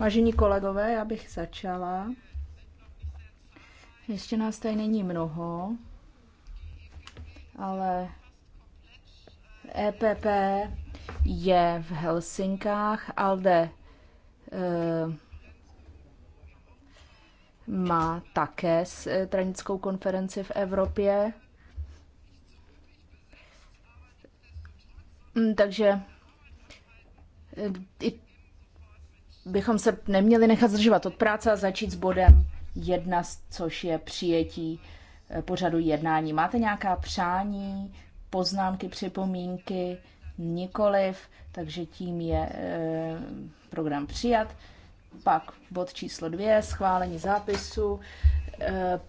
Vážení kolegové, já bych začala. Ještě nás tady není mnoho, ale EPP je v Helsinkách, ALDE e, má také stranickou eh, konferenci v Evropě. Mm, takže bychom se neměli nechat zdržovat od práce a začít s bodem jedna, což je přijetí eh, pořadu jednání. Máte nějaká přání, poznámky, připomínky? Nikoliv, takže tím je eh, program přijat. Pak bod číslo dvě, schválení zápisu. Eh,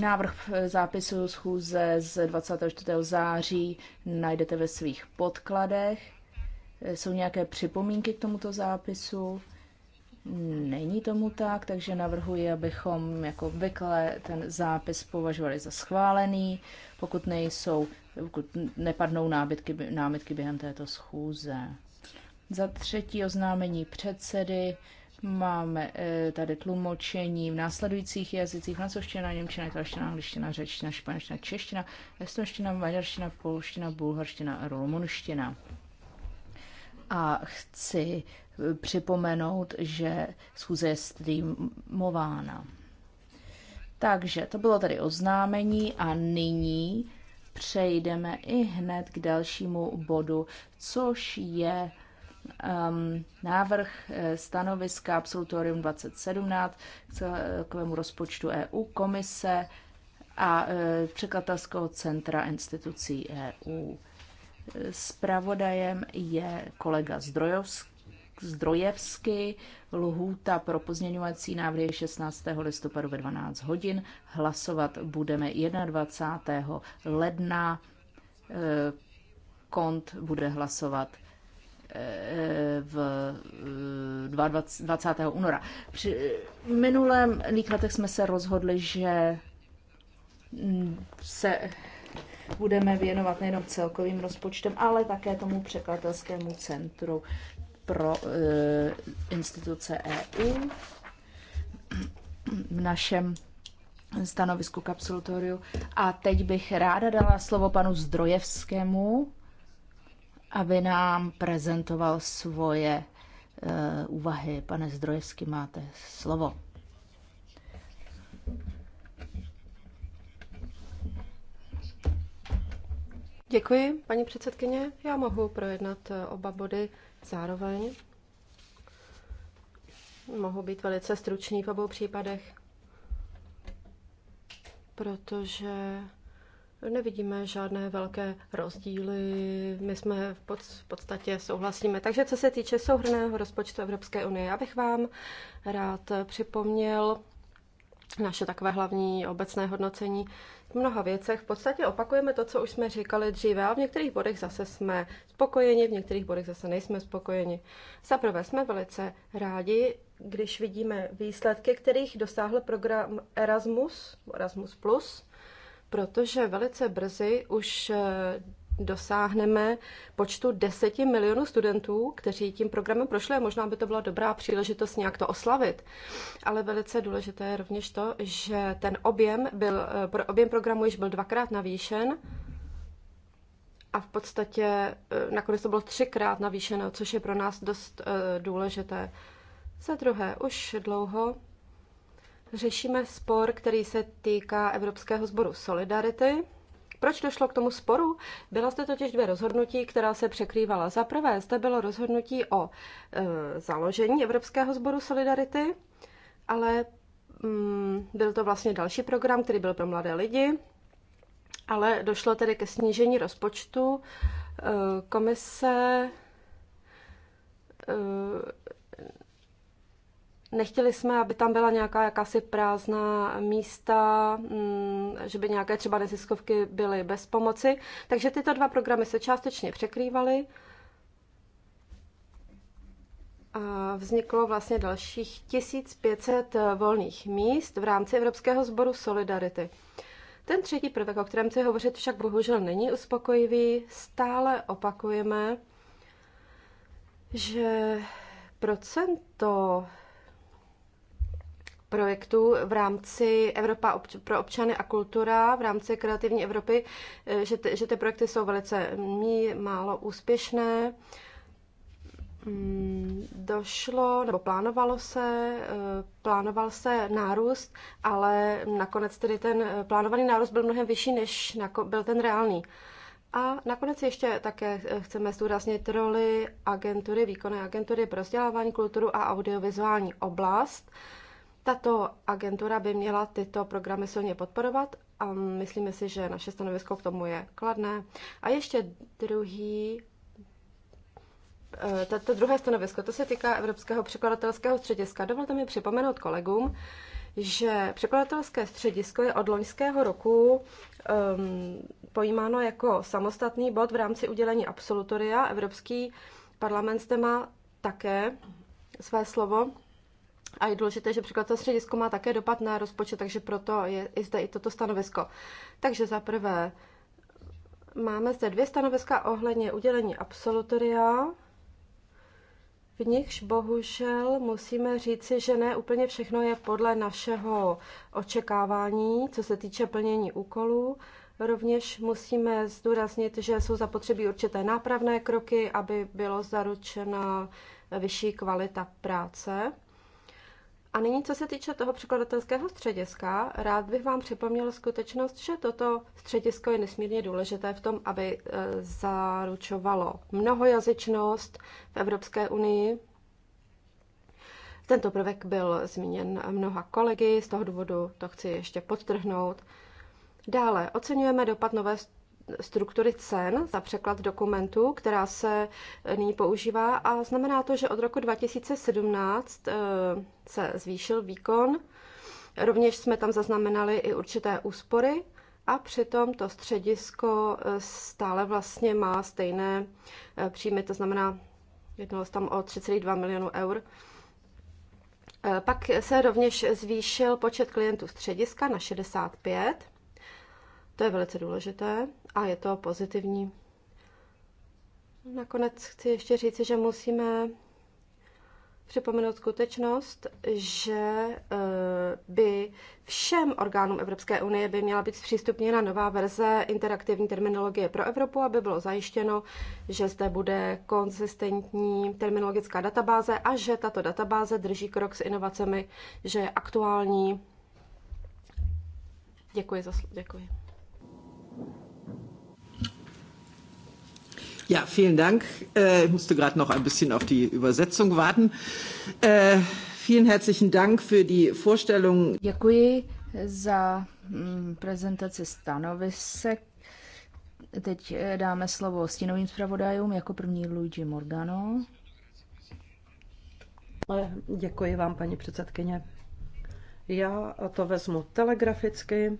návrh zápisu schůze z 24. září najdete ve svých podkladech. Jsou nějaké připomínky k tomuto zápisu? Není tomu tak, takže navrhuji, abychom jako obvykle ten zápis považovali za schválený, pokud nejsou, pokud nepadnou námitky, námitky během této schůze. Za třetí oznámení předsedy máme eh, tady tlumočení v následujících jazycích francouzština, němčina, italština, angličtina, řečtina, španělština, čeština, estonština, maďarština, polština, bulharština a rumunština. A chci eh, připomenout, že schůze je streamována. Takže to bylo tady oznámení a nyní přejdeme i hned k dalšímu bodu, což je um, návrh eh, stanoviska Absolutorium 2017 k celkovému eh, rozpočtu EU komise a uh, překladatelského centra institucí EU. Spravodajem je kolega Zdrojovský. Zdrojevsky. Lhůta pro pozměňovací návrhy 16. listopadu ve 12 hodin. Hlasovat budeme 21. ledna. Eh, kont bude hlasovat eh, v 20. Eh, února. Při minulém letech jsme se rozhodli, že se budeme věnovat nejenom celkovým rozpočtem, ale také tomu překladatelskému centru pro eh, e, instituce EU. V našem stanovisku k absolutoriu. A teď bych ráda dala slovo panu Zdrojevskému, aby nám prezentoval svoje e, úvahy. Pane Zdrojevský, máte slovo. Děkuji, paní předsedkyně. Já mohu projednat eh, oba body zároveň. Mohu být velice stručný v obou případech, protože nevidíme žádné velké rozdíly. My jsme v, pod, v podstatě souhlasíme. Takže co se týče souhrného rozpočtu Evropské unie, já bych vám rád připomněl naše takové hlavní obecné hodnocení. V mnoha věcech v podstatě opakujeme to, co už jsme říkali dříve, a v některých bodech zase jsme spokojeni, v některých bodech zase nejsme spokojeni. Za prvé jsme velice rádi, když vidíme výsledky, kterých dosáhl program Erasmus, Erasmus+, protože velice brzy už eh, dosáhneme počtu 10 milionů studentů, kteří tím programem prošli. Možná by to byla dobrá příležitost nějak to oslavit. Ale velice důležité je rovněž to, že ten objem, byl, eh, objem programu již byl dvakrát navýšen a v podstatě eh, nakonec to bylo třikrát navýšeno, což je pro nás dost eh, důležité. Za druhé, už dlouho řešíme spor, který se týká Evropského sboru Solidarity proč došlo k tomu sporu? Byla zde totiž dvě rozhodnutí, která se překrývala. Za prvé zde bylo rozhodnutí o e, založení Evropského sboru Solidarity, ale mm, byl to vlastně další program, který byl pro mladé lidi, ale došlo tedy ke snížení rozpočtu. E, komise e, Nechtěli jsme, aby tam byla nějaká jakási prázdná místa, mm, že by nějaké třeba neziskovky byly bez pomoci. Takže tyto dva programy se částečně překrývaly. vzniklo vlastně dalších 1500 eh, volných míst v rámci Evropského sboru Solidarity. Ten třetí prvek, o kterém chci hovořit, však bohužel není uspokojivý. Stále opakujeme, že procento projektů v rámci Evropa pro občany a kultura, v rámci kreativní Evropy, eh, že ty, že ty projekty jsou velice mí, málo úspěšné. Mm, došlo, nebo plánovalo se, eh, plánoval se nárůst, ale nakonec tedy ten eh, plánovaný nárůst byl mnohem vyšší, než byl ten reálný. A nakonec ještě také chceme zdůraznit roli agentury, výkonné agentury pro vzdělávání, kulturu a audiovizuální oblast. Tato agentura by měla tyto programy silně podporovat a myslíme si, že naše stanovisko k tomu je kladné. A ještě druhý eh, to druhé stanovisko, to se týká Evropského překladatelského střediska. Dovolte mi připomenout kolegům, že překladatelské středisko je od loňského roku um, pojímáno jako samostatný bod v rámci udělení absolutoria. Evropský parlament zde má také své slovo. A je důležité, že příklad to středisko má také dopad na rozpočet, takže proto je i zde i toto stanovisko. Takže za prvé, máme zde dvě stanoviska ohledně udělení absolutoria. V nichž bohužel musíme říci, že ne úplně všechno je podle našeho očekávání, co se týče plnění úkolů. Rovněž musíme zdůraznit, že jsou zapotřebí určité nápravné kroky, aby bylo zaručena vyšší kvalita práce. A nyní, co se týče toho překladatelského střediska, rád bych vám připomněl skutečnost, že toto středisko je nesmírně důležité v tom, aby eh, zaručovalo mnohojazyčnost v Evropské unii. Tento prvek byl zmíněn mnoha kolegy, z toho důvodu to chci ještě podtrhnout. Dále oceňujeme dopad nové struktury cen za překlad dokumentů, která se eh, nyní používá a znamená to, že od roku 2017 eh, se zvýšil výkon. Rovněž jsme tam zaznamenali i určité úspory a přitom to středisko eh, stále vlastně má stejné příjmy, to znamená jednalo se tam o 3,2 milionu eur. Pak se rovněž zvýšil počet klientů střediska na 65. To je velice důležité a je to pozitivní. Nakonec chci ještě říci, že musíme připomenout skutečnost, že eh, by všem orgánům Evropské unie by měla být zpřístupněna nová verze interaktivní terminologie pro Evropu, aby bylo zajištěno, že zde bude konzistentní terminologická databáze a že tato databáze drží krok s inovacemi, že je aktuální. Děkuji za slu- Děkuji. Ja, vielen Dank. Äh, ich musste gerade noch ein bisschen auf die Übersetzung warten. Äh, vielen herzlichen Dank für die Vorstellung. Děkuji za mm, prezentaci stanovisek. Teď äh, dáme slovo stínovým zpravodajům, jako první Luigi Morgano. Děkuji vám, paní předsedkyně. Já to vezmu telegraficky.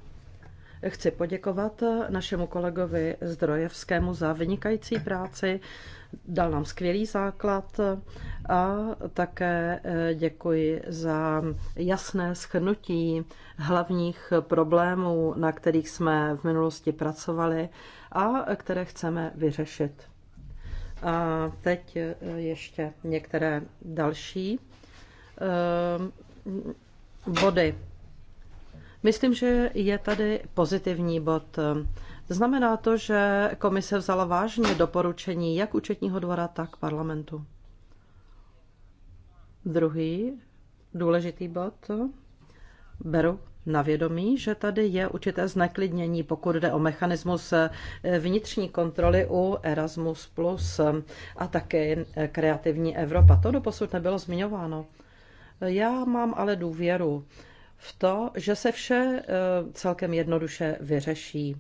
Chci poděkovat eh, našemu kolegovi Zdrojevskému za vynikající práci, dal nám skvělý základ eh, a také eh, děkuji za jasné schrnutí hlavních problémů, na kterých jsme v minulosti pracovali a které chceme vyřešit. A teď ještě některé další body. Myslím, že je tady pozitivní bod. Znamená to, že komise vzala vážně doporučení jak účetního dvora, tak parlamentu. Druhý důležitý bod. Beru na vědomí, že tady je určité zneklidnění, pokud jde o mechanismus vnitřní kontroly u Erasmus+, a také Kreativní Evropa. To doposud nebylo zmiňováno. Já mám ale důvěru v to, že se vše eh, celkem jednoduše vyřeší.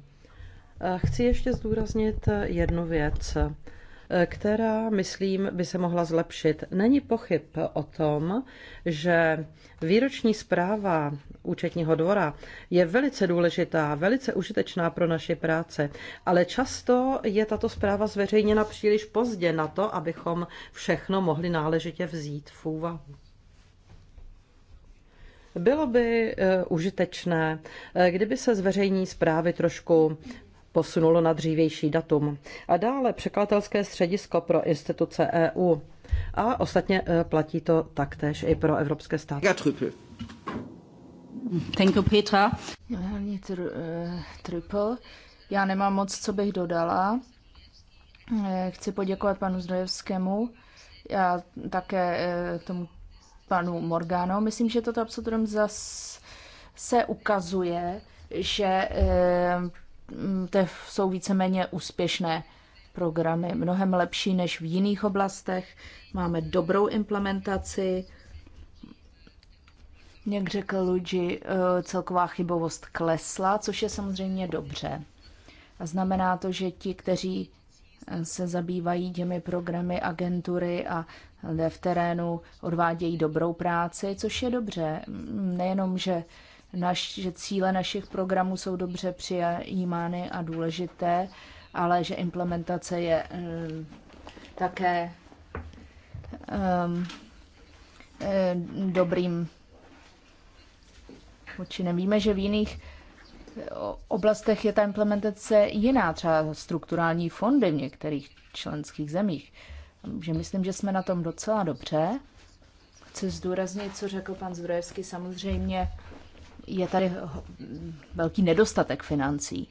Chci ještě zdůraznit eh, jednu věc, eh, která, myslím, by se mohla zlepšit. Není pochyb o tom, že výroční zpráva účetního dvora je velice důležitá, velice užitečná pro naši práce, ale často je tato zpráva zveřejněna příliš pozdě na to, abychom všechno mohli náležitě vzít v úvahu. Bylo by eh, užitečné, eh, kdyby se zveřejní zprávy trošku posunulo na dřívější datum. A dále překladatelské středisko pro instituce EU. A ostatně eh, platí to taktéž i pro evropské státy. Thank you, Petra. Triple. Já nemám moc, co bych dodala. Chci poděkovat panu Zdrojevskému a také tomu panu Morgano. Myslím, že toto absolutorium zase se ukazuje, že eh, to jsou víceméně úspěšné programy, mnohem lepší než v jiných oblastech. Máme dobrou implementaci. Jak řekl Luigi, eh, celková chybovost klesla, což je samozřejmě dobře. A znamená to, že ti, kteří se zabývají těmi programy agentury a lidé v terénu odvádějí dobrou práci, což je dobře. Nejenom, že, naš, že cíle našich programů jsou dobře přijímány a důležité, ale že implementace je um, také um, dobrým počinem. Víme, že v jiných eh, oblastech je ta implementace jiná, třeba strukturální fondy v některých členských zemích že myslím, že jsme na tom docela dobře. Chci zdůraznit, co řekl pan Zdrojevský. Samozřejmě je tady velký nedostatek financí.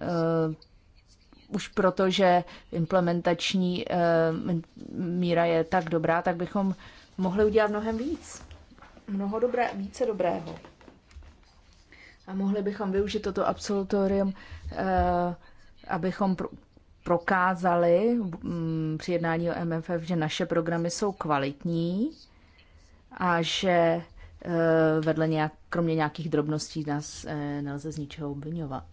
Eh, už proto, že implementační eh, míra je tak dobrá, tak bychom mohli udělat mnohem víc. Mnoho dobré, více dobrého. A mohli bychom využít toto absolutorium, eh, abychom prokázali mm, při jednání o MFF, že naše programy jsou kvalitní a že e, vedle nějak, kromě nějakých drobností nás e, nelze z ničeho obvinovat.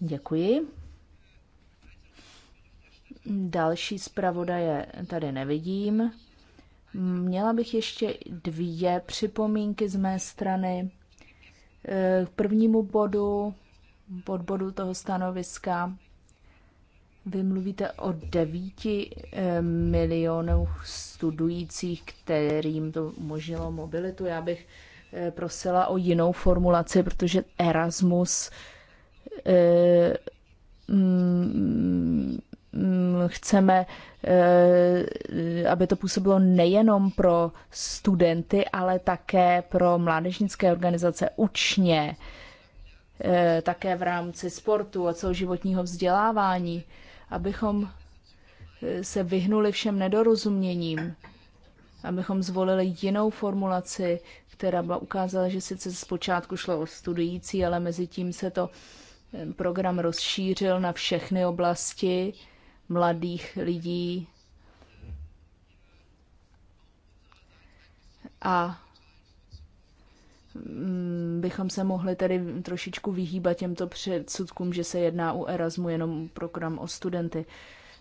Děkuji. Další zpravodaje tady nevidím. Měla bych ještě dvě připomínky z mé strany. E, k prvnímu bodu podbodu toho stanoviska vy mluvíte o devíti eh, milionů studujících, kterým to umožnilo mobilitu. Já bych eh, prosila o jinou formulaci, protože Erasmus eh, mm, mm, chceme, aby to působilo nejenom pro studenty, ale také pro mládežnické organizace, učně, Eh, také v rámci sportu a celoživotního vzdělávání, abychom eh, se vyhnuli všem nedorozuměním, abychom zvolili jinou formulaci, která byla ukázala, že sice zpočátku šlo o studující, ale mezi tím se to eh, program rozšířil na všechny oblasti mladých lidí. A Mm, bychom se mohli tedy trošičku vyhýbat těmto předsudkům, že se jedná u Erasmu jenom program o studenty.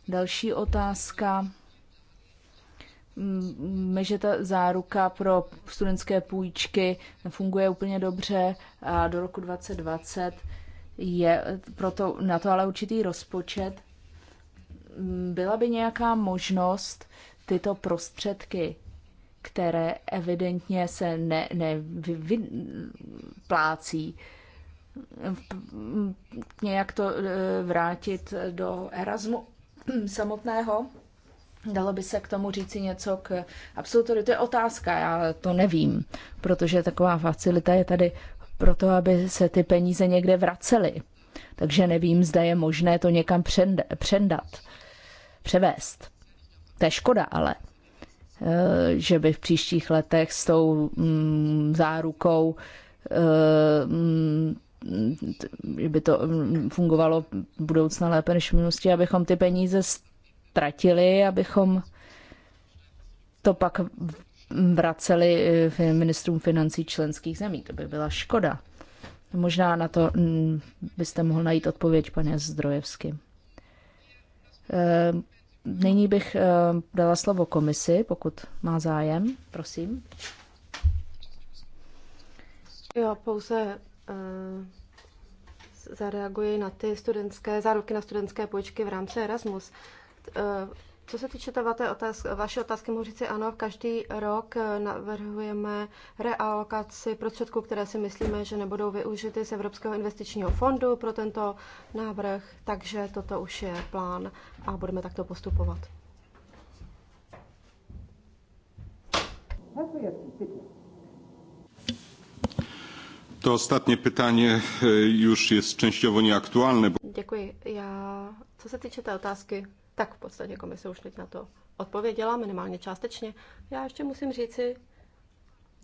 Další otázka. Mm, že ta záruka pro studentské půjčky funguje úplně dobře a do roku 2020 je proto na to ale určitý rozpočet. Mm, byla by nějaká možnost tyto prostředky které evidentně se ne, ne vy, vy, plácí. Nějak to e, vrátit do Erasmu samotného. Dalo by se k tomu říci něco k absolutoritě? To je otázka, já to nevím, protože taková facilita je tady proto, aby se ty peníze někde vracely. Takže nevím, zda je možné to někam přendat, přendat převést. To je škoda, ale Eh, že by v příštích letech s tou mm, zárukou eh, mm, že by to mm, fungovalo budoucna lépe než v minulosti, abychom ty peníze ztratili, abychom to pak vraceli eh, ministrům financí členských zemí. To by byla škoda. Možná na to byste mohl najít odpověď, pane Zdrojevsky. Nyní bych eh, dala slovo komisi, pokud má zájem. Prosím. Já pouze eh, zareaguji na ty studentské záruky na studentské půjčky v rámci Erasmus eh, co se týče té otázky, vaše otázky, říct si ano, každý rok eh, navrhujeme realokaci prostředků, které si myslíme, že nebudou využity z Evropského investičního fondu pro tento návrh, takže toto už je plán a budeme takto postupovat. To ostatnie pytanie eh, już jest częściowo nieaktualne. Bo... Děkuji. Já, co se týče té otázky, tak v podstatě komise už teď na to odpověděla, minimálně částečně. Já ještě musím říci,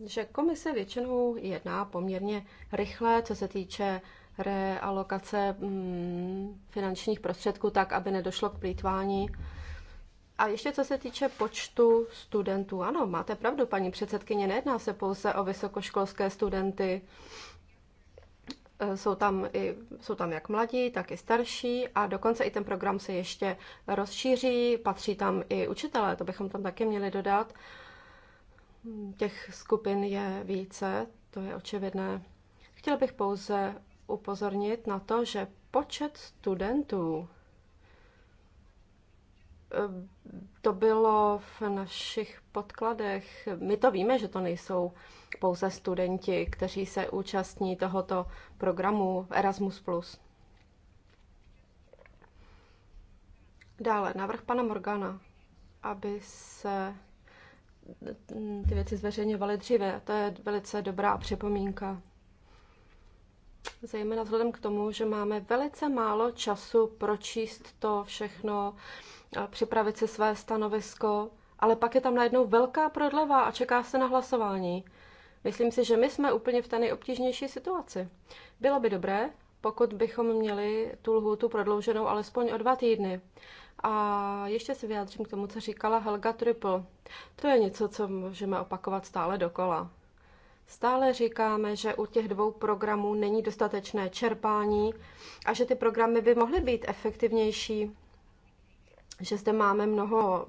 že komise většinou jedná poměrně rychle, co se týče realokace mm, finančních prostředků, tak aby nedošlo k plýtvání. A ještě co se týče počtu studentů, ano, máte pravdu, paní předsedkyně, nejedná se pouze o vysokoškolské studenty, Eh, jsou tam, i, jsou tam jak mladí, tak i starší a dokonce i ten program se ještě rozšíří. Patří tam i učitelé, to bychom tam taky měli dodat. Těch skupin je více, to je očividné. Chtěl bych pouze upozornit na to, že počet studentů to bylo v našich podkladech. My to víme, že to nejsou pouze studenti, kteří se účastní tohoto programu Erasmus+. Dále, návrh pana Morgana, aby se ty věci zveřejňovaly dříve. To je velice dobrá připomínka zejména vzhledem k tomu, že máme velice málo času pročíst to všechno, připravit si své stanovisko, ale pak je tam najednou velká prodleva a čeká se na hlasování. Myslím si, že my jsme úplně v té nejobtížnější situaci. Bylo by dobré, pokud bychom měli tu lhůtu prodlouženou alespoň o dva týdny. A ještě se vyjádřím k tomu, co říkala Helga Triple. To je něco, co můžeme opakovat stále dokola. Stále říkáme, že u těch dvou programů není dostatečné čerpání a že ty programy by mohly být efektivnější, že zde máme mnoho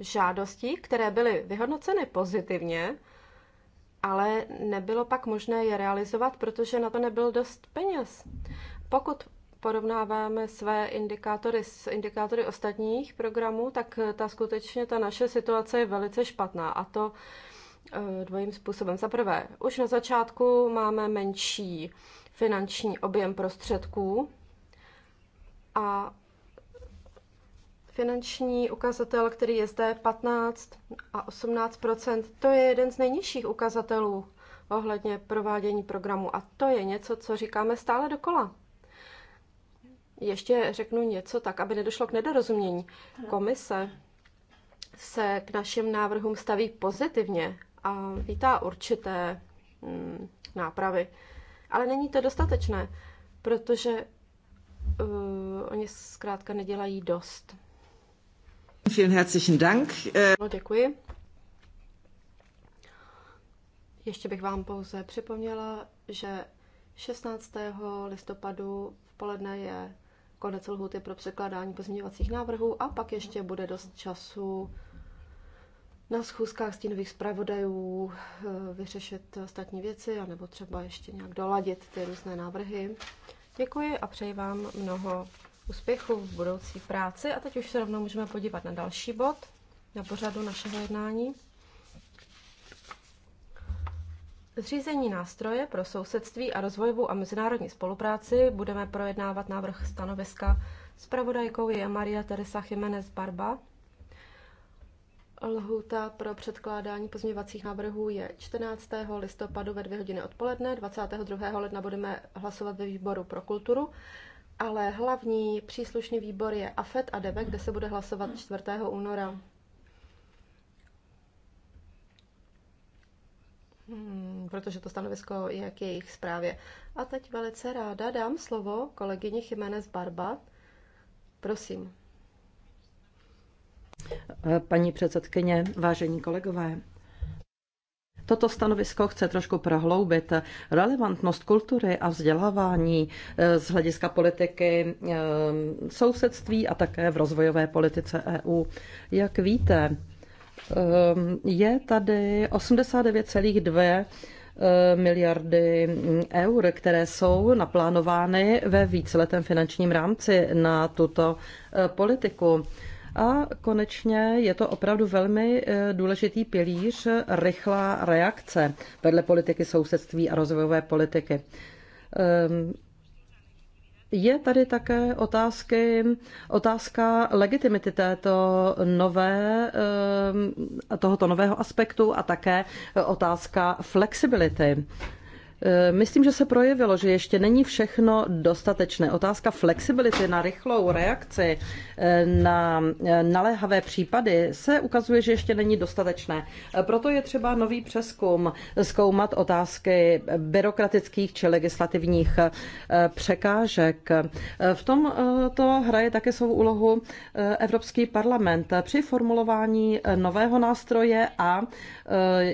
žádostí, které byly vyhodnoceny pozitivně, ale nebylo pak možné je realizovat, protože na to nebyl dost peněz. Pokud porovnáváme své indikátory s indikátory ostatních programů, tak ta skutečně ta naše situace je velice špatná a to Eh, dvojím způsobem. Za prvé, už na začátku máme menší finanční objem prostředků a finanční ukazatel, který je zde 15 a 18 to je jeden z nejnižších ukazatelů ohledně provádění programu. A to je něco, co říkáme stále dokola. Ještě řeknu něco tak, aby nedošlo k nedorozumění. Komise se k našim návrhům staví pozitivně a vítá určité mm, nápravy. Ale není to dostatečné, protože uh, oni zkrátka nedělají dost. Vielen herzlichen Dank. No, děkuji. Ještě bych vám pouze připomněla, že 16. listopadu v poledne je konec lhuty pro překládání pozměňovacích návrhů a pak ještě bude dost času na schůzkách stínových zpravodajů eh, vyřešit ostatní věci, anebo třeba ještě nějak doladit ty různé návrhy. Děkuji a přeji vám mnoho úspěchu v budoucí práci. A teď už se rovnou můžeme podívat na další bod, na pořadu našeho jednání. Zřízení nástroje pro sousedství a rozvojovou a mezinárodní spolupráci budeme projednávat návrh stanoviska. Spravodajkou je Maria Teresa Jiménez Barba. Lhuta pro předkládání pozměňovacích návrhů je 14. listopadu ve 2 hodiny odpoledne. 22. ledna budeme hlasovat ve výboru pro kulturu, ale hlavní příslušný výbor je AFET a DEBE, kde se bude hlasovat 4. února. Hmm, protože to stanovisko je k jejich zprávě. A teď velice ráda dám slovo kolegyni Jiménez Barba, Prosím. Eh, paní předsedkyně, vážení kolegové. Toto stanovisko chce trošku prohloubit relevantnost kultury a vzdělávání eh, z hlediska politiky eh, sousedství a také v rozvojové politice EU. Jak víte, je tady 89,2 miliardy eur, které jsou naplánovány ve víceletém finančním rámci na tuto politiku. A konečně je to opravdu velmi eh, důležitý pilíř rychlá reakce vedle politiky sousedství a rozvojové politiky. Ehm, je tady také otázky, otázka legitimity této nové, ehm, tohoto nového aspektu a také otázka flexibility. Eh, myslím, že se projevilo, že ještě není všechno dostatečné. Otázka flexibility na rychlou reakci eh, na eh, naléhavé případy se ukazuje, že ještě není dostatečné. Proto je třeba nový přeskum zkoumat otázky byrokratických či legislativních překážek. V tom to hraje také svou úlohu Evropský parlament při formulování nového nástroje a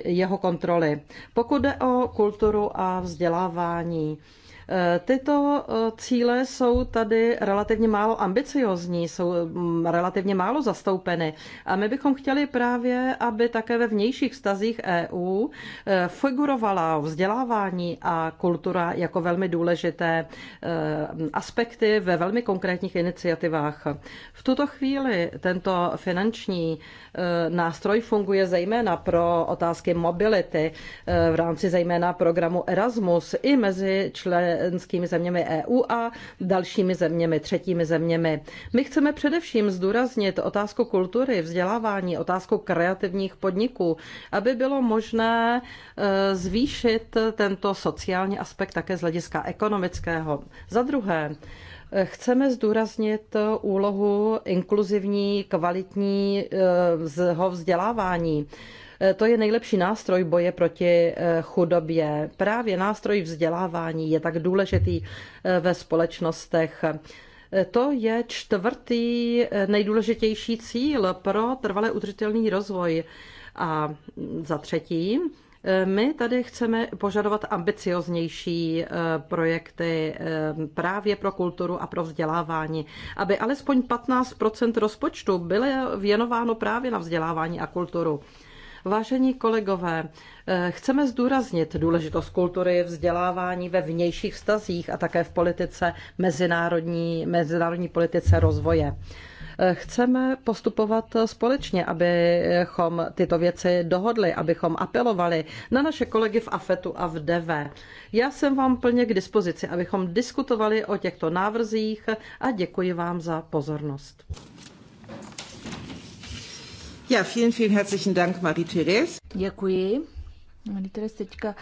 jeho kontroly. Pokud jde o kulturu a vzdělávání Eh, tyto eh, cíle jsou tady relativně málo ambiciozní, jsou mm, relativně málo zastoupeny. A my bychom chtěli právě, aby také ve vnějších vztazích EU eh, figurovala vzdělávání a kultura jako velmi důležité aspekty ve velmi konkrétních iniciativách. V tuto chvíli tento finanční nástroj funguje zejména pro otázky mobility v rámci zejména programu Erasmus i mezi členy členskými zeměmi EU a dalšími zeměmi, třetími zeměmi. My chceme především zdůraznit otázku kultury, vzdělávání, otázku kreativních podniků, aby bylo možné eh, zvýšit tento sociální aspekt také z hlediska ekonomického. Za druhé, eh, Chceme zdůraznit úlohu inkluzivní, kvalitní eh, vzdělávání. Eh, to je nejlepší nástroj boje proti eh, chudobě. Právě nástroj vzdělávání je tak důležitý eh, ve společnostech. To je čtvrtý nejdůležitější cíl pro trvale udržitelný rozvoj. A za třetí, my tady chceme požadovat ambicioznější projekty právě pro kulturu a pro vzdělávání, aby alespoň 15 rozpočtu bylo věnováno právě na vzdělávání a kulturu. Vážení kolegové, eh, chceme zdůraznit důležitost kultury, vzdělávání ve vnějších vztazích a také v politice mezinárodní, mezinárodní politice rozvoje eh, chceme postupovat společně, abychom tyto věci dohodli, abychom apelovali na naše kolegy v AFETu a v DV. Já jsem vám plně k dispozici, abychom diskutovali o těchto návrzích a děkuji vám za pozornost. Ja, vielen, vielen herzlichen Dank, marie Děkuji. Marie-Therese, teďka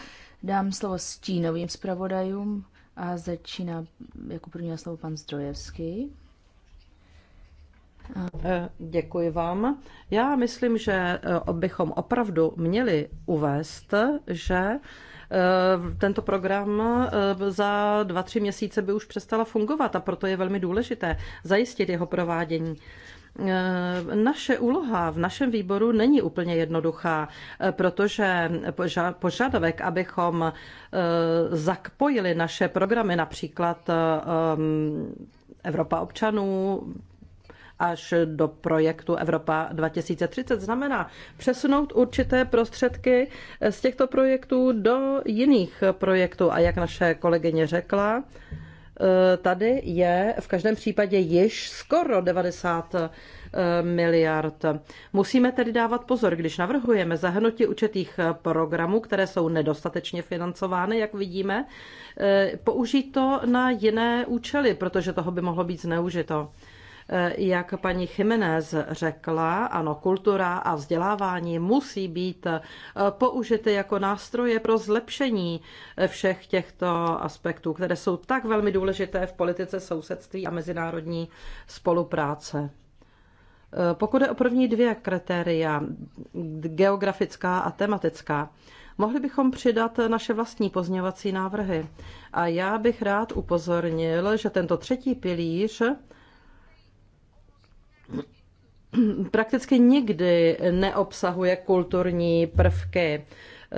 dám slovo stínovým zpravodajům a začíná jako první slovo pan Zdrojevský. Eh, děkuji vám. Já myslím, že eh, bychom opravdu měli uvést, že eh, tento program za dva, tři měsíce by už přestala fungovat a proto je velmi důležité zajistit jeho provádění. Eh, naše úloha v našem výboru není úplně jednoduchá, eh, protože požadavek, abychom eh, zakpojili naše programy, například Evropa občanů, až do projektu Evropa 2030. Znamená přesunout určité prostředky z těchto projektů do jiných projektů. A jak naše kolegyně řekla, Eh, tady je v každém případě již skoro 90 eh, miliard. Musíme tedy dávat pozor, když navrhujeme zahrnutí určitých eh, programů, které jsou nedostatečně financovány, jak vidíme, použít to na jiné účely, protože toho by mohlo být zneužito. Eh, jak paní Jiménez řekla, ano, kultura a vzdělávání musí být eh, použity jako nástroje pro zlepšení eh, všech těchto aspektů, které jsou tak velmi důležité v politice sousedství a mezinárodní spolupráce. Pokud je o první dvě kritéria, geografická a tematická, mohli bychom přidat naše vlastní pozměňovací návrhy. A já bych rád upozornil, že tento třetí pilíř prakticky nikdy neobsahuje kulturní prvky. Eh,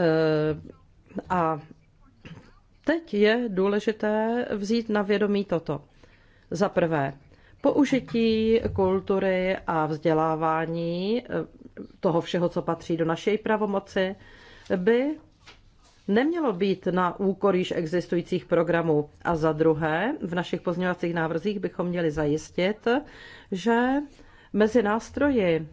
a teď je důležité vzít na vědomí toto. Za prvé, použití kultury a vzdělávání eh, toho všeho, co patří do naší pravomoci, by nemělo být na úkor již existujících programů. A za druhé, v našich pozměňovacích návrzích bychom měli zajistit, že Mezi nástroji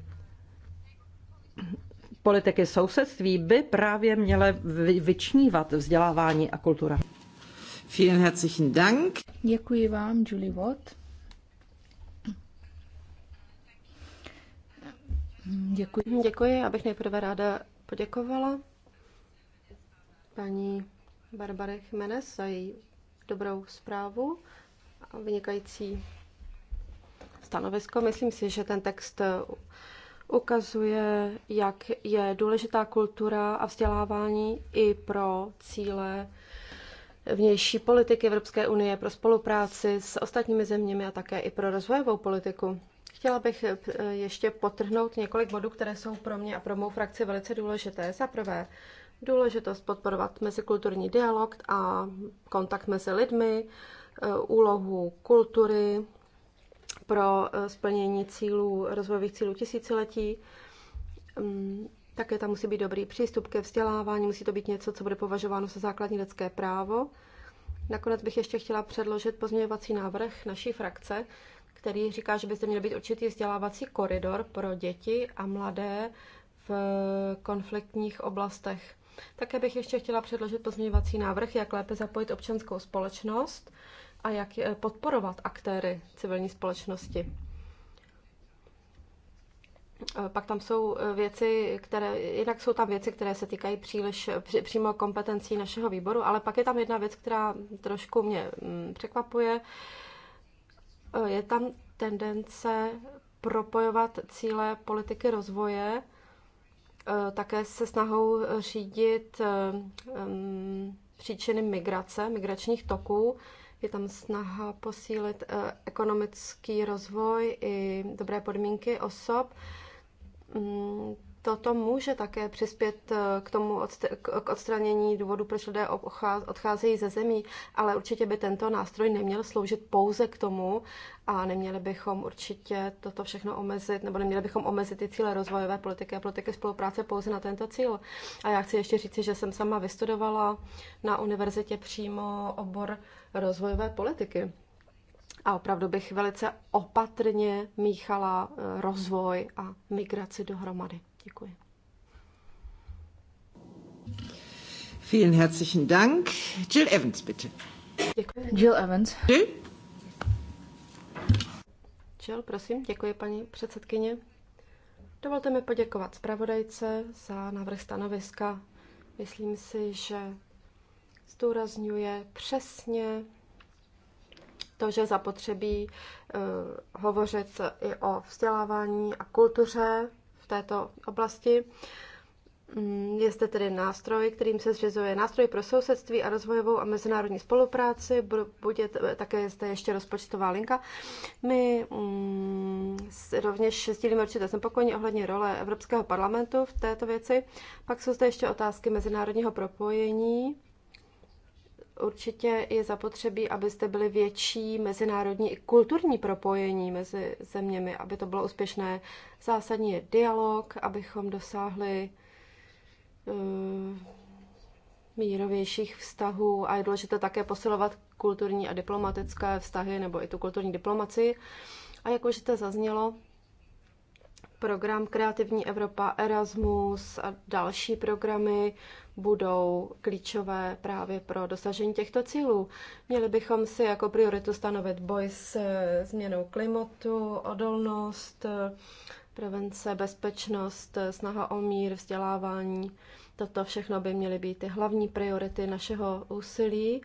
politiky sousedství by právě měly vyčnívat vzdělávání a kultura. Vielen herzlichen Dank. Děkuji vám, Julie Watt. Děkuji. Děkuji, abych nejprve ráda poděkovala paní Barbare Jiménez za její dobrou zprávu a vynikající stanovisko. Myslím si, že ten text eh, ukazuje, jak je důležitá kultura a vzdělávání i pro cíle vnější politiky Evropské unie, pro spolupráci s ostatními zeměmi a také i pro rozvojovou politiku. Chtěla bych eh, ještě potrhnout několik bodů, které jsou pro mě a pro mou frakci velice důležité. Za prvé, důležitost podporovat mezikulturní dialog a kontakt mezi lidmi, eh, úlohu kultury pro eh, splnění cílů, rozvojových cílů tisíciletí. Mm, také tam musí být dobrý přístup ke vzdělávání, musí to být něco, co bude považováno za základní lidské právo. Nakonec bych ještě chtěla předložit pozměňovací návrh naší frakce, který říká, že by zde měl být určitý vzdělávací koridor pro děti a mladé v konfliktních oblastech. Také bych ještě chtěla předložit pozměňovací návrh, jak lépe zapojit občanskou společnost a jak je eh, podporovat aktéry civilní společnosti. Eh, pak tam jsou eh, věci, které, jinak jsou tam věci, které se týkají příliš přímo kompetencí našeho výboru, ale pak je tam jedna věc, která trošku mě mm, překvapuje. Je tam tendence propojovat cíle politiky rozvoje také se snahou řídit mm, příčiny migrace, migračních toků. Je tam snaha posílit eh, ekonomický rozvoj i dobré podmínky osob mm, toto může také přispět eh, k tomu k odstranění důvodu, proč lidé odcházejí ze zemí, ale určitě by tento nástroj neměl sloužit pouze k tomu a neměli bychom určitě toto všechno omezit, nebo neměli bychom omezit ty cíle rozvojové politiky a politiky spolupráce pouze na tento cíl. A já chci ještě říci, že jsem sama vystudovala na univerzitě přímo obor rozvojové politiky. A opravdu bych velice opatrně míchala eh, rozvoj a migraci dohromady. Děkuji. Vielen herzlichen Dank. Jill Evans, bitte. Děkuji. Jill Evans. Jill? Jill, prosím, děkuji paní předsedkyně. Dovolte mi poděkovat zpravodajce za návrh stanoviska. Myslím si, že zdůrazňuje přesně to, že zapotřebí uh, hovořit i o vzdělávání a kultuře v této oblasti. Mm, je zde tedy nástroj, kterým se zřizuje nástroj pro sousedství a rozvojovou a mezinárodní spolupráci, bude také zde ještě rozpočtová linka. My um, rovněž sdílíme určité znepokojení ohledně role Evropského parlamentu v této věci. Pak jsou zde ještě otázky mezinárodního propojení Určitě je zapotřebí, abyste byli větší mezinárodní i kulturní propojení mezi zeměmi, aby to bylo úspěšné. Zásadní je dialog, abychom dosáhli eh, mírovějších vztahů a je důležité také posilovat kulturní a diplomatické vztahy nebo i tu kulturní diplomaci. A jak už to zaznělo, program Kreativní Evropa, Erasmus a další programy budou klíčové právě pro dosažení těchto cílů. Měli bychom si jako prioritu stanovit boj s eh, změnou klimatu, odolnost, eh, prevence, bezpečnost, eh, snaha o mír, vzdělávání. Toto všechno by měly být ty hlavní priority našeho úsilí.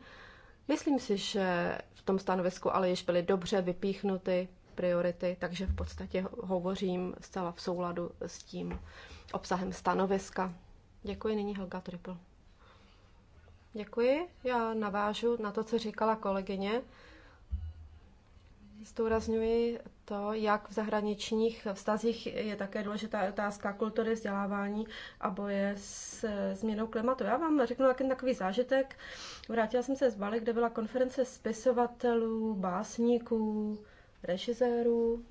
Myslím si, že v tom stanovisku ale již byly dobře vypíchnuty priority, takže v podstatě hovořím zcela v souladu s tím obsahem stanoviska. Děkuji, nyní Helga Triple. Děkuji, já navážu na to, co říkala kolegyně. Zdůrazňuji to, jak v zahraničních vztazích je také důležitá otázka kultury, vzdělávání a boje s změnou klimatu. Já vám řeknu jaký takový zážitek. Vrátila jsem se z Bali, kde byla konference spisovatelů, básníků, režisérů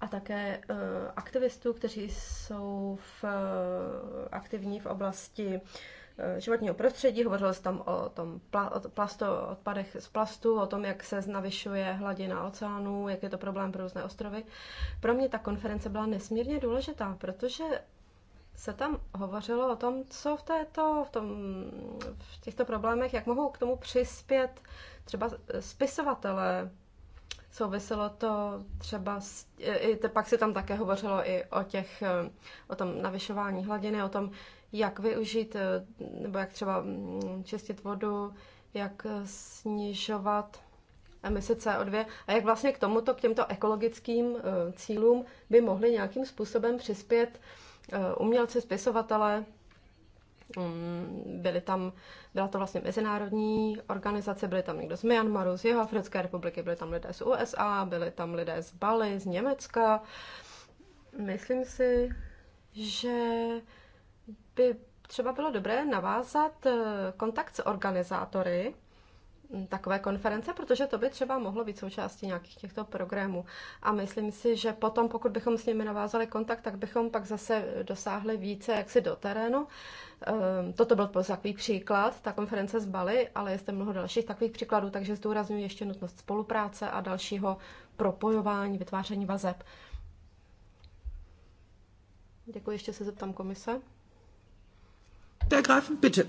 a také eh, aktivistů, kteří jsou v, eh, aktivní v oblasti eh, životního prostředí. Hovořilo se tam o tom pla, o plasto, odpadech z plastu, o tom, jak se navyšuje hladina oceánů, jak je to problém pro různé ostrovy. Pro mě ta konference byla nesmírně důležitá, protože se tam hovořilo o tom, co v, této, v, tom, v těchto problémech, jak mohou k tomu přispět třeba spisovatelé, Souviselo to třeba, s, i te, pak se tam také hovořilo i o těch, eh, o tom navyšování hladiny, o tom, jak využít, eh, nebo jak třeba mm, čistit vodu, jak eh, snižovat emise CO2 a jak vlastně k tomuto, k těmto ekologickým cílům by mohli nějakým způsobem přispět umělci, spisovatelé, Um, byly tam, byla to vlastně mezinárodní organizace, byly tam někdo z Myanmaru, z Jihoafrické republiky, byly tam lidé z USA, byly tam lidé z Bali, z Německa. Myslím si, že by třeba bylo dobré navázat eh, kontakt s organizátory, Mm, takové konference, protože to by třeba mohlo být součástí nějakých těchto programů. A myslím si, že potom, pokud bychom s nimi navázali kontakt, tak bychom pak zase dosáhli více jaksi do terénu. Ehm, toto byl takový příklad, ta konference z Bali, ale je mnoho dalších takových příkladů, takže zdůraznuju ještě nutnost spolupráce a dalšího propojování, vytváření vazeb. Děkuji, ještě se zeptám komise. Herr Grafen, bitte.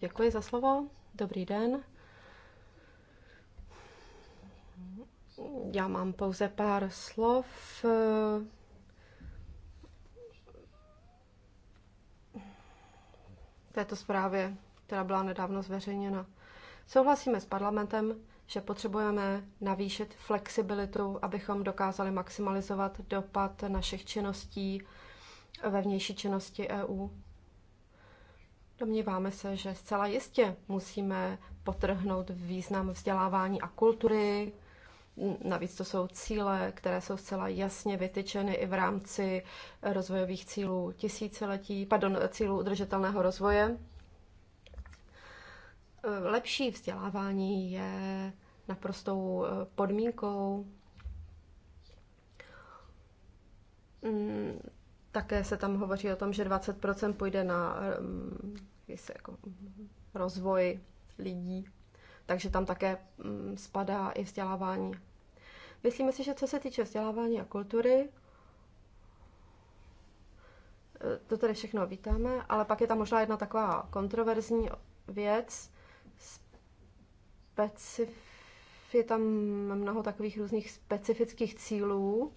Děkuji za slovo. Dobrý den. Já mám pouze pár slov. této zprávě, která byla nedávno zveřejněna. Souhlasíme s parlamentem, že potřebujeme navýšit flexibilitu, abychom dokázali maximalizovat dopad našich činností ve vnější činnosti EU Domníváme se, že zcela jistě musíme potrhnout význam vzdělávání a kultury. Navíc to jsou cíle, které jsou zcela jasně vytyčeny i v rámci rozvojových cílů tisíciletí, pardon, cílů udržitelného rozvoje. Lepší vzdělávání je naprostou eh, podmínkou mm, také se tam hovoří o tom, že 20% půjde na um, se jako rozvoj lidí, takže tam také mm, spadá i vzdělávání. Myslíme si, že co se týče vzdělávání a kultury, eh, to tady všechno vítáme, ale pak je tam možná jedna taková kontroverzní věc. Specif- je tam mnoho takových různých specifických cílů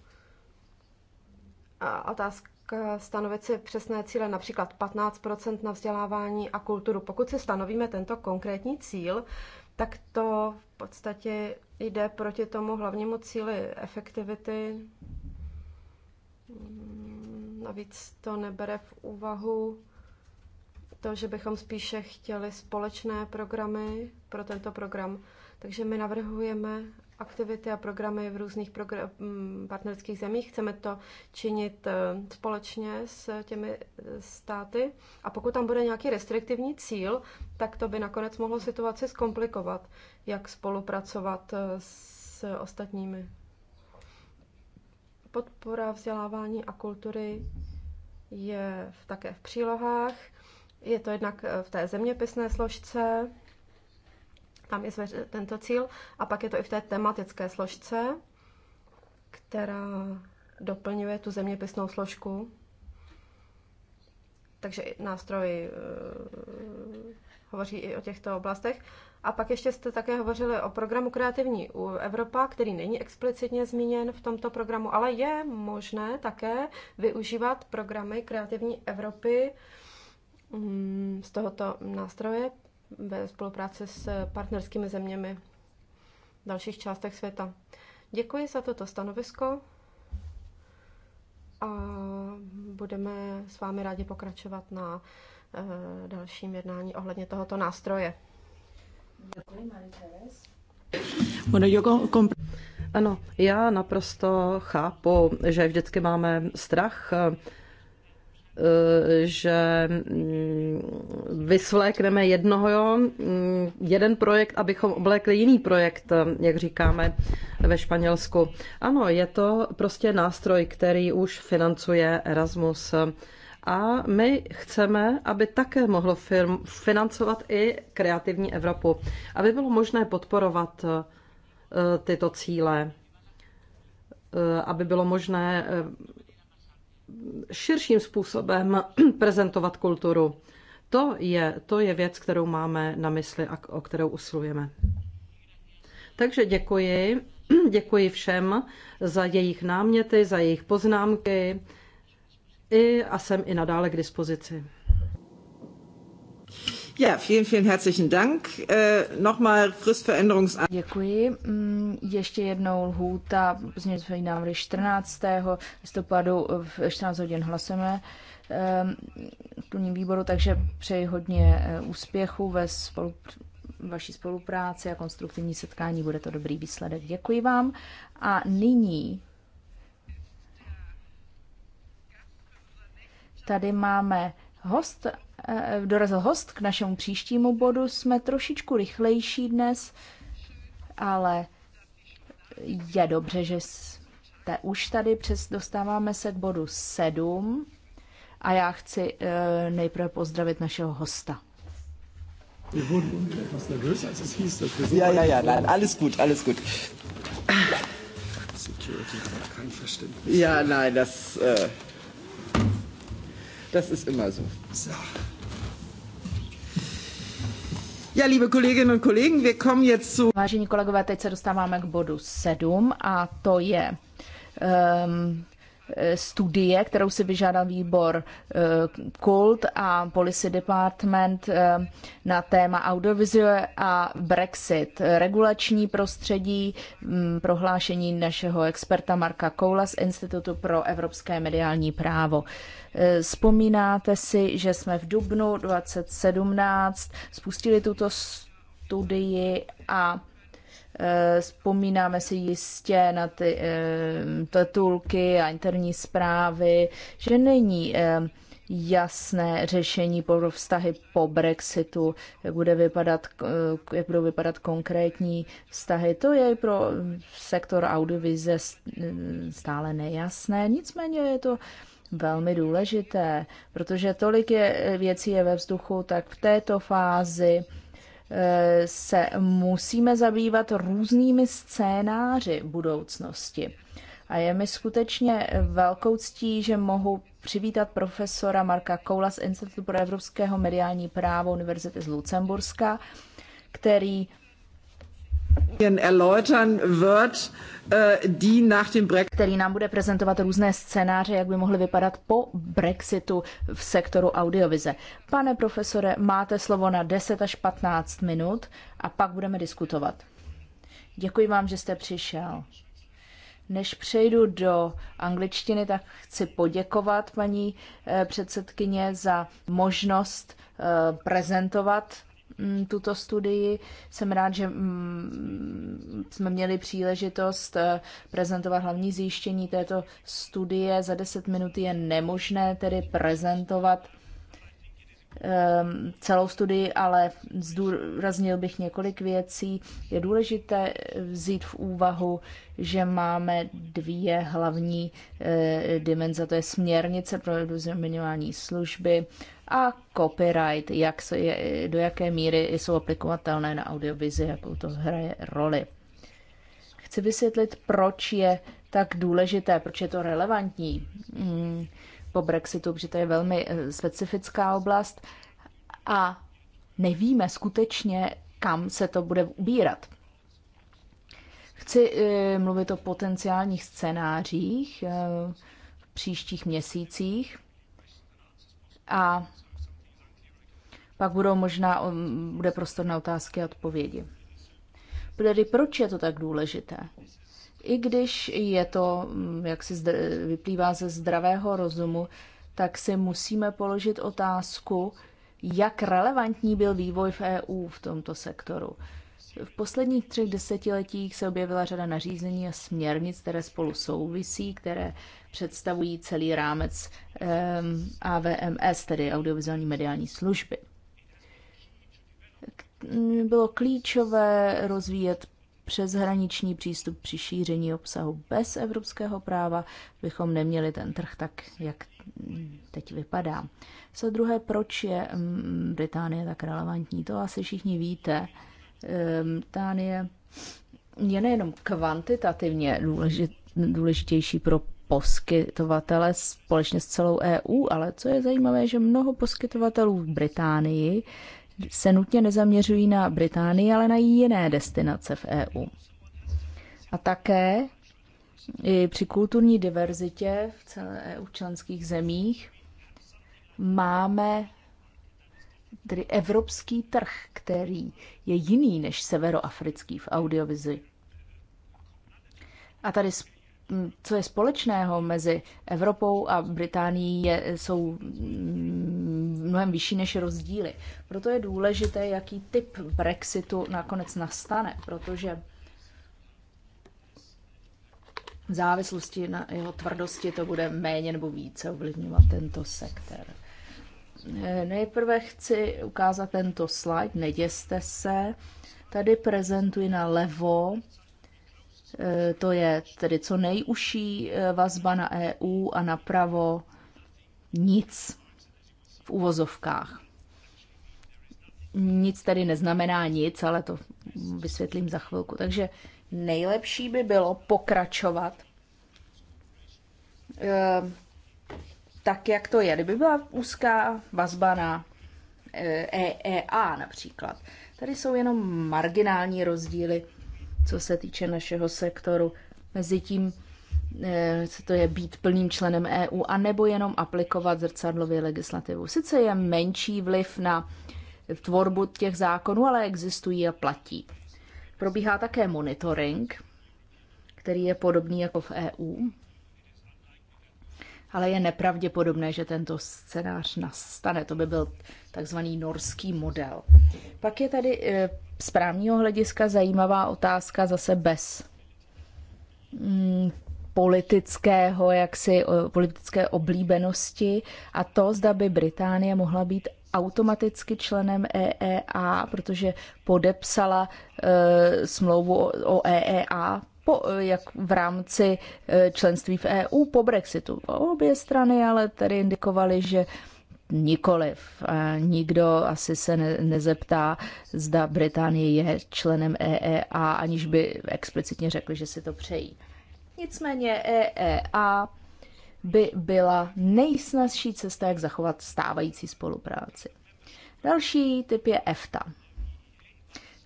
a otázka, stanovit si přesné cíle, například 15 na vzdělávání a kulturu. Pokud si stanovíme tento konkrétní cíl, tak to v podstatě jde proti tomu hlavnímu cíli efektivity. Navíc to nebere v úvahu to, že bychom spíše chtěli společné programy pro tento program. Takže my navrhujeme, aktivity a programy v různých progr- mm, partnerských zemích. Chceme to činit eh, společně s těmi eh, státy. A pokud tam bude nějaký restriktivní cíl, tak to by nakonec mohlo situaci zkomplikovat, jak spolupracovat eh, s ostatními. Podpora vzdělávání a kultury je také v přílohách. Je to jednak v té zeměpisné složce, tam je tento cíl. A pak je to i v té tematické složce, která doplňuje tu zeměpisnou složku. Takže nástroj eh, hovoří i o těchto oblastech. A pak ještě jste také hovořili o programu Kreativní u Evropa, který není explicitně zmíněn v tomto programu, ale je možné také využívat programy Kreativní Evropy mm, z tohoto nástroje ve spolupráci s partnerskými zeměmi v dalších částech světa. Děkuji za toto stanovisko a budeme s vámi rádi pokračovat na eh, dalším jednání ohledně tohoto nástroje. Děkuji, ano, já naprosto chápu, že vždycky máme strach eh, že mm, vyslékneme jednoho, mm, jeden projekt, abychom oblékli jiný projekt, jak říkáme ve Španělsku. Ano, je to prostě nástroj, který už financuje Erasmus. A my chceme, aby také mohlo firm financovat i kreativní Evropu, aby bylo možné podporovat e, tyto cíle, e, aby bylo možné e, širším způsobem prezentovat kulturu. To je, to je věc, kterou máme na mysli a o kterou usilujeme. Takže děkuji. Děkuji všem za jejich náměty, za jejich poznámky i, a jsem i nadále k dispozici. Ja, vielen, vielen herzlichen Dank. Äh, nochmal Děkuji. Mm, ještě jednou lhůta, změnit návrhy 14. listopadu v 14 hodin hlasujeme kulturním ehm, výboru, takže přeji hodně eh, úspěchu ve spolu, vaší spolupráci a konstruktivní setkání. Bude to dobrý výsledek. Děkuji vám. A nyní tady máme host Eh, dorazil host k našemu příštímu bodu. Jsme trošičku rychlejší dnes, ale je dobře, že jste už tady. Přes dostáváme se k bodu 7 a já chci eh, nejprve pozdravit našeho hosta. Ja, ja, ja, nein, alles gut, alles gut. Ja, nein, das, äh, das ist immer so. So. Ja, liebe Kolleginnen und Kollegen, wir kommen jetzt zu... Vážení kolegové, teď se dostáváme k bodu 7 a to je um, Eh, studie, kterou si vyžádal výbor eh, Kult a Policy Department eh, na téma audiovizuje a Brexit, regulační prostředí, mm, prohlášení našeho experta Marka Koula z Institutu pro evropské mediální právo. Vzpomínáte si, že jsme v dubnu 2017 spustili tuto studii a Eh, vzpomínáme si jistě na ty eh, titulky a interní zprávy, že není eh, jasné řešení pro vztahy po Brexitu, jak, bude vypadat, jak budou vypadat konkrétní vztahy. To je pro sektor audiovize stále nejasné, nicméně je to velmi důležité, protože tolik je věcí je ve vzduchu, tak v této fázi se musíme zabývat různými scénáři budoucnosti. A je mi skutečně velkou ctí, že mohu přivítat profesora Marka Koula z Institutu pro evropského mediální právo Univerzity z Lucemburska, který Äh, který nám bude prezentovat různé scénáře, jak by mohly vypadat po Brexitu v sektoru audiovize. Pane profesore, máte slovo na 10 až 15 minut a pak budeme diskutovat. Děkuji vám, že jste přišel. Než přejdu do angličtiny, tak chci poděkovat paní eh, předsedkyně za možnost eh, prezentovat Mm, tuto studii. Jsem rád, že mm, jsme měli příležitost eh, prezentovat hlavní zjištění této studie. Za 10 minut je nemožné tedy prezentovat Um, celou studii, ale zdůraznil bych několik věcí. Je důležité vzít v úvahu, že máme dvě hlavní eh, dimenze, to je směrnice pro minimální služby a copyright, jak se je, do jaké míry jsou aplikovatelné na audiovizi, jakou to hraje roli. Chci vysvětlit, proč je tak důležité, proč je to relevantní. Hmm po Brexitu, protože to je velmi eh, specifická oblast a nevíme skutečně, kam se to bude ubírat. Chci eh, mluvit o potenciálních scénářích eh, v příštích měsících a pak budou možná, mm, bude prostor na otázky a odpovědi. Tedy proč je to tak důležité? I když je to, mm, jak si vyplývá ze zdravého rozumu, tak si musíme položit otázku, jak relevantní byl vývoj v EU v tomto sektoru. V posledních třech desetiletích se objevila řada nařízení a směrnic, které spolu souvisí, které představují celý rámec um, AVMS, tedy audiovizuální mediální služby. Bylo klíčové rozvíjet přeshraniční přístup při šíření obsahu bez evropského práva, bychom neměli ten trh tak, jak teď vypadá. Co druhé, proč je mm, Británie tak relevantní? To asi všichni víte. Ehm, Británie je nejenom kvantitativně důležitější pro poskytovatele společně s celou EU, ale co je zajímavé, že mnoho poskytovatelů v Británii se nutně nezaměřují na Británii, ale na jiné destinace v EU. A také i při kulturní diverzitě v celé EU členských zemích máme tedy evropský trh, který je jiný než severoafrický v audiovizi. A tady co je společného mezi Evropou a Británií, je, jsou mnohem vyšší než rozdíly. Proto je důležité, jaký typ Brexitu nakonec nastane, protože v závislosti na jeho tvrdosti to bude méně nebo více ovlivňovat tento sektor. E, nejprve chci ukázat tento slide, neděste se. Tady prezentuji na levo Eh, to je tedy co nejužší eh, vazba na EU a napravo nic v uvozovkách. Nic tedy neznamená nic, ale to vysvětlím za chvilku. Takže nejlepší by bylo pokračovat eh, tak, jak to je. Kdyby byla úzká vazba na EEA e například. Tady jsou jenom marginální rozdíly co se týče našeho sektoru. Mezitím eh, co to je být plným členem EU, a nebo jenom aplikovat zrcadlově legislativu. Sice je menší vliv na tvorbu těch zákonů, ale existují a platí. Probíhá také monitoring, který je podobný jako v EU ale je nepravděpodobné, že tento scénář nastane. To by byl takzvaný norský model. Pak je tady eh, z právního hlediska zajímavá otázka zase bez mm, politického, jaksi politické oblíbenosti a to, zda by Británie mohla být automaticky členem EEA, protože podepsala e, smlouvu o, o EEA po, jak v rámci eh, členství v EU po Brexitu. Obě strany ale tedy indikovaly, že nikoliv. Nikdo asi se ne, nezeptá, zda Británie je členem EEA, aniž by explicitně řekli, že si to přejí. Nicméně EEA by byla nejsnazší cesta, jak zachovat stávající spolupráci. Další typ je EFTA,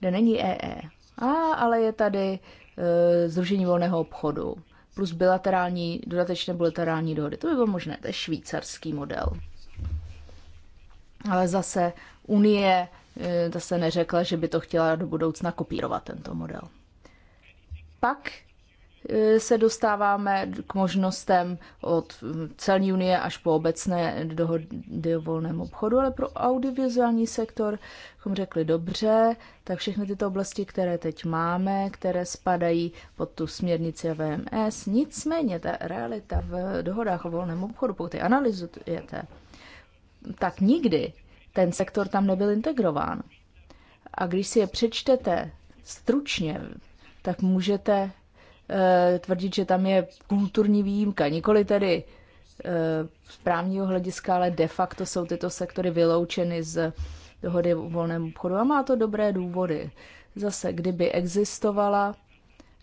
kde není EE. E A, ale je tady Eh, zrušení volného obchodu plus bilaterální, dodatečné bilaterální dohody. To by bylo možné, to je švýcarský model. Ale zase Unie zase eh, neřekla, že by to chtěla do budoucna kopírovat tento model. Pak Eh, se dostáváme k možnostem od mm, celní unie až po obecné dohody o volném obchodu, ale pro audiovizuální sektor, jak řekli dobře, tak všechny tyto oblasti, které teď máme, které spadají pod tu směrnici VMS, nicméně ta realita v dohodách o volném obchodu, pokud ty analyzujete, tak nikdy ten sektor tam nebyl integrován. A když si je přečtete stručně, tak můžete Eh, tvrdit, že tam je kulturní výjimka, nikoli tedy eh, z právního hlediska, ale de facto jsou tyto sektory vyloučeny z dohody o volném obchodu a má to dobré důvody. Zase, kdyby existovala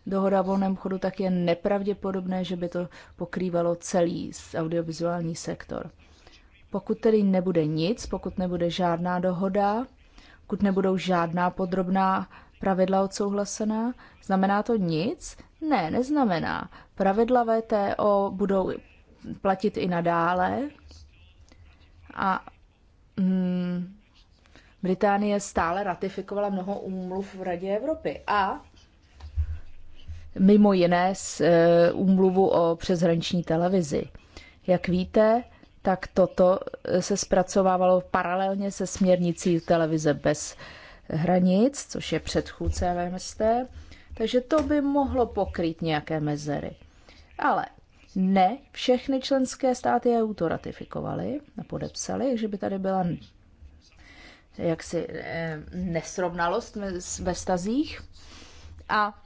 dohoda o volném obchodu, tak je nepravděpodobné, že by to pokrývalo celý audiovizuální sektor. Pokud tedy nebude nic, pokud nebude žádná dohoda, pokud nebudou žádná podrobná pravidla odsouhlasená, znamená to nic, ne, neznamená. Pravidla VTO budou platit i nadále a mm, Británie stále ratifikovala mnoho úmluv v Radě Evropy a mimo jiné s e, úmluvu o přeshraniční televizi. Jak víte, tak toto se zpracovávalo paralelně se směrnicí televize bez hranic, což je předchůdce VMST. Takže to by mohlo pokrýt nějaké mezery. Ale ne všechny členské státy EU to ratifikovaly a podepsaly, takže by tady byla jaksi eh, nesrovnalost ve stazích. A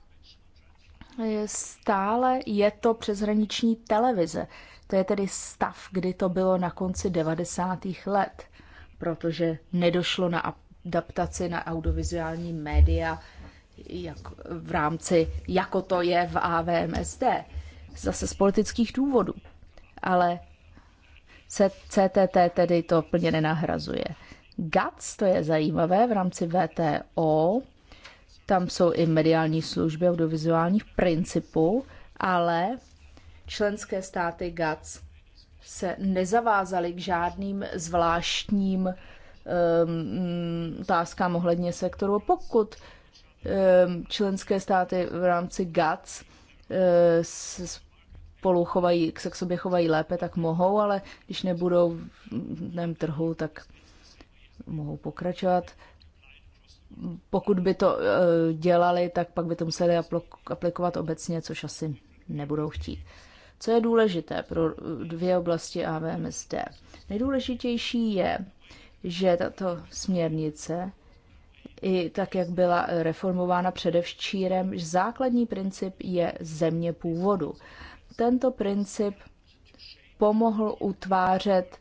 eh, stále je to přeshraniční televize. To je tedy stav, kdy to bylo na konci 90. let, protože nedošlo na adaptaci na audiovizuální média jak, v rámci, jako to je v AVMSD, zase z politických důvodů. Ale CTT tedy to plně nenahrazuje. GATS, to je zajímavé, v rámci VTO, tam jsou i mediální služby audiovizuální v principu, ale členské státy GATS se nezavázaly k žádným zvláštním um, otázkám ohledně sektoru. Pokud Ehm, členské státy v rámci GATS eh, spolu chovají, se k sobě chovají lépe, tak mohou, ale když nebudou v dném trhu, tak mohou pokračovat. Pokud by to eh, dělali, tak pak by to museli aplikovat obecně, což asi nebudou chtít. Co je důležité pro dvě oblasti AVMSD? Nejdůležitější je, že tato směrnice i tak, jak byla reformována předevčírem, že základní princip je země původu. Tento princip pomohl utvářet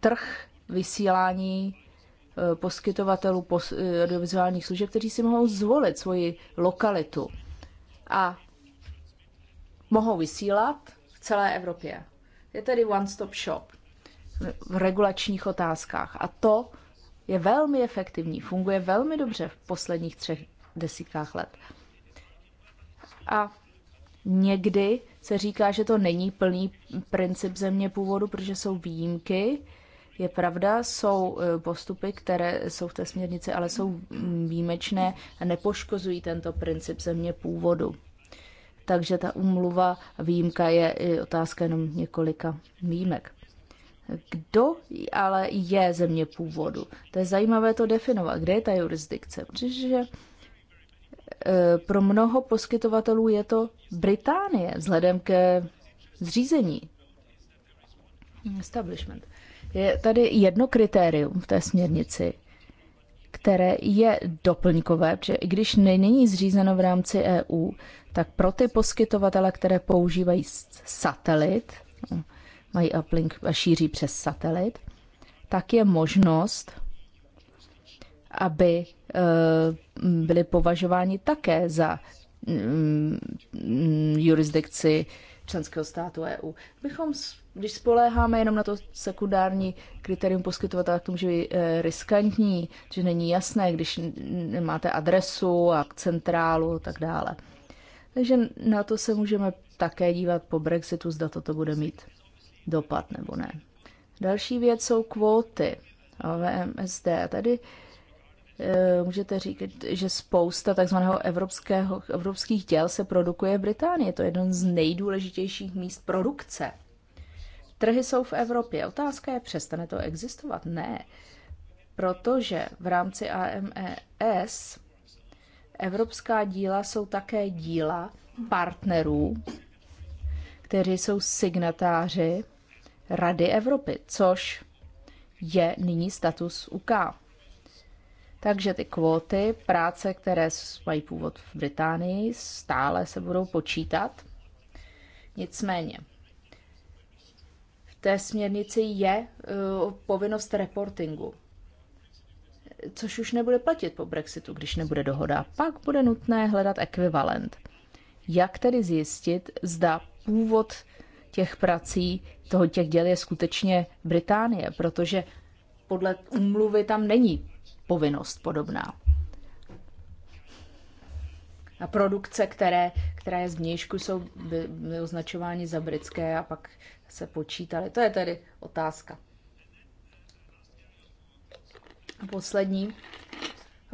trh vysílání eh, poskytovatelů eh, audiovizuálních služeb, kteří si mohou zvolit svoji lokalitu a mohou vysílat v celé Evropě. Je tedy one-stop shop v regulačních otázkách. A to je velmi efektivní, funguje velmi dobře v posledních třech desítkách let. A někdy se říká, že to není plný princip země původu, protože jsou výjimky. Je pravda, jsou e, postupy, které jsou v té směrnici, ale jsou výjimečné a nepoškozují tento princip země původu. Takže ta umluva výjimka je otázka jenom několika výjimek kdo ale je země původu. To je zajímavé to definovat, kde je ta jurisdikce, protože e, pro mnoho poskytovatelů je to Británie vzhledem ke zřízení. Establishment. Je tady jedno kritérium v té směrnici, které je doplňkové, protože i když není zřízeno v rámci EU, tak pro ty poskytovatele, které používají satelit, no, mají uplink a šíří přes satelit, tak je možnost, aby eh, byli považováni také za mm, jurisdikci členského státu EU. Bychom, když spoléháme jenom na to sekundární kritérium poskytovat, tak to může být eh, riskantní, že není jasné, když nemáte adresu a centrálu a tak dále. Takže na to se můžeme také dívat po Brexitu, zda toto bude mít dopad nebo ne. Další věc jsou kvóty VMSD. Tady eh, můžete říkat, že spousta takzvaného evropského, evropských děl se produkuje v Británii. Je To jeden z nejdůležitějších míst produkce. Trhy jsou v Evropě. Otázka je, přestane to existovat? Ne. Protože v rámci AMES evropská díla jsou také díla partnerů, kteří jsou signatáři Rady Evropy, což je nyní status UK. Takže ty kvóty, práce, které mají původ v Británii, stále se budou počítat. Nicméně, v té směrnici je uh, povinnost reportingu, což už nebude platit po Brexitu, když nebude dohoda. Pak bude nutné hledat ekvivalent. Jak tedy zjistit, zda původ těch prací, toho těch děl je skutečně Británie, protože podle umluvy tam není povinnost podobná. A produkce, které, které je z vnějšku, jsou by, by označovány za britské a pak se počítaly. To je tedy otázka. A poslední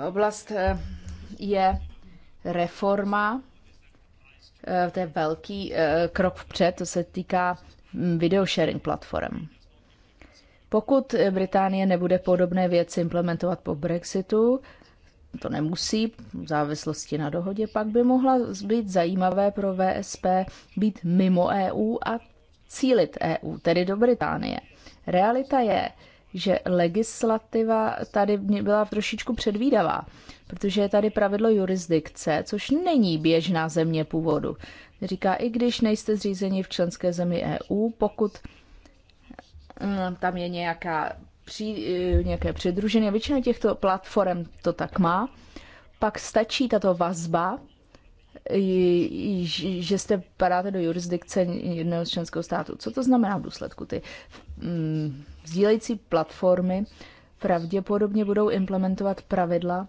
oblast eh, je reforma Eh, to je velký eh, krok vpřed, to se týká hm, video sharing platform. Pokud eh, Británie nebude podobné věci implementovat po Brexitu, to nemusí, v závislosti na dohodě, pak by mohla být zajímavé pro VSP být mimo EU a cílit EU, tedy do Británie. Realita je, že legislativa tady byla trošičku předvídavá, protože je tady pravidlo jurisdikce, což není běžná země původu. Říká, i když nejste zřízeni v členské zemi EU, pokud mm, tam je nějaká při, eh, nějaké přidružené většina těchto platform to tak má, pak stačí tato vazba že jste padáte do jurisdikce jednoho z členského státu. Co to znamená v důsledku? Ty mm, sdílející platformy pravděpodobně budou implementovat pravidla,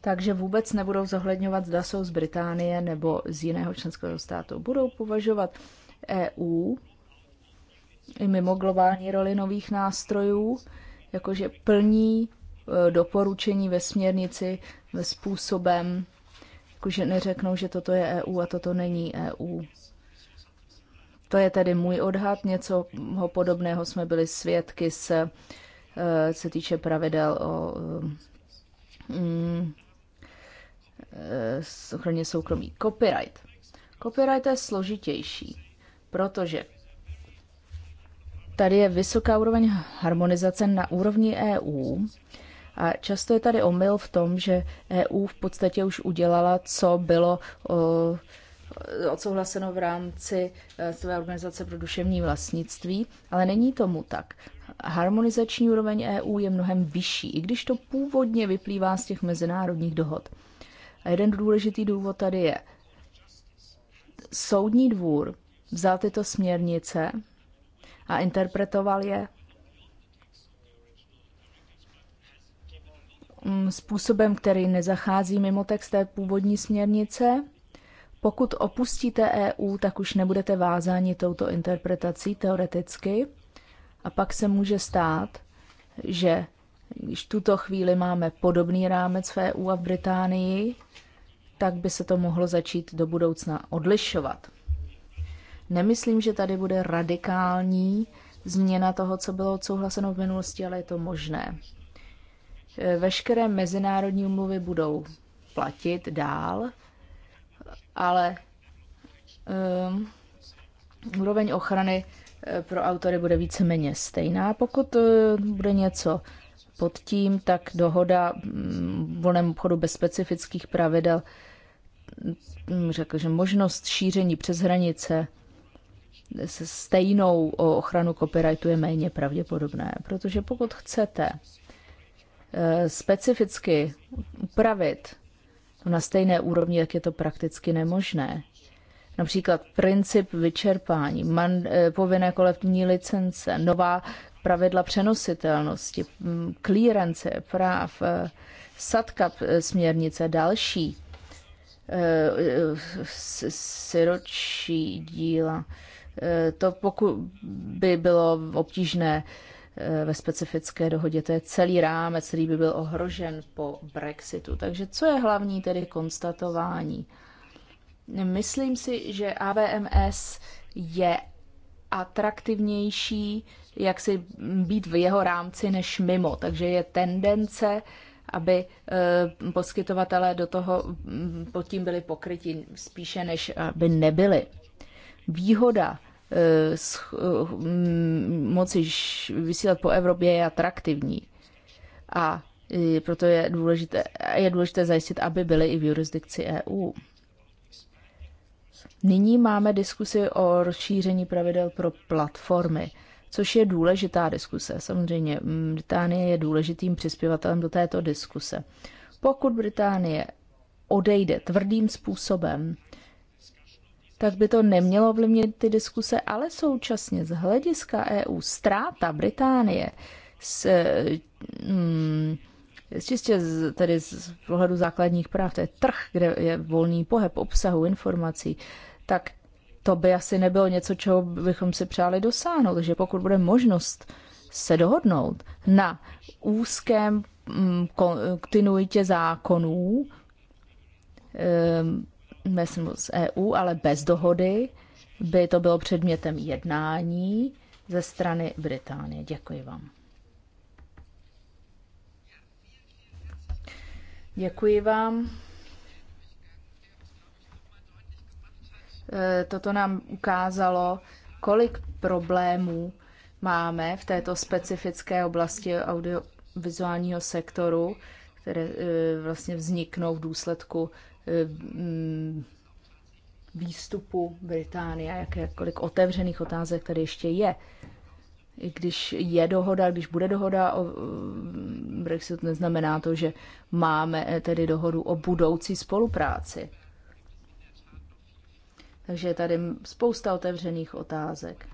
takže vůbec nebudou zohledňovat, zda jsou z Británie nebo z jiného členského státu. Budou považovat EU i mimo globální roli nových nástrojů, jakože plní e, doporučení ve směrnici ve způsobem, jako, že neřeknou, že toto je EU a toto není EU. To je tedy můj odhad. Něco podobného jsme byli svědky se, eh, se týče pravidel o eh, mm, eh, ochraně soukromí. Copyright. Copyright je složitější, protože tady je vysoká úroveň harmonizace na úrovni EU a často je tady omyl v tom, že EU v podstatě už udělala, co bylo odsouhlaseno v rámci e, své organizace pro duševní vlastnictví, ale není tomu tak. Harmonizační úroveň EU je mnohem vyšší, i když to původně vyplývá z těch mezinárodních dohod. A jeden důležitý důvod tady je, soudní dvůr vzal tyto směrnice a interpretoval je Mm, způsobem, který nezachází mimo text té původní směrnice. Pokud opustíte EU, tak už nebudete vázáni touto interpretací teoreticky. A pak se může stát, že když tuto chvíli máme podobný rámec v EU a v Británii, tak by se to mohlo začít do budoucna odlišovat. Nemyslím, že tady bude radikální změna toho, co bylo odsouhlaseno v minulosti, ale je to možné. Veškeré mezinárodní umluvy budou platit dál, ale um, úroveň ochrany eh, pro autory bude víceméně stejná. Pokud eh, bude něco pod tím, tak dohoda mm, volném obchodu bez specifických pravidel mm, řekl, že možnost šíření přes hranice se stejnou ochranu copyrightu je méně pravděpodobné, protože pokud chcete Eh, specificky upravit na stejné úrovni, jak je to prakticky nemožné. Například princip vyčerpání, man, eh, povinné kolektivní licence, nová pravidla přenositelnosti, klírence mm, práv, eh, sadka směrnice, další syročí díla. To pokud by bylo obtížné Eh, ve specifické dohodě. To je celý rámec, který by byl ohrožen po Brexitu. Takže co je hlavní tedy konstatování? Myslím si, že AVMS je atraktivnější, jak si být v jeho rámci než mimo. Takže je tendence, aby eh, poskytovatelé do toho mm, pod tím byli pokryti spíše, než aby eh, nebyli. Výhoda Eh, hm, moci vysílat po Evropě je atraktivní. A eh, proto je důležité, je důležité zajistit, aby byly i v jurisdikci EU. Nyní máme diskusi o rozšíření pravidel pro platformy, což je důležitá diskuse. Samozřejmě hm, Británie je důležitým přispěvatelem do této diskuse. Pokud Británie odejde tvrdým způsobem, tak by to nemělo ovlivnit ty diskuse, ale současně z hlediska EU ztráta Británie s, eh, mm, čistě z, tedy z pohledu základních práv, to je trh, kde je volný pohyb obsahu, informací, tak to by asi nebylo něco, čeho bychom si přáli dosáhnout. Takže pokud bude možnost se dohodnout na úzkém mm, kontinuitě zákonů, ehm, z EU, ale bez dohody by to bylo předmětem jednání ze strany Británie. Děkuji vám. Děkuji vám. E, toto nám ukázalo, kolik problémů máme v této specifické oblasti audiovizuálního sektoru, které e, vlastně vzniknou v důsledku Eh, výstupu Británie a jakékoliv otevřených otázek tady ještě je. I když je dohoda, když bude dohoda o eh, Brexit, neznamená to, že máme eh, tedy dohodu o budoucí spolupráci. Takže je tady spousta otevřených otázek,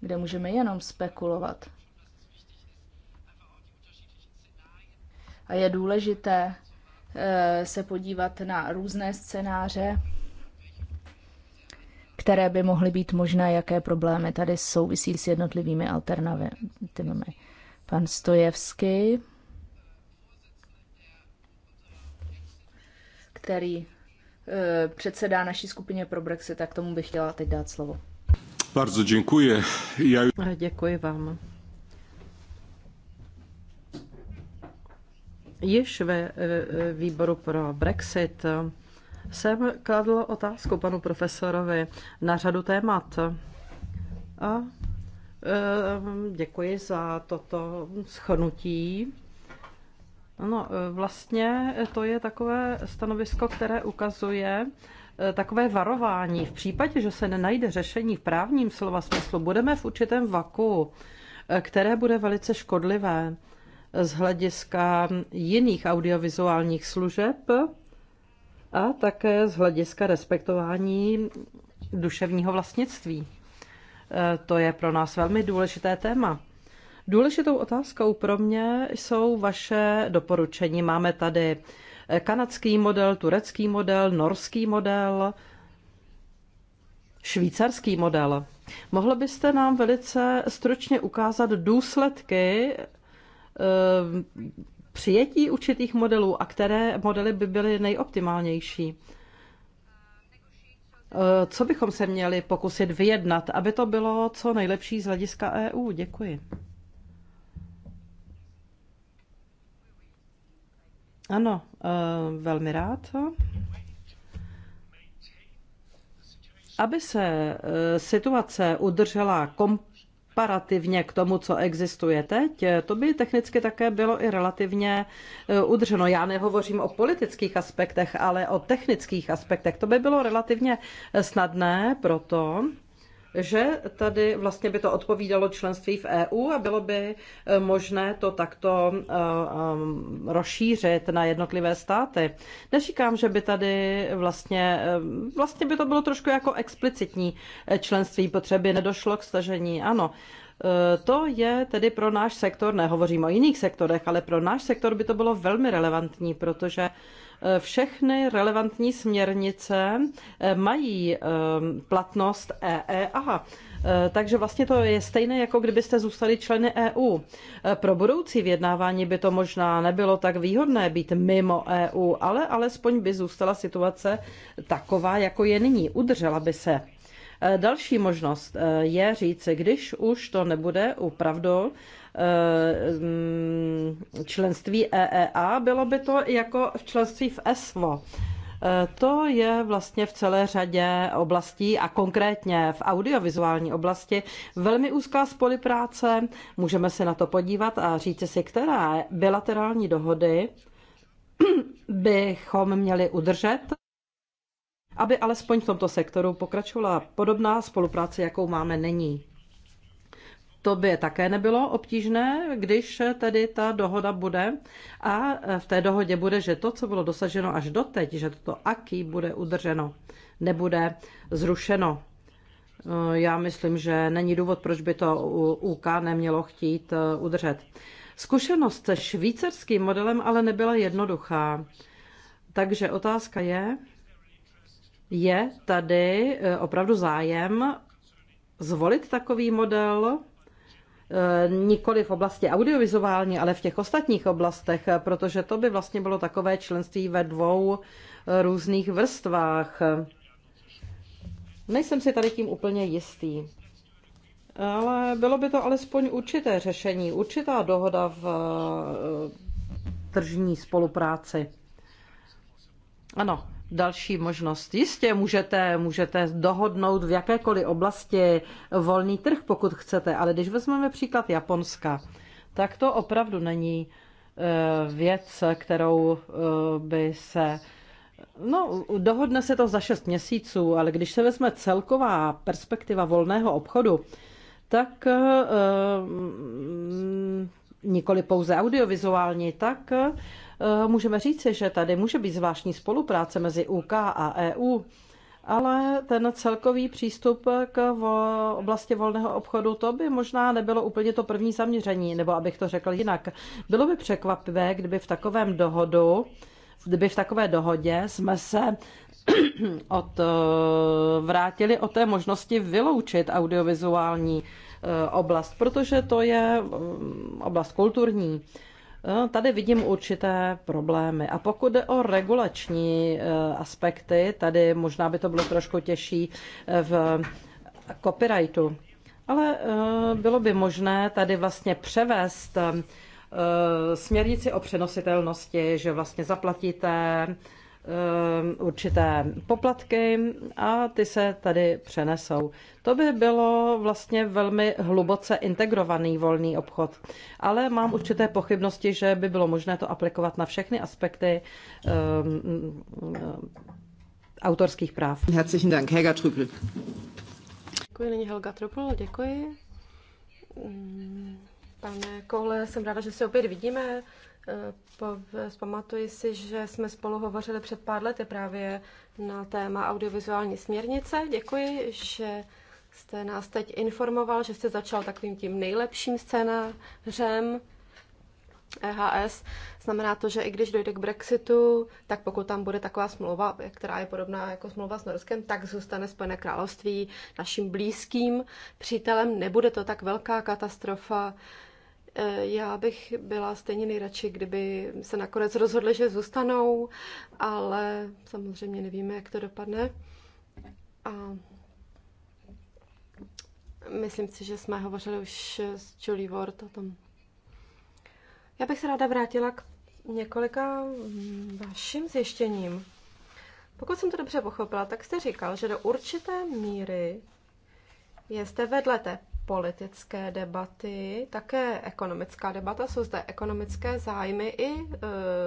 kde můžeme jenom spekulovat. A je důležité Eh, se podívat na různé scénáře, které by mohly být možné, jaké problémy tady souvisí s jednotlivými alternativami. Pan Stojevský, který eh, předsedá naší skupině pro Brexit, tak tomu bych chtěla teď dát slovo. Bardzo děkuji. Já... Děkuji vám. Již ve e, e, výboru pro Brexit jsem kladl otázku panu profesorovi na řadu témat. A e, děkuji za toto schnutí. No, vlastně to je takové stanovisko, které ukazuje takové varování. V případě, že se nenajde řešení v právním slova smyslu, budeme v určitém vaku, které bude velice škodlivé z hlediska jiných audiovizuálních služeb a také z hlediska respektování duševního vlastnictví. E, to je pro nás velmi důležité téma. Důležitou otázkou pro mě jsou vaše doporučení. Máme tady e, kanadský model, turecký model, norský model, švýcarský model. Mohlo byste nám velice stručně ukázat důsledky Eh, přijetí určitých modelů a které modely by byly nejoptimálnější. Eh, co bychom se měli pokusit vyjednat, aby to bylo co nejlepší z hlediska EU? Děkuji. Ano, eh, velmi rád. Aby se situace udržela komplexně, komparativně k tomu, co existuje teď, to by technicky také bylo i relativně e, udrženo. Já nehovořím o politických aspektech, ale o technických aspektech. To by bylo relativně snadné proto, že tady vlastně by to odpovídalo členství v EU a bylo by eh, možné to takto eh, eh, rozšířit na jednotlivé státy. Neříkám, že by tady vlastně, vlastně by to bylo trošku jako explicitní členství potřeby, nedošlo k stažení, ano. To je tedy pro náš sektor, nehovořím o jiných sektorech, ale pro náš sektor by to bylo velmi relevantní, protože Eh, všechny relevantní směrnice eh, mají eh, platnost EEA. Takže vlastně to je stejné, jako kdybyste zůstali členy EU. Pro budoucí vědnávání by to možná nebylo tak výhodné být mimo EU, ale alespoň by zůstala situace taková, jako je nyní. Udržela by se. Další možnost je říci, když už to nebude upravdu Eh, mm, členství EEA, bylo by to jako v členství v ESVO. Eh, to je vlastně v celé řadě oblastí a konkrétně v audiovizuální oblasti velmi úzká spolupráce. Můžeme se na to podívat a říct si, které bilaterální dohody bychom měli udržet, aby alespoň v tomto sektoru pokračovala podobná spolupráce, jakou máme nyní. To by také nebylo obtížné, když tedy ta dohoda bude a v té dohodě bude, že to, co bylo dosaženo až doteď, že toto aký bude udrženo, nebude zrušeno. Já myslím, že není důvod, proč by to UK nemělo chtít eh, udržet. Zkušenost se švýcarským modelem ale nebyla jednoduchá. Takže otázka je, je tady eh, opravdu zájem zvolit takový model Eh, nikoli v oblasti audiovizuální, ale v těch ostatních oblastech, eh, protože to by vlastně bylo takové členství ve dvou eh, různých vrstvách. Nejsem si tady tím úplně jistý. Ale bylo by to alespoň určité řešení, určitá dohoda v tržní spolupráci. Ano, další možnost. Jistě můžete, můžete dohodnout v jakékoliv oblasti volný trh, pokud chcete, ale když vezmeme příklad Japonska, tak to opravdu není eh, věc, kterou eh, by se No, dohodne se to za 6 měsíců, ale když se vezme celková perspektiva volného obchodu, tak eh, mm, nikoli pouze audiovizuální, tak Eh, můžeme říci, že tady může být zvláštní spolupráce mezi UK a EU, ale ten celkový přístup k oblasti volného obchodu, to by možná nebylo úplně to první zaměření, nebo abych to řekl jinak. Bylo by překvapivé, kdyby v takovém dohodu, kdyby v takové dohodě jsme se od, eh, vrátili o té možnosti vyloučit audiovizuální eh, oblast, protože to je mm, oblast kulturní. No, tady vidím určité problémy. A pokud jde o regulační eh, aspekty, tady možná by to bylo trošku těžší eh, v copyrightu, ale eh, bylo by možné tady vlastně převést směrnici o přenositelnosti, že vlastně zaplatíte Ehm, určité poplatky a ty se tady přenesou. To by bylo vlastně velmi hluboce integrovaný volný obchod, ale mám určité pochybnosti, že by bylo možné to aplikovat na všechny aspekty um, um, autorských práv. Herzlichen Dank, Helga Trüppel. Děkuji, není Helga Trüppel, děkuji. Ehm, pane Kohle, jsem ráda, že se opět vidíme. Eh, vzpamatuji si, že jsme spolu hovořili před pár lety právě na téma audiovizuální směrnice. Děkuji, že jste nás teď informoval, že jste začal takovým tím nejlepším scénářem EHS. Znamená to, že i když dojde k Brexitu, tak pokud tam bude taková smlouva, která je podobná jako smlouva s Norskem, tak zůstane Spojené království naším blízkým přítelem. Nebude to tak velká katastrofa, Eh, já bych byla stejně nejradši, kdyby se nakonec rozhodli, že zůstanou, ale samozřejmě nevíme, jak to dopadne. A myslím si, že jsme hovořili už s Julie Ward o tom. Já bych se ráda vrátila k několika vašim zjištěním. Pokud jsem to dobře pochopila, tak jste říkal, že do určité míry jste vedle té politické debaty, také ekonomická debata, jsou zde ekonomické zájmy i e,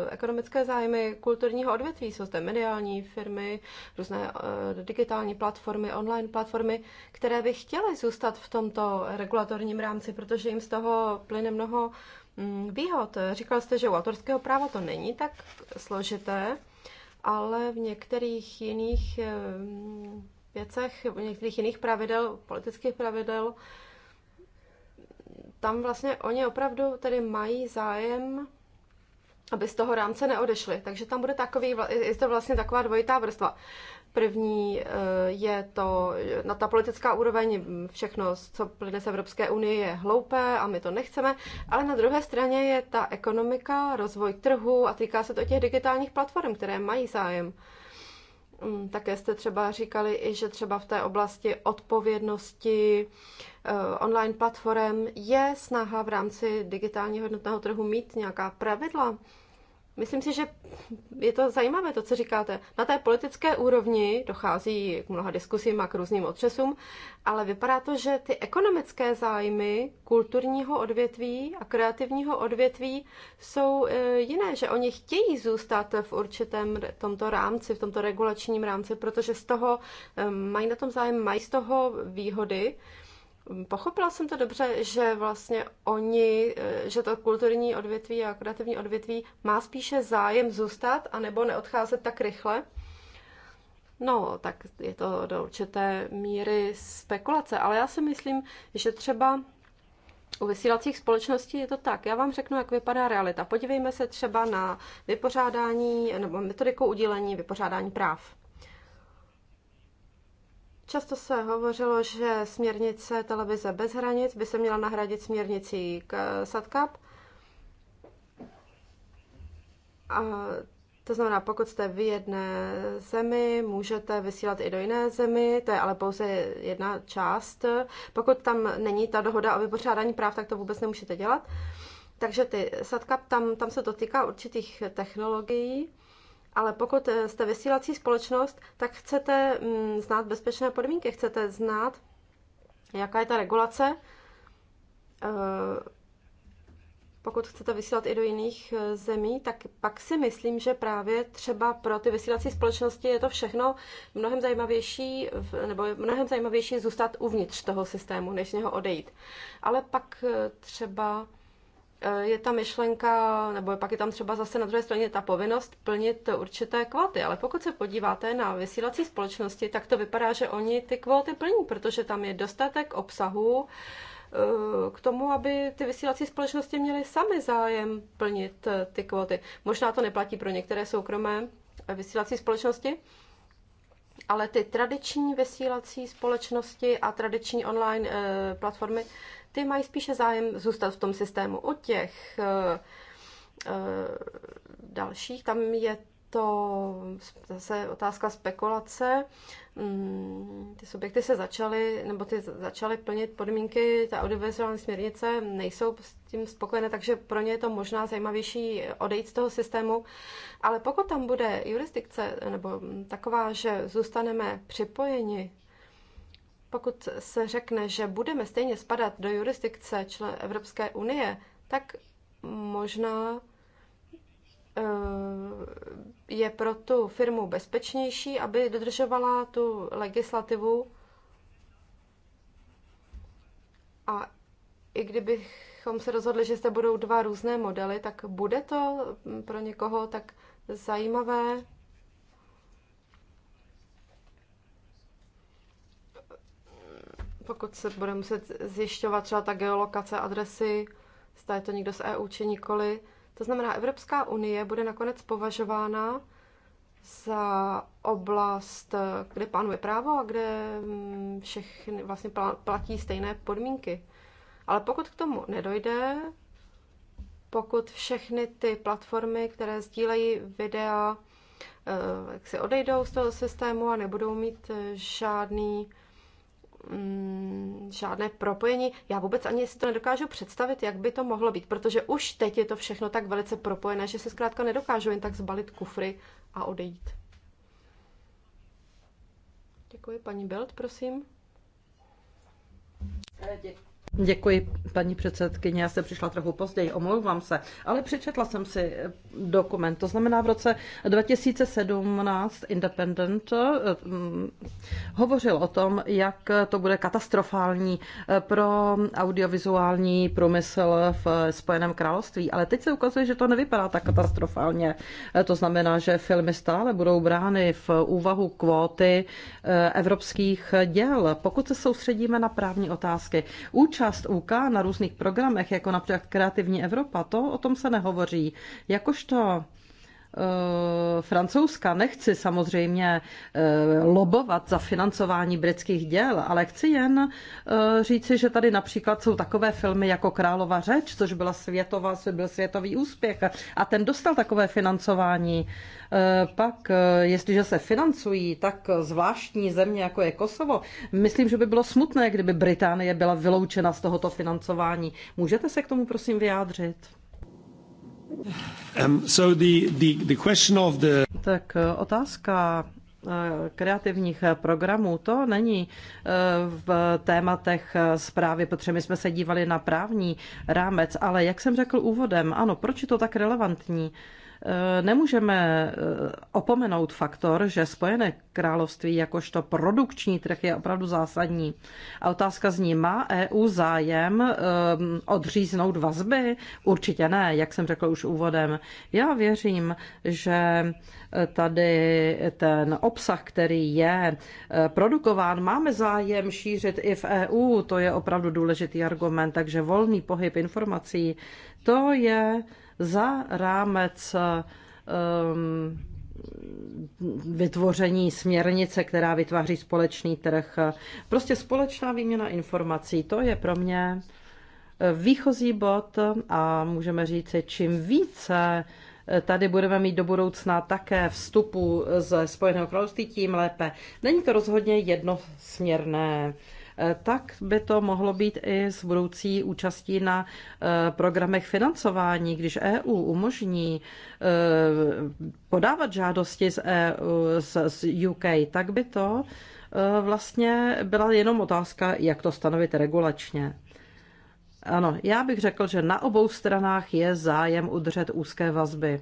ekonomické zájmy kulturního odvětví, jsou zde mediální firmy, různé e, digitální platformy, online platformy, které by chtěly zůstat v tomto regulatorním rámci, protože jim z toho plyne mnoho mm, výhod. Říkal jste, že u autorského práva to není tak složité, ale v některých jiných e, věcech, některých jiných pravidel, politických pravidel, tam vlastně oni opravdu tedy mají zájem, aby z toho rámce neodešli. Takže tam bude takový, je to vlastně taková dvojitá vrstva. První eh, je to, na ta politická úroveň mm, všechno, co plyne z Evropské unie, je hloupé a my to nechceme, ale na druhé straně je ta ekonomika, rozvoj trhu a týká se to těch digitálních platform, které mají zájem. Mm, také jste třeba říkali i, že třeba v té oblasti odpovědnosti eh, online platform je snaha v rámci digitálního jednotného trhu mít nějaká pravidla, Myslím si, že je to zajímavé, to, co říkáte. Na té politické úrovni dochází k mnoha diskusím a k různým otřesům, ale vypadá to, že ty ekonomické zájmy kulturního odvětví a kreativního odvětví jsou e, jiné, že oni chtějí zůstat v určitém tomto rámci, v tomto regulačním rámci, protože z toho e, mají na tom zájem, mají z toho výhody. Pochopila jsem to dobře, že vlastně oni, eh, že to kulturní odvětví a kreativní odvětví má spíše zájem zůstat a nebo neodcházet tak rychle? No, tak je to do určité míry spekulace, ale já si myslím, že třeba u vysílacích společností je to tak. Já vám řeknu, jak vypadá realita. Podívejme se třeba na vypořádání nebo metodiku udílení vypořádání práv. Často se hovořilo, že směrnice televize bez hranic by se měla nahradit směrnicí k eh, SATCAP. A to znamená, pokud jste v jedné zemi, můžete vysílat i do jiné zemi, to je ale pouze jedna část. Pokud tam není ta dohoda o vypořádání práv, tak to vůbec nemůžete dělat. Takže ty SATCAP, tam, tam se to týká určitých technologií, ale pokud eh, jste vysílací společnost, tak chcete mm, znát bezpečné podmínky, chcete znát, jaká je ta regulace, eh, pokud chcete vysílat i do jiných eh, zemí, tak pak si myslím, že právě třeba pro ty vysílací společnosti je to všechno mnohem zajímavější, nebo je mnohem zajímavější zůstat uvnitř toho systému, než z něho odejít. Ale pak třeba Eh, je ta myšlenka, nebo pak je tam třeba zase na druhé straně ta povinnost plnit určité kvóty, ale pokud se podíváte na vysílací společnosti, tak to vypadá, že oni ty kvóty plní, protože tam je dostatek obsahu eh, k tomu, aby ty vysílací společnosti měly sami zájem plnit eh, ty kvóty. Možná to neplatí pro některé soukromé vysílací společnosti, ale ty tradiční vysílací společnosti a tradiční online platformy ty mají spíše zájem zůstat v tom systému. U těch eh, eh, dalších, tam je to zase otázka spekulace. Mm, ty subjekty se začaly, nebo ty začaly plnit podmínky, ta audiovizuální směrnice nejsou s tím spokojené, takže pro ně je to možná zajímavější odejít z toho systému. Ale pokud tam bude jurisdikce, nebo taková, že zůstaneme připojeni pokud se řekne, že budeme stejně spadat do jurisdikce člen Evropské unie, tak možná eh, je pro tu firmu bezpečnější, aby dodržovala tu legislativu. A i kdybychom se rozhodli, že zde budou dva různé modely, tak bude to pro někoho tak zajímavé. pokud se bude muset zjišťovat třeba ta geolokace adresy, zda je to někdo z EU či nikoli. To znamená, Evropská unie bude nakonec považována za oblast, kde panuje právo a kde mm, všechny vlastně platí stejné podmínky. Ale pokud k tomu nedojde, pokud všechny ty platformy, které sdílejí videa, eh, jak si odejdou z toho systému a nebudou mít eh, žádný Mm, žádné propojení. Já vůbec ani si to nedokážu představit, jak by to mohlo být, protože už teď je to všechno tak velice propojené, že se zkrátka nedokážu jen tak zbalit kufry a odejít. Děkuji. Paní Belt, prosím. Eh, Děkuji. Děkuji, paní předsedkyně. Já jsem přišla trochu později, omlouvám se, ale přečetla jsem si dokument. To znamená, v roce 2017 Independent eh, mm, hovořil o tom, jak to bude katastrofální eh, pro audiovizuální průmysl v Spojeném království. Ale teď se ukazuje, že to nevypadá tak katastrofálně. Eh, to znamená, že filmy stále budou brány v úvahu kvóty evropských děl. Pokud se soustředíme na právní otázky, účast UK na různých programech, jako například Kreativní Evropa, to o tom se nehovoří. Jakožto Eh, Francouzska. Nechci samozřejmě eh, lobovat za financování britských děl, ale chci jen eh, říci, že tady například jsou takové filmy jako Králova řeč, což byla světová, byl světový úspěch a ten dostal takové financování. Pak, jestliže se financují tak zvláštní země, jako je Kosovo, myslím, že by bylo smutné, kdyby Británie byla vyloučena z tohoto financování. Můžete se k tomu prosím vyjádřit? Um, so the, the, the question of the... Tak eh, otázka eh, kreativních programů, to není eh, v tématech zprávy, protože my jsme se dívali na právní rámec, ale jak jsem řekl úvodem, ano, proč je to tak relevantní? Eh, nemůžeme eh, opomenout faktor, že Spojené království jakožto produkční trh je opravdu zásadní. A otázka zní, má EU zájem eh, odříznout vazby? Určitě ne, jak jsem řekl už úvodem. Já věřím, že tady ten obsah, který je produkován, máme zájem šířit i v EU. To je opravdu důležitý argument, takže volný pohyb informací, to je za rámec um, vytvoření směrnice, která vytváří společný trh. Prostě společná výměna informací, to je pro mě eh, výchozí bod a můžeme říct, čím více eh, tady budeme mít do budoucna také vstupu ze Spojeného království, tím lépe. Není to rozhodně jednosměrné. Eh, tak by to mohlo být i s budoucí účastí na eh, programech financování, když EU umožní eh, podávat žádosti z, EU, z UK, tak by to vlastně byla jenom otázka, jak to stanovit regulačně. Ano, já bych řekl, že na obou stranách je zájem udržet úzké vazby.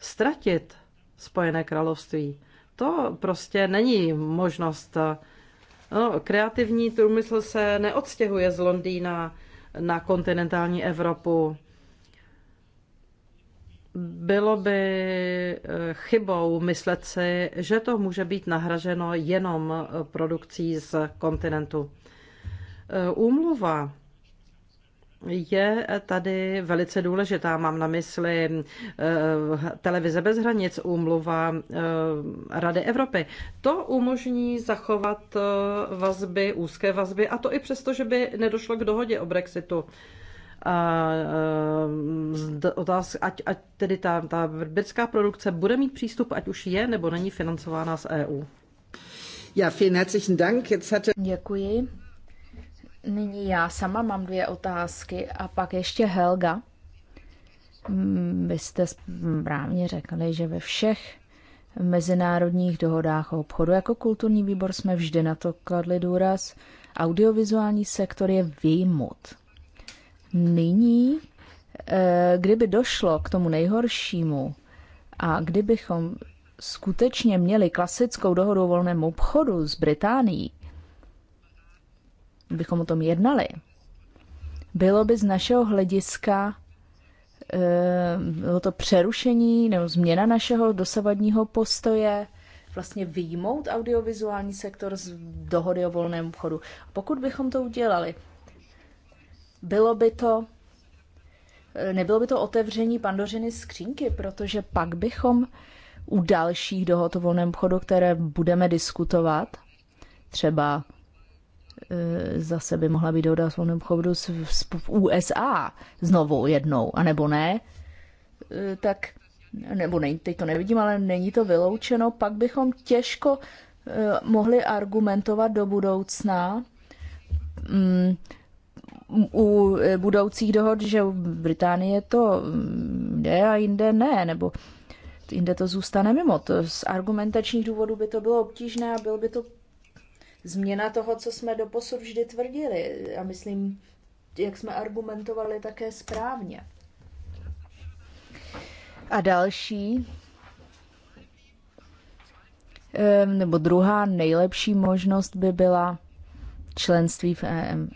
Ztratit Spojené království, to prostě není možnost ano, kreativní průmysl se neodstěhuje z Londýna na kontinentální Evropu. Bylo by eh, chybou myslet si, že to může být nahraženo jenom produkcí z kontinentu. Eh, úmluva je tady velice důležitá. Mám na mysli eh, televize bez hranic, úmluva eh, Rady Evropy. To umožní zachovat eh, vazby, úzké vazby, a to i přesto, že by nedošlo k dohodě o Brexitu. A, otázka, ať, ať tedy ta, ta britská produkce bude mít přístup, ať už je nebo není financována z EU. Ja, vielen herzlichen Dank. Jetzt hatte... Děkuji. Nyní já sama mám dvě otázky a pak ještě Helga. Mm, vy jste správně řekli, že ve všech mezinárodních dohodách o obchodu jako kulturní výbor jsme vždy na to kladli důraz. Audiovizuální sektor je výjimut. Nyní, eh, kdyby došlo k tomu nejhoršímu a kdybychom skutečně měli klasickou dohodu o volném obchodu s Británií, bychom o tom jednali, bylo by z našeho hlediska eh, bylo to přerušení nebo změna našeho dosavadního postoje, vlastně výjmout audiovizuální sektor z dohody o volném obchodu. Pokud bychom to udělali, bylo by to, eh, nebylo by to otevření pandořiny skřínky, protože pak bychom u dalších dohod o volném obchodu, které budeme diskutovat, třeba E, zase by mohla být dohoda o obchodu s, s USA znovu jednou, anebo ne, e, tak, nebo ne, teď to nevidím, ale není to vyloučeno, pak bychom těžko e, mohli argumentovat do budoucna mm, u budoucích dohod, že v Británie to mm, jde a jinde ne, nebo jinde to zůstane mimo. To z argumentačních důvodů by to bylo obtížné a byl by to změna toho, co jsme do posud vždy tvrdili a myslím, jak jsme argumentovali také správně. A další, nebo druhá nejlepší možnost by byla členství v EMR.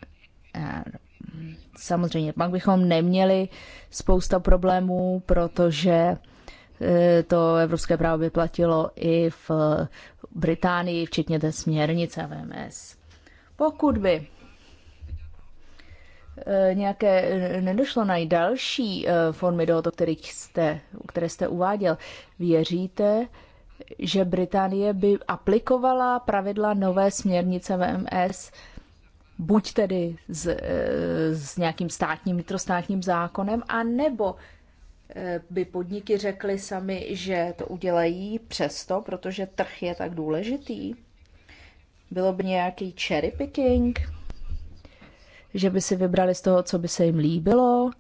Samozřejmě, pak bychom neměli spousta problémů, protože eh, to evropské právo by platilo i v Británii, včetně té směrnice VMS. Pokud by eh, nějaké, eh, nedošlo na další eh, formy dohod, o kterých jste, které jste uváděl, věříte, že Británie by aplikovala pravidla nové směrnice VMS, buď tedy s, s nějakým státním, vnitrostátním zákonem, a nebo by podniky řekly sami, že to udělají přesto, protože trh je tak důležitý? Bylo by nějaký cherry picking? Že by si vybrali z toho, co by se jim líbilo?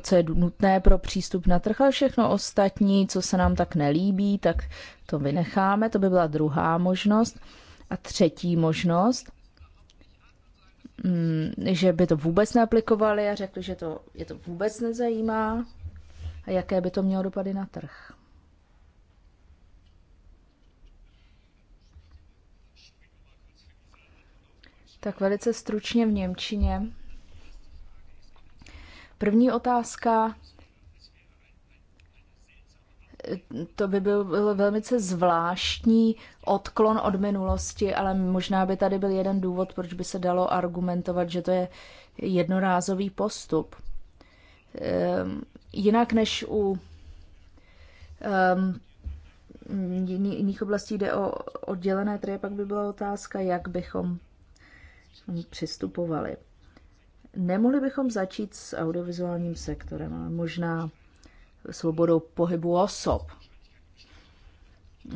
co je nutné pro přístup na trh, ale všechno ostatní, co se nám tak nelíbí, tak to vynecháme. To by byla druhá možnost. A třetí možnost – Mm, že by to vůbec neaplikovali a řekli, že to, je to vůbec nezajímá a jaké by to mělo dopady na trh. Tak velice stručně v Němčině. První otázka to by byl, byl velmi zvláštní odklon od minulosti, ale možná by tady byl jeden důvod, proč by se dalo argumentovat, že to je jednorázový postup. Ehm, jinak než u ehm, jiných oblastí jde o oddělené trhy, pak by byla otázka, jak bychom přistupovali. Nemohli bychom začít s audiovizuálním sektorem, ale možná svobodou pohybu osob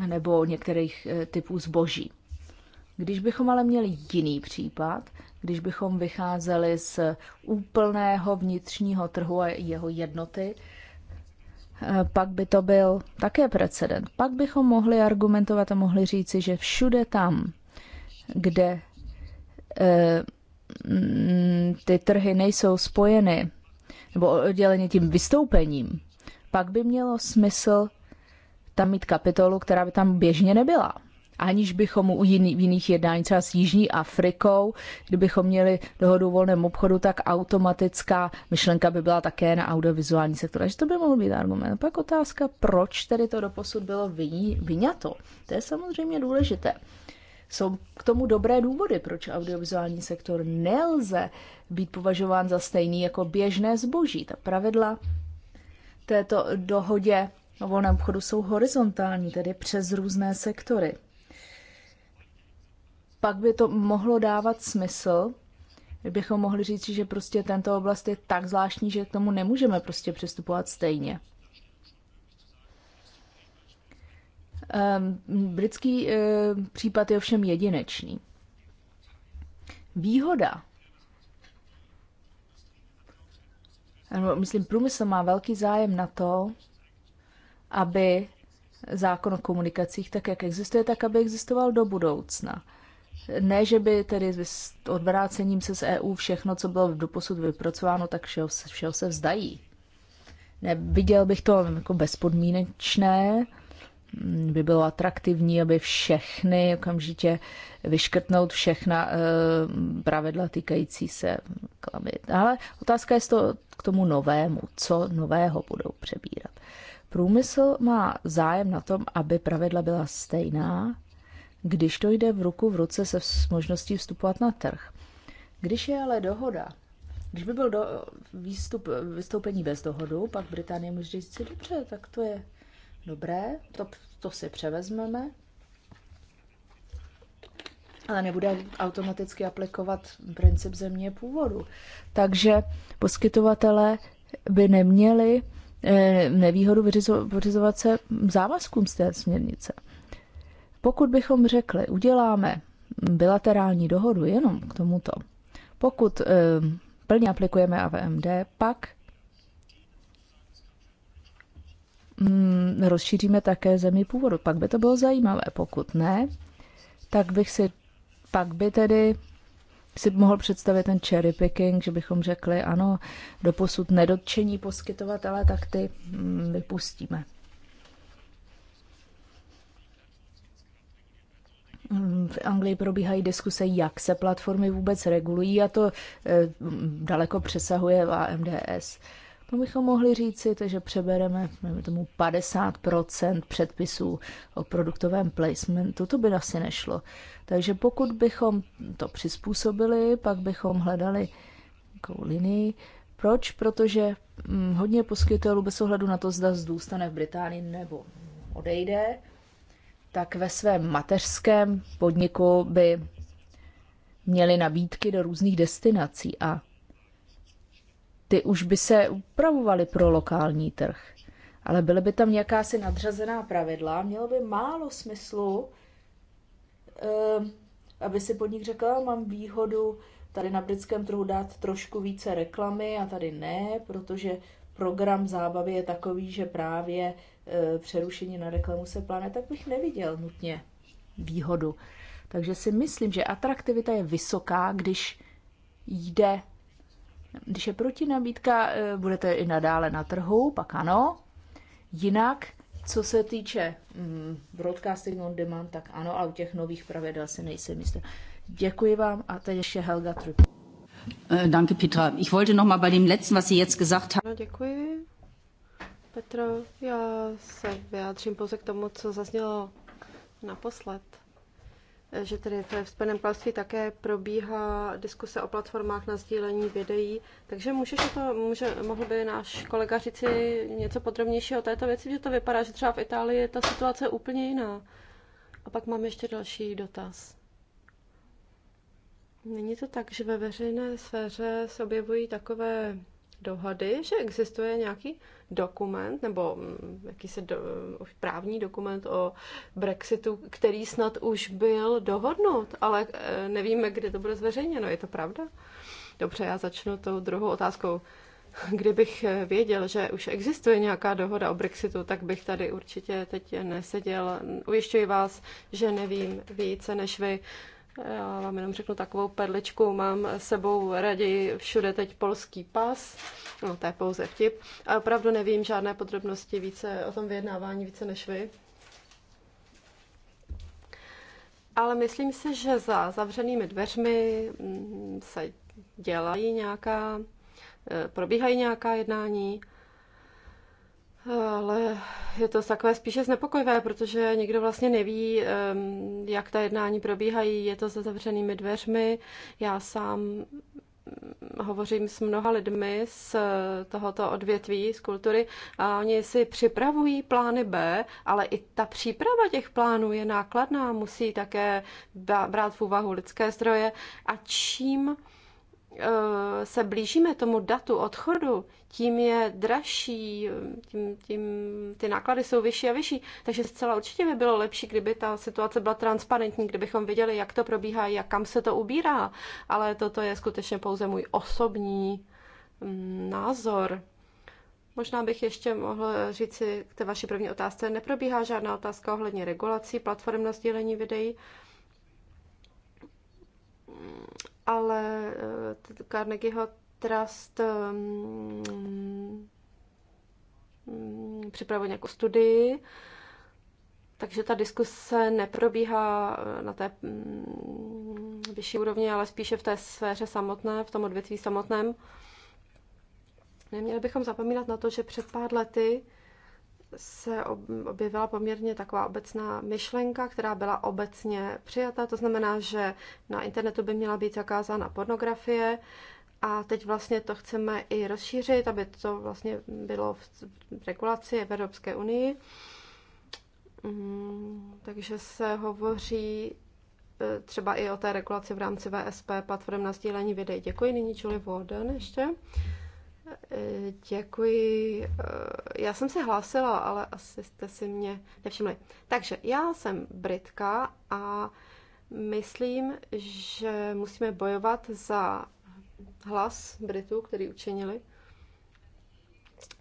nebo některých eh, typů zboží. Když bychom ale měli jiný případ, když bychom vycházeli z úplného vnitřního trhu a jeho jednoty, eh, pak by to byl také precedent. Pak bychom mohli argumentovat a mohli říci, že všude tam, kde eh, ty trhy nejsou spojeny nebo odděleny tím vystoupením, pak by mělo smysl tam mít kapitolu, která by tam běžně nebyla. Aniž bychom u jiný, jiných jednání, třeba s Jižní Afrikou, kdybychom měli dohodu o volném obchodu, tak automatická myšlenka by byla také na audiovizuální sektor. Takže to by mohl být argument. Pak otázka, proč tedy to doposud bylo vyňato. To je samozřejmě důležité. Jsou k tomu dobré důvody, proč audiovizuální sektor nelze být považován za stejný jako běžné zboží. Ta pravidla této dohodě o volném obchodu jsou horizontální, tedy přes různé sektory. Pak by to mohlo dávat smysl, bychom mohli říct, že prostě tento oblast je tak zvláštní, že k tomu nemůžeme prostě přistupovat stejně. Ehm, britský eh, případ je ovšem jedinečný. Výhoda myslím, průmysl má velký zájem na to, aby zákon o komunikacích, tak jak existuje, tak aby existoval do budoucna. Ne, že by tedy s odvrácením se z EU všechno, co bylo posud vypracováno, tak všeho, všeho se vzdají. Ne, viděl bych to jako bezpodmínečné, by bylo atraktivní, aby všechny okamžitě vyškrtnout všechna e, pravidla týkající se klamit. Ale otázka je to k tomu novému, co nového budou přebírat. Průmysl má zájem na tom, aby pravidla byla stejná, když to jde v ruku v ruce se s možností vstupovat na trh. Když je ale dohoda, když by byl do, výstup, vystoupení bez dohodu, pak Británie může říct si, dobře, tak to je Dobré, to, to si převezmeme. Ale nebude automaticky aplikovat princip země původu. Takže poskytovatele by neměli eh, nevýhodu vyřizovat se závazkům z té směrnice. Pokud bychom řekli, uděláme bilaterální dohodu jenom k tomuto, pokud eh, plně aplikujeme AVMD, pak Mm, rozšíříme také zemi původu. Pak by to bylo zajímavé, pokud ne, tak bych si, pak by tedy si mohl představit ten cherry picking, že bychom řekli, ano, doposud nedotčení poskytovatele, tak ty mm, vypustíme. Mm, v Anglii probíhají diskuse, jak se platformy vůbec regulují a to eh, daleko přesahuje AMDS. No bychom mohli říci, že přebereme tomu 50% předpisů o produktovém placementu, to by asi nešlo. Takže pokud bychom to přizpůsobili, pak bychom hledali takovou linii. Proč? Protože mm, hodně poskytovatelů bez ohledu na to, zda zůstane v Británii nebo odejde, tak ve svém mateřském podniku by měli nabídky do různých destinací a ty už by se upravovaly pro lokální trh. Ale byly by tam nějaká si nadřazená pravidla, mělo by málo smyslu, eh, aby si podnik řekl, mám výhodu tady na britském trhu dát trošku více reklamy a tady ne, protože program zábavy je takový, že právě eh, přerušení na reklamu se pláne, tak bych neviděl nutně výhodu. Takže si myslím, že atraktivita je vysoká, když jde když je proti nabídka, eh, budete i nadále na trhu, pak ano. Jinak, co se týče mm, broadcasting on demand, tak ano, a u těch nových pravidel si nejsem jistá. Děkuji vám a teď ještě Helga Trup. Äh, danke, Petra. Ich wollte noch mal bei dem letzten, was Sie jetzt gesagt haben. No, děkuji. Petra. já se vyjádřím pouze k tomu, co zaznělo naposled že tedy ve Spojeném království také probíhá diskuse o platformách na sdílení videí, takže můžeš to, může, mohl by náš kolega říci něco podrobnějšího o této věci, že to vypadá, že třeba v Itálii je ta situace úplně jiná. A pak mám ještě další dotaz. Není to tak, že ve veřejné sféře se objevují takové dohady, že existuje nějaký dokument nebo mm, jakýsi do, právní dokument o Brexitu, který snad už byl dohodnut, ale eh, nevíme, kdy to bude zveřejněno. Je to pravda? Dobře, já začnu tou druhou otázkou. Kdybych eh, věděl, že už existuje nějaká dohoda o Brexitu, tak bych tady určitě teď neseděl. Ujišťuji vás, že nevím více než vy. Já vám jenom řeknu takovou perličku. Mám sebou raději všude teď polský pas. No, to je pouze vtip. A opravdu nevím žádné podrobnosti více o tom vyjednávání více než vy. Ale myslím si, že za zavřenými dveřmi mm, se dělají nějaká, e, probíhají nějaká jednání. Ale je to takové spíše znepokojivé, protože nikdo vlastně neví, jak ta jednání probíhají, je to za zavřenými dveřmi. Já sám mm, hovořím s mnoha lidmi z eh, tohoto odvětví, z kultury, a oni si připravují plány B, ale i ta příprava těch plánů je nákladná, musí také brát v úvahu lidské zdroje a čím Eh, se blížíme tomu datu odchodu, tím je dražší, tím, tím ty náklady jsou vyšší a vyšší. Takže zcela určitě by bylo lepší, kdyby ta situace byla transparentní, kdybychom viděli, jak to probíhá, jak kam se to ubírá. Ale toto je skutečně pouze můj osobní mm, názor. Možná bych ještě mohl říci k té vaší první otázce. Neprobíhá žádná otázka ohledně regulací platform na sdílení videí ale eh, Carnegieho Trust ehm, mm, připravil nějakou studii, takže ta diskuse neprobíhá eh, na té mm, vyšší úrovni, ale spíše v té sféře samotné, v tom odvětví samotném. Neměli bychom zapomínat na to, že před pár lety se objevila poměrně taková obecná myšlenka, která byla obecně přijata. To znamená, že na internetu by měla být zakázána pornografie a teď vlastně to chceme i rozšířit, aby to vlastně bylo v regulaci Evropské unii. Mm, takže se hovoří e, třeba i o té regulaci v rámci VSP, platform na sdílení videí. Děkuji, nyní Julie Warden ještě. Děkuji. Eh, já jsem se hlásila, ale asi jste si mě nevšimli. Takže já jsem Britka a myslím, že musíme bojovat za hlas Britů, který učinili.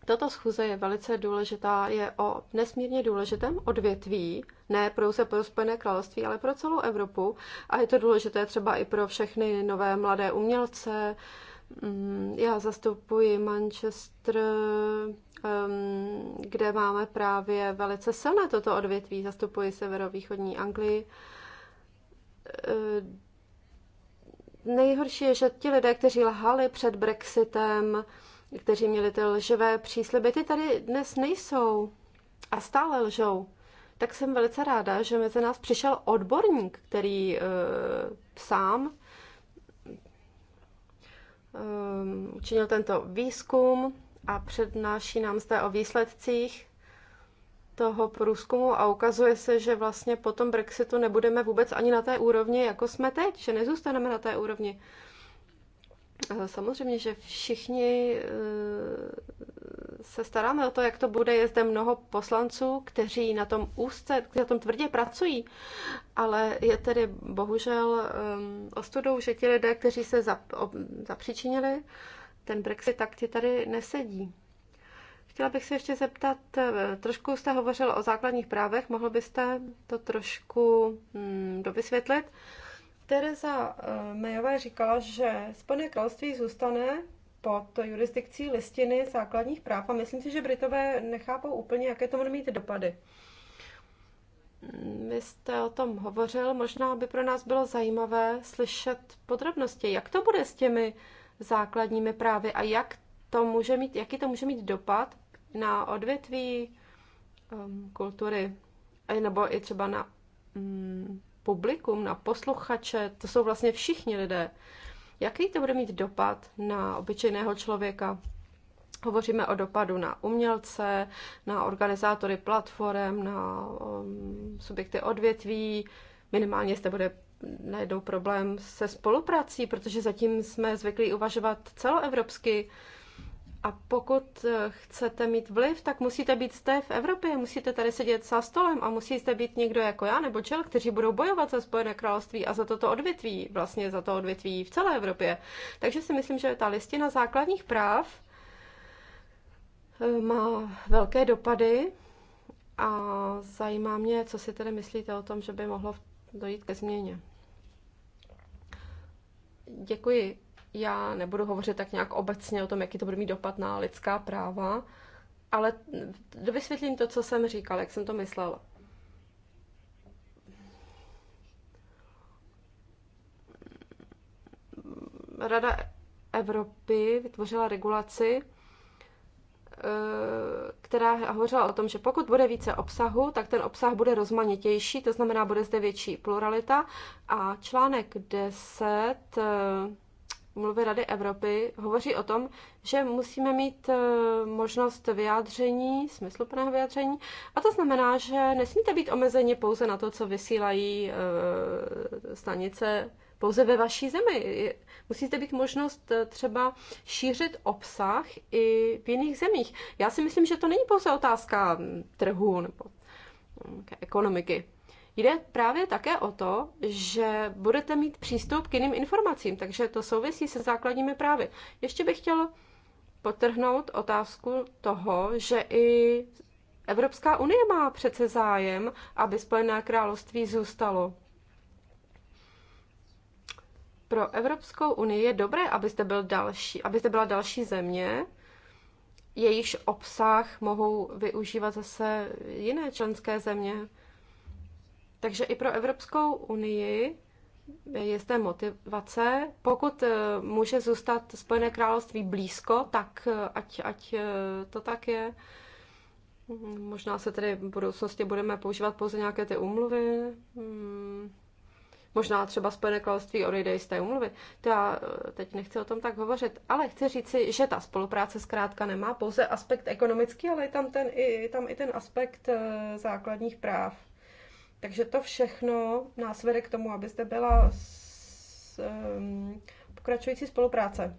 Tato schůze je velice důležitá, je o nesmírně důležitém odvětví, ne se pro Spojené království, ale pro celou Evropu. A je to důležité třeba i pro všechny nové mladé umělce, Mm, já zastupuji Manchester, kde máme právě velice silné toto odvětví. Zastupuji severovýchodní Anglii. E, nejhorší je, že ti lidé, kteří lhali před Brexitem, kteří měli ty lživé přísliby, ty tady dnes nejsou a stále lžou. Tak jsem velice ráda, že mezi nás přišel odborník, který e, sám Ehm, učinil tento výzkum a přednáší nám zde o výsledcích toho průzkumu a ukazuje se, že vlastně po tom Brexitu nebudeme vůbec ani na té úrovni, jako jsme teď, že nezůstaneme na té úrovni. Ehm, samozřejmě, že všichni ehm, se staráme o to, jak to bude. Je zde mnoho poslanců, kteří na tom úzce, kteří na tom tvrdě pracují, ale je tedy bohužel um, ostudou, že ti lidé, kteří se zap, zapříčinili ten Brexit, tak ti tady nesedí. Chtěla bych se ještě zeptat, eh, trošku jste hovořil o základních právech, mohl byste to trošku hmm, dovysvětlit? Teresa eh, Mayová říkala, že Spojené království zůstane pod jurisdikcí listiny základních práv a myslím si, že Britové nechápou úplně, jaké to bude mít dopady. Vy jste o tom hovořil, možná by pro nás bylo zajímavé slyšet podrobnosti, jak to bude s těmi základními právy a jak to může mít, jaký to může mít dopad na odvětví um, kultury, eh, nebo i třeba na um, publikum, na posluchače, to jsou vlastně všichni lidé. Jaký to bude mít dopad na obyčejného člověka? Hovoříme o dopadu na umělce, na organizátory platform, na um, subjekty odvětví. Minimálně jste bude najednou problém se spoluprací, protože zatím jsme zvyklí uvažovat celoevropsky. A pokud eh, chcete mít vliv, tak musíte být jste v Evropě, musíte tady sedět za stolem a musíte být někdo jako já nebo Čel, kteří budou bojovat za Spojené království a za toto odvětví, vlastně za to odvětví v celé Evropě. Takže si myslím, že ta listina základních práv eh, má velké dopady a zajímá mě, co si tedy myslíte o tom, že by mohlo dojít ke změně. Děkuji já nebudu hovořit tak nějak obecně o tom, jaký to bude mít dopad na lidská práva, ale vysvětlím to, co jsem říkal, jak jsem to myslel. Rada Evropy vytvořila regulaci, eh, která hovořila o tom, že pokud bude více obsahu, tak ten obsah bude rozmanitější, to znamená, bude zde větší pluralita. A článek 10 mluvy Rady Evropy hovoří o tom, že musíme mít e, možnost vyjádření, smysluplného vyjádření, a to znamená, že nesmíte být omezeni pouze na to, co vysílají e, stanice pouze ve vaší zemi. Musíte být možnost e, třeba šířit obsah i v jiných zemích. Já si myslím, že to není pouze otázka trhu nebo mm, ekonomiky. Jde právě také o to, že budete mít přístup k jiným informacím, takže to souvisí se základními právy. Ještě bych chtěl potrhnout otázku toho, že i Evropská unie má přece zájem, aby Spojené království zůstalo. Pro Evropskou unii je dobré, abyste, byl další, abyste byla další země, jejíž obsah mohou využívat zase jiné členské země. Takže i pro Evropskou unii je zde motivace. Pokud eh, může zůstat Spojené království blízko, tak eh, ať, ať eh, to tak je. Mm, možná se tedy v budoucnosti budeme používat pouze nějaké ty úmluvy. Mm, možná třeba Spojené království odejde z té úmluvy. To já teď nechci o tom tak hovořit, ale chci říci, že ta spolupráce zkrátka nemá pouze aspekt ekonomický, ale je tam, ten, i, tam i ten aspekt základních práv. Takže to všechno nás vede k tomu, aby byla s, um, pokračující spolupráce.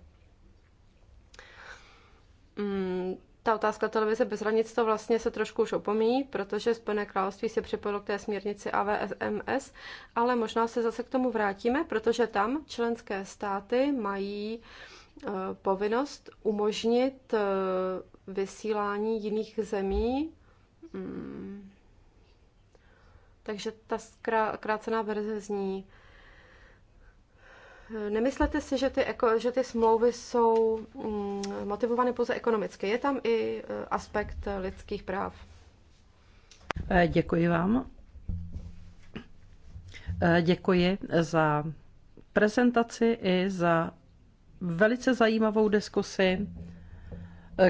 Mm, ta otázka televize bez hranic to vlastně se trošku už opomíjí, protože Spojené království se připojilo k té směrnici AVSMS, ale možná se zase k tomu vrátíme, protože tam členské státy mají eh, povinnost umožnit eh, vysílání jiných zemí. Mm, takže ta krácená verze zní. E, nemyslete si, že ty, eko, že ty smlouvy jsou mm, motivovány pouze ekonomicky. Je tam i e, aspekt lidských práv. E, děkuji vám. Děkuji za prezentaci i za velice zajímavou diskusi,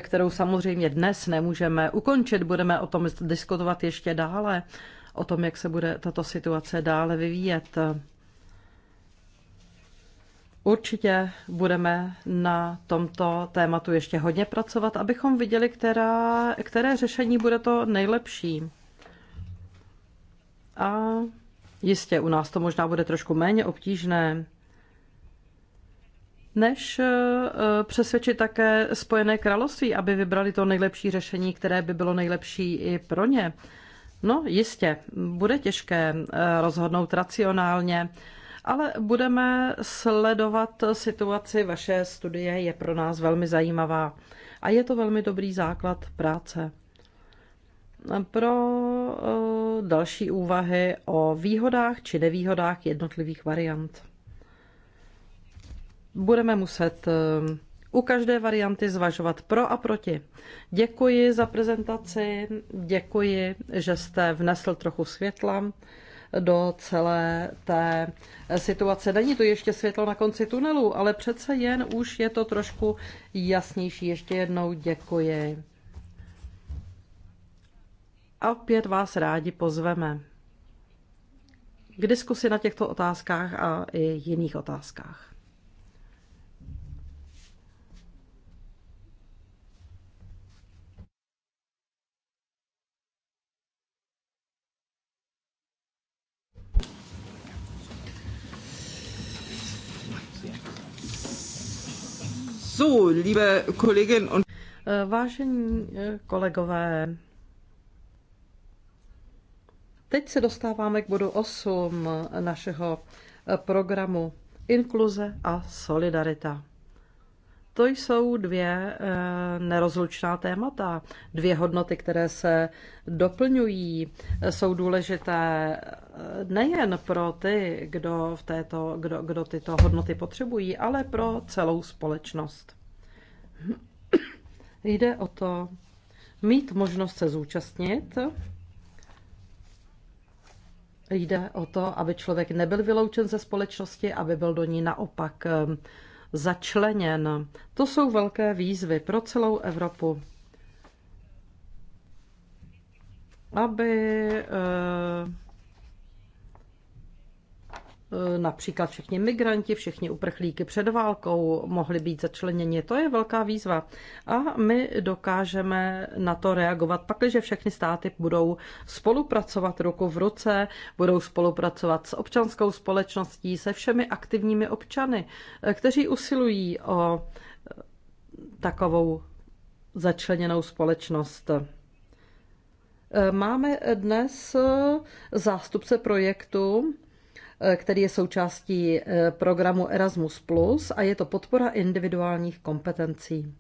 kterou samozřejmě dnes nemůžeme ukončit. Budeme o tom diskutovat ještě dále o tom, jak se bude tato situace dále vyvíjet. Určitě budeme na tomto tématu ještě hodně pracovat, abychom viděli, která, které řešení bude to nejlepší. A jistě u nás to možná bude trošku méně obtížné, než eh, přesvědčit také Spojené království, aby vybrali to nejlepší řešení, které by bylo nejlepší i pro ně. No jistě, bude těžké eh, rozhodnout racionálně, ale budeme sledovat situaci. Vaše studie je pro nás velmi zajímavá a je to velmi dobrý základ práce pro eh, další úvahy o výhodách či nevýhodách jednotlivých variant. Budeme muset eh, u každé varianty zvažovat pro a proti. Děkuji za prezentaci, děkuji, že jste vnesl trochu světla do celé té situace. Není to ještě světlo na konci tunelu, ale přece jen už je to trošku jasnější. Ještě jednou děkuji. A opět vás rádi pozveme k diskusi na těchto otázkách a i jiných otázkách. So, liebe Kolleginnen und Vážení eh, kolegové, teď se dostáváme k bodu 8 našeho eh, programu Inkluze a solidarita. To jsou dvě eh, nerozlučná témata, dvě hodnoty, které se doplňují, eh, jsou důležité eh, nejen pro ty, kdo, v této, kdo, kdo tyto hodnoty potřebují, ale pro celou společnost. Jde o to mít možnost se zúčastnit. Jde o to, aby člověk nebyl vyloučen ze společnosti, aby byl do ní naopak začleněn. To jsou velké výzvy pro celou Evropu. Aby eh, E, například všichni migranti, všichni uprchlíky před válkou mohli být začleněni. To je velká výzva. A my dokážeme na to reagovat, pakliže všechny státy budou spolupracovat ruku v ruce, budou spolupracovat s občanskou společností, se všemi aktivními občany, e, kteří usilují o e, takovou začleněnou společnost. Máme dnes zástupce projektu Eh, který je součástí eh, programu Erasmus, a je to podpora individuálních kompetencí.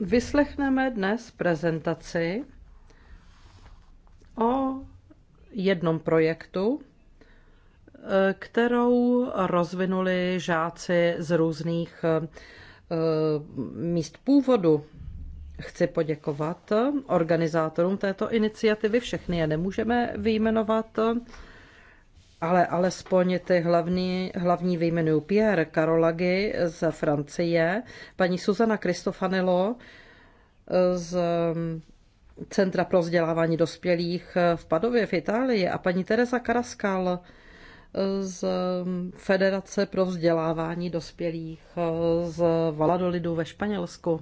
Vyslechneme dnes prezentaci o jednom projektu, eh, kterou rozvinuli žáci z různých míst původu Chci poděkovat organizátorům této iniciativy, všechny je nemůžeme vyjmenovat, ale alespoň ty hlavní, hlavní vyjmenuju Pierre Karolagy z Francie, paní Suzana Kristofanilo z Centra pro vzdělávání dospělých v Padově v Itálii a paní Teresa Karaskal z Federace pro vzdělávání dospělých z Valadolidu ve Španělsku.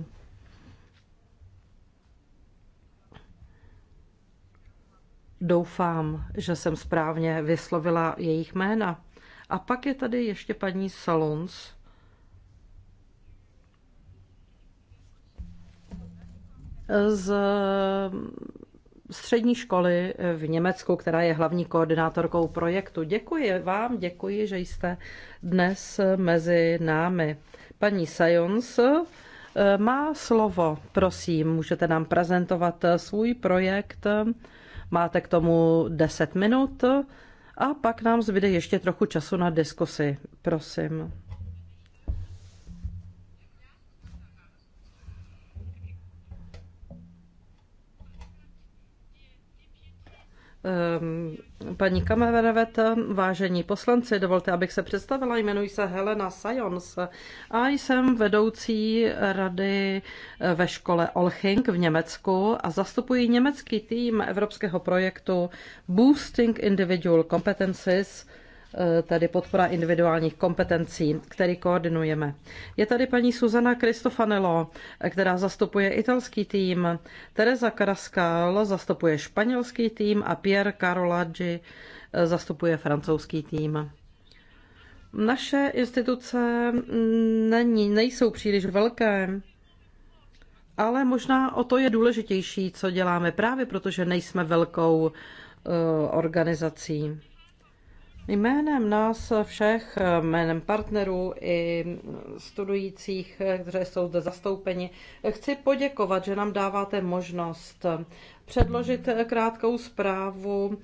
Doufám, že jsem správně vyslovila jejich jména. A pak je tady ještě paní Salons. Z střední školy v Německu, která je hlavní koordinátorkou projektu. Děkuji vám, děkuji, že jste dnes mezi námi. Paní Sajons má slovo, prosím, můžete nám prezentovat svůj projekt Máte k tomu 10 minut a pak nám zbyde ještě trochu času na diskusi. Prosím. Ehm, paní Kameverevet, vážení poslanci, dovolte, abych se představila. Jmenuji se Helena Sajons a jsem vedoucí rady eh, ve škole Olching v Německu a zastupuji německý tým evropského projektu Boosting Individual Competences – Eh, tedy podpora individuálních kompetencí, který koordinujeme. Je tady paní Suzana Cristofanello, eh, která zastupuje italský tým, Teresa Carascal zastupuje španělský tým a Pierre Carolaggi eh, zastupuje francouzský tým. Naše instituce mm, není, nejsou příliš velké, ale možná o to je důležitější, co děláme, právě protože nejsme velkou organizací. Jménem nás všech, jménem partnerů i studujících, kteří jsou zde zastoupeni, chci poděkovat, že nám dáváte možnost předložit krátkou zprávu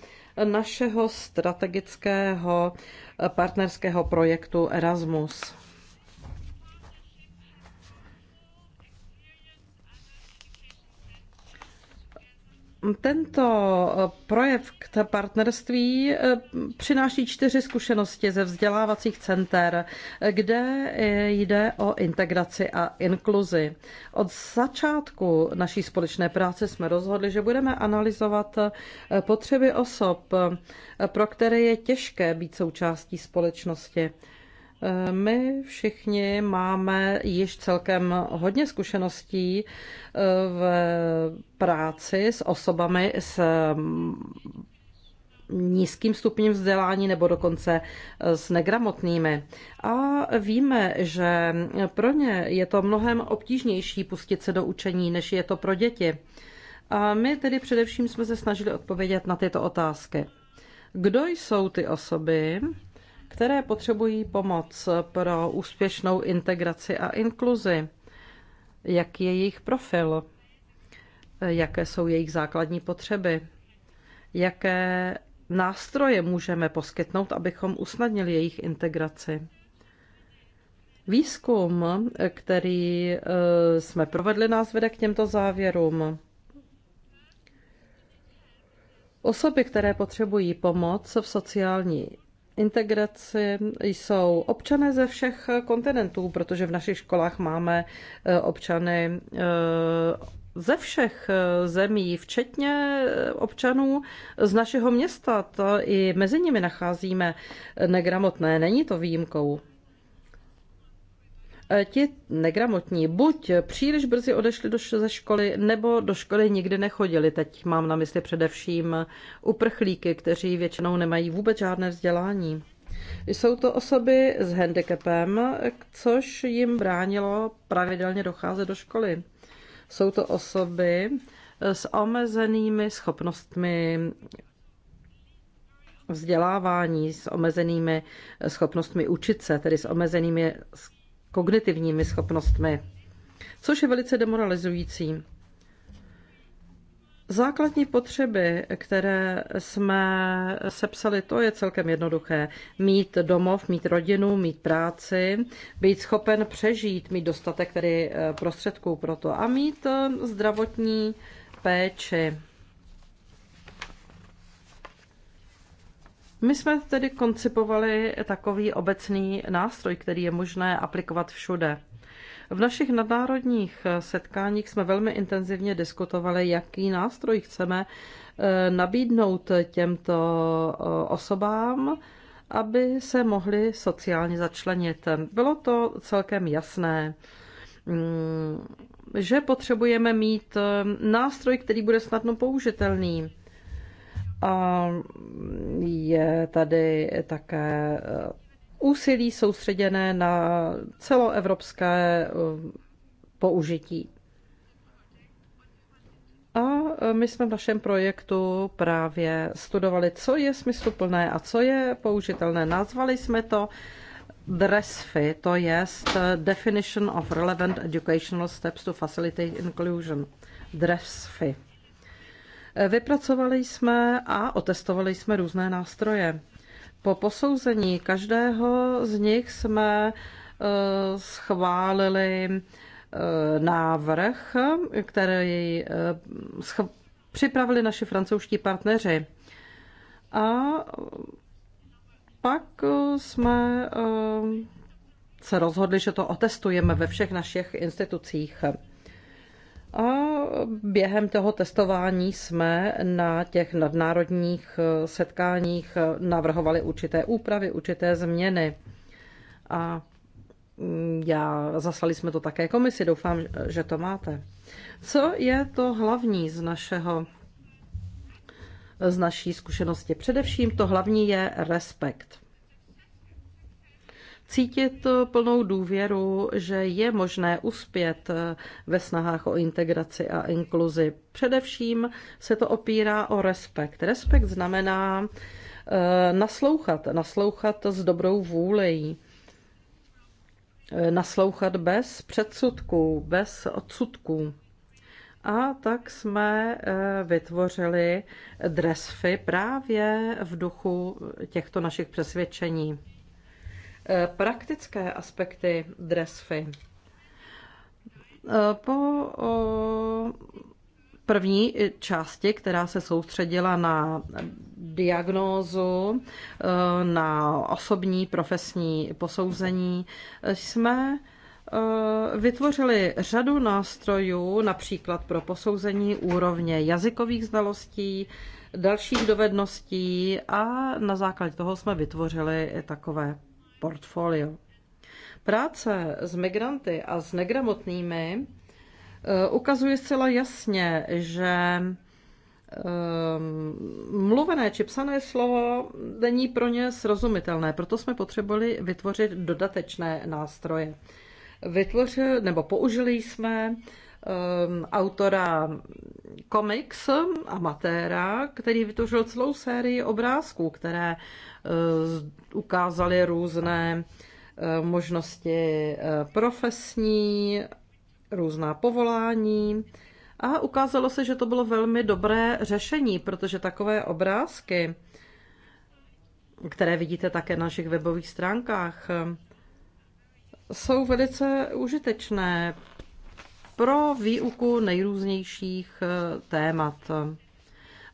našeho strategického partnerského projektu Erasmus. Tento eh, projev k partnerství eh, přináší čtyři zkušenosti ze vzdělávacích center, eh, kde jde o integraci a inkluzi. Od začátku naší společné práce jsme rozhodli, že budeme analyzovat potřeby osob, pro které je těžké být součástí společnosti. My všichni máme již celkem hodně zkušeností eh, v práci s osobami s mm, nízkým stupněm vzdělání nebo dokonce eh, s negramotnými. A víme, že pro ně je to mnohem obtížnější pustit se do učení, než je to pro děti. A my tedy především jsme se snažili odpovědět na tyto otázky. Kdo jsou ty osoby, které potřebují pomoc pro úspěšnou integraci a inkluzi. Jaký je jejich profil? Jaké jsou jejich základní potřeby? Jaké nástroje můžeme poskytnout, abychom usnadnili jejich integraci? Výzkum, který eh, jsme provedli, nás vede k těmto závěrům. Osoby, které potřebují pomoc v sociální integraci jsou občané ze všech kontinentů, protože v našich školách máme eh, občany eh, ze všech eh, zemí, včetně občanů z našeho města. To i mezi nimi nacházíme negramotné, není to výjimkou. Eh, ti negramotní buď příliš brzy odešli do, ze školy, nebo do školy nikdy nechodili. Teď mám na mysli především uprchlíky, kteří většinou nemají vůbec žádné vzdělání. Jsou to osoby s handicapem, což jim bránilo pravidelně docházet do školy. Jsou to osoby eh, s omezenými schopnostmi vzdělávání, s omezenými eh, schopnostmi učit se, tedy s omezenými kognitivními schopnostmi, což je velice demoralizující. Základní potřeby, které jsme sepsali, to je celkem jednoduché. Mít domov, mít rodinu, mít práci, být schopen přežít, mít dostatek tedy eh, prostředků pro to a mít eh, zdravotní péči. My jsme tedy koncipovali takový obecný nástroj, který je možné aplikovat všude. V našich nadnárodních setkáních jsme velmi intenzivně diskutovali, jaký nástroj chceme eh, nabídnout těmto eh, osobám, aby se mohli sociálně začlenit. Bylo to celkem jasné, mm, že potřebujeme mít eh, nástroj, který bude snadno použitelný a je tady také eh, úsilí soustředěné na celoevropské eh, použití. A eh, my jsme v našem projektu právě studovali, co je smysluplné a co je použitelné. Nazvali jsme to DRESFI, to je Definition of Relevant Educational Steps to Facilitate Inclusion. DRESFI. Vypracovali jsme a otestovali jsme různé nástroje. Po posouzení každého z nich jsme eh, schválili eh, návrh, který eh, připravili naši francouzští partneři. A pak jsme se rozhodli, že to otestujeme ve všech našich institucích. A během toho testování jsme na těch nadnárodních eh, setkáních eh, navrhovali určité úpravy, určité změny. A mm, já, zaslali jsme to také komisi, doufám, že to máte. Co je to hlavní z našeho z naší zkušenosti? Především to hlavní je respekt cítit eh, plnou důvěru, že je možné uspět eh, ve snahách o integraci a inkluzi. Především se to opírá o respekt. Respekt znamená eh, naslouchat, naslouchat s dobrou vůlejí. naslouchat bez předsudků, bez odsudků. A tak jsme vytvořili dresfy právě v duchu těchto našich přesvědčení. Eh, praktické aspekty DRESFy. Eh, po první části, která se soustředila na diagnózu, eh, na osobní profesní posouzení, jsme vytvořili řadu nástrojů, například pro posouzení úrovně jazykových znalostí, dalších dovedností a na základě toho jsme vytvořili takové portfolio. Práce s migranty a s negramotnými eh, ukazuje zcela jasně, že eh, mluvené či psané slovo není pro ně srozumitelné, proto jsme potřebovali vytvořit dodatečné nástroje. Vytvořili nebo použili jsme Um, autora komiks, amatéra, který vytvořil celou sérii obrázků, které uh, ukázaly různé uh, možnosti uh, profesní, různá povolání. A ukázalo se, že to bylo velmi dobré řešení, protože takové obrázky, které vidíte také na našich webových stránkách, jsou velice užitečné pro výuku nejrůznějších eh, témat.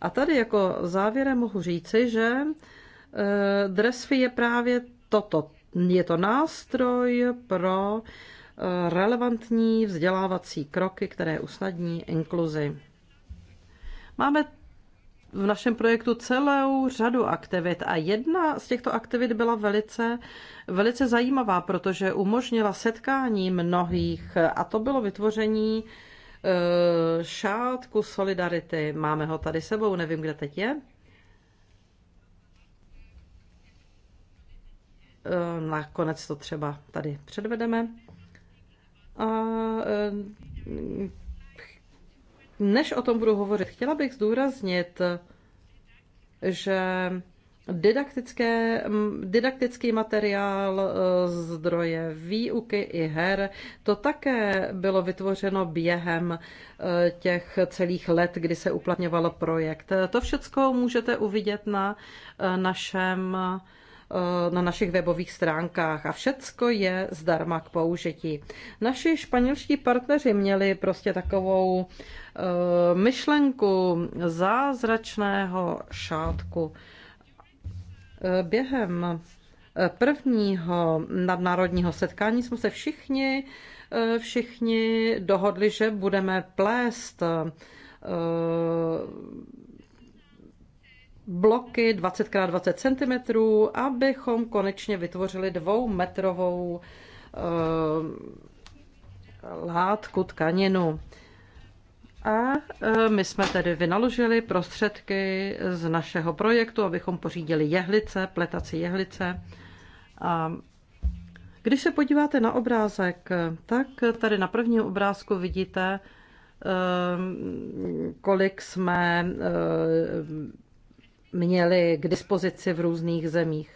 A tady jako závěrem mohu říci, že eh, DRESFI je právě toto. Je to nástroj pro eh, relevantní vzdělávací kroky, které usnadní inkluzi. Máme v našem projektu celou řadu aktivit a jedna z těchto aktivit byla velice, velice zajímavá, protože umožnila setkání mnohých a to bylo vytvoření eh, šátku Solidarity. Máme ho tady sebou, nevím, kde teď je. Eh, nakonec to třeba tady předvedeme. A eh, než o tom budu hovořit, chtěla bych zdůraznit, že Didaktické, didaktický materiál, eh, zdroje výuky i her, to také bylo vytvořeno během eh, těch celých let, kdy se uplatňoval projekt. To všechno můžete uvidět na eh, našem Eh, na našich webových stránkách a všecko je zdarma k použití. Naši španělští partneři měli prostě takovou eh, myšlenku zázračného šátku. Eh, během prvního nadnárodního setkání jsme se všichni, všichni dohodli, že budeme plést bloky 20x20 cm, abychom konečně vytvořili dvoumetrovou uh, látku tkaninu. A eh, my jsme tedy vynaložili prostředky z našeho projektu, abychom pořídili jehlice, pletaci jehlice. A když se podíváte na obrázek, tak tady na prvním obrázku vidíte, eh, kolik jsme měli k dispozici v různých zemích.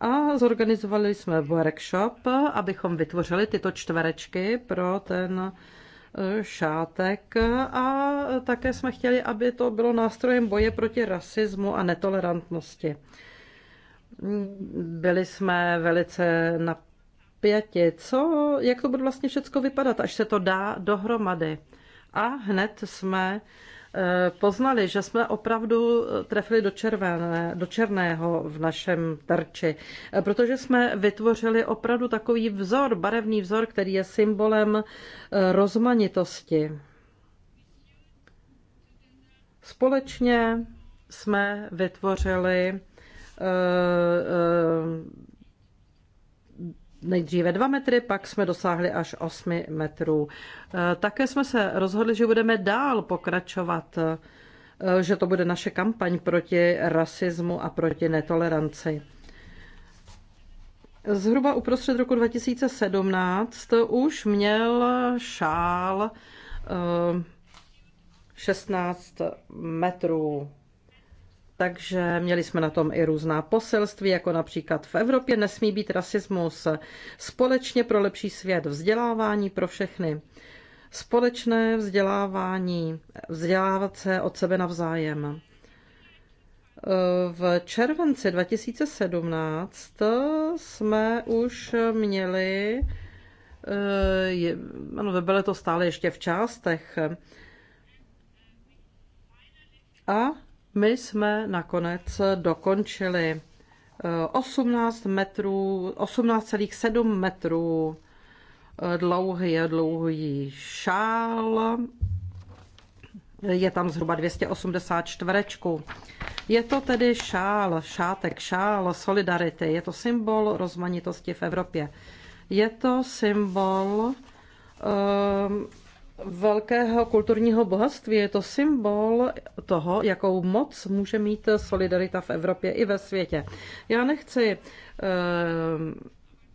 A zorganizovali jsme workshop, abychom vytvořili tyto čtverečky pro ten eh, šátek a také jsme chtěli, aby to bylo nástrojem boje proti rasismu a netolerantnosti. Byli jsme velice na pěti, co, jak to bude vlastně všechno vypadat, až se to dá dohromady. A hned jsme Eh, poznali, že jsme opravdu trefili do, červené, do černého v našem terči, eh, protože jsme vytvořili opravdu takový vzor, barevný vzor, který je symbolem eh, rozmanitosti. Společně jsme vytvořili nejdříve 2 metry, pak jsme dosáhli až 8 metrů. Eh, také jsme se rozhodli, že budeme dál pokračovat, eh, že to bude naše kampaň proti rasismu a proti netoleranci. Zhruba uprostřed roku 2017 už měl šál 16 eh, metrů takže měli jsme na tom i různá poselství, jako například v Evropě nesmí být rasismus, společně pro lepší svět, vzdělávání pro všechny, společné vzdělávání, vzdělávat se od sebe navzájem. V červenci 2017 jsme už měli, eh, ano, bylo to stále ještě v částech, a my jsme nakonec dokončili 18 eh, metrů, 18,7 metrů eh, dlouhý, dlouhý šál. Je tam zhruba 280 čtverečků. Je to tedy šál, šátek, šál solidarity. Je to symbol rozmanitosti v Evropě. Je to symbol um, velkého kulturního bohatství. Je to symbol toho, jakou moc může mít solidarita v Evropě i ve světě. Já nechci eh,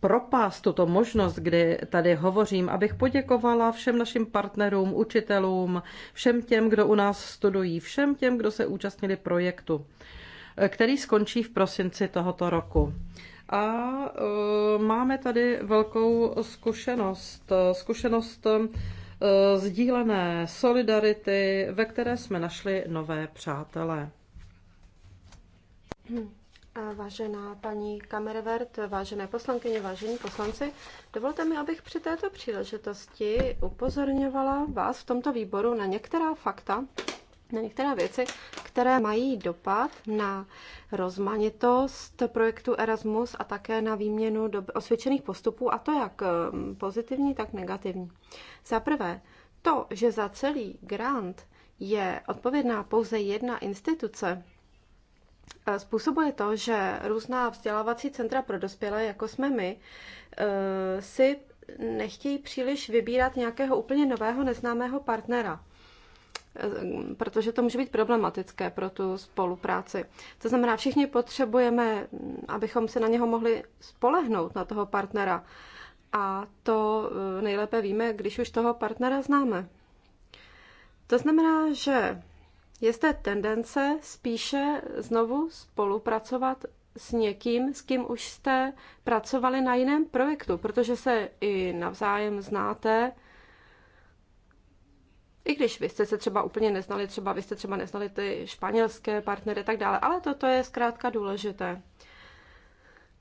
propást tuto možnost, kdy tady hovořím, abych poděkovala všem našim partnerům, učitelům, všem těm, kdo u nás studují, všem těm, kdo se účastnili projektu, eh, který skončí v prosinci tohoto roku. A eh, máme tady velkou zkušenost. Zkušenost Eh, sdílené solidarity, ve které jsme našli nové přátele. Vážená paní Kamervert, vážené poslankyně, vážení poslanci, dovolte mi, abych při této příležitosti upozorňovala vás v tomto výboru na některá fakta, na některé věci, které mají dopad na rozmanitost projektu Erasmus a také na výměnu osvědčených postupů, a to jak mm, pozitivní, tak negativní. Za prvé, to, že za celý grant je odpovědná pouze jedna instituce, e, způsobuje to, že různá vzdělávací centra pro dospělé, jako jsme my, e, si nechtějí příliš vybírat nějakého úplně nového neznámého partnera protože to může být problematické pro tu spolupráci. To znamená, všichni potřebujeme, abychom se na něho mohli spolehnout, na toho partnera. A to eh, nejlépe víme, když už toho partnera známe. To znamená, že je zde tendence spíše znovu spolupracovat s někým, s kým už jste pracovali na jiném projektu, protože se i navzájem znáte, i když vy jste se třeba úplně neznali, třeba vy jste třeba neznali ty španělské partnery a tak dále, ale toto je zkrátka důležité.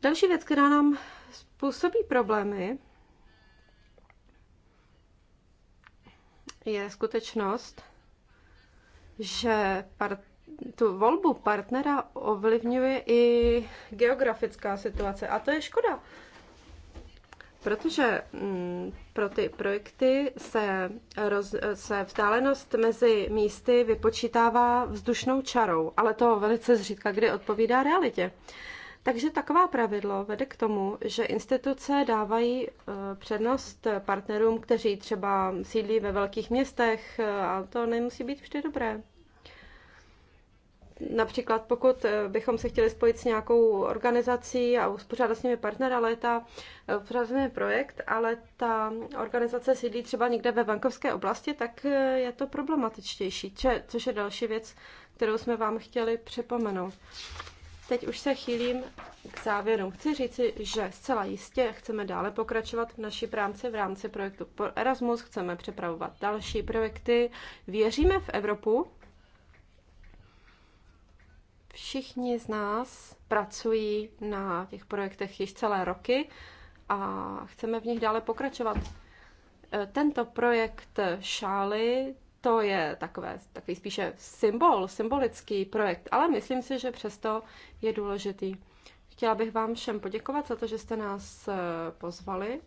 Další věc, která nám způsobí problémy, je skutečnost, že part, tu volbu partnera ovlivňuje i geografická situace. A to je škoda, protože mm, pro ty projekty se, roz, se vzdálenost mezi místy vypočítává vzdušnou čarou, ale to velice zřídka kdy odpovídá realitě. Takže taková pravidlo vede k tomu, že instituce dávají e, přednost partnerům, kteří třeba sídlí ve velkých městech e, a to nemusí být vždy dobré. Například pokud eh, bychom se chtěli spojit s nějakou organizací a uspořádat s nimi partnera, ale ta, eh, s nimi projekt, ale ta organizace sídlí třeba někde ve venkovské oblasti, tak eh, je to problematičtější, což je další věc, kterou jsme vám chtěli připomenout. Teď už se chýlím k závěru. Chci říci, že zcela jistě chceme dále pokračovat v naší práci v rámci projektu Erasmus, chceme připravovat další projekty. Věříme v Evropu, Všichni z nás pracují na těch projektech již celé roky a chceme v nich dále pokračovat. E, tento projekt šály to je takové, takový spíše symbol, symbolický projekt, ale myslím si, že přesto je důležitý. Chtěla bych vám všem poděkovat za to, že jste nás e, pozvali.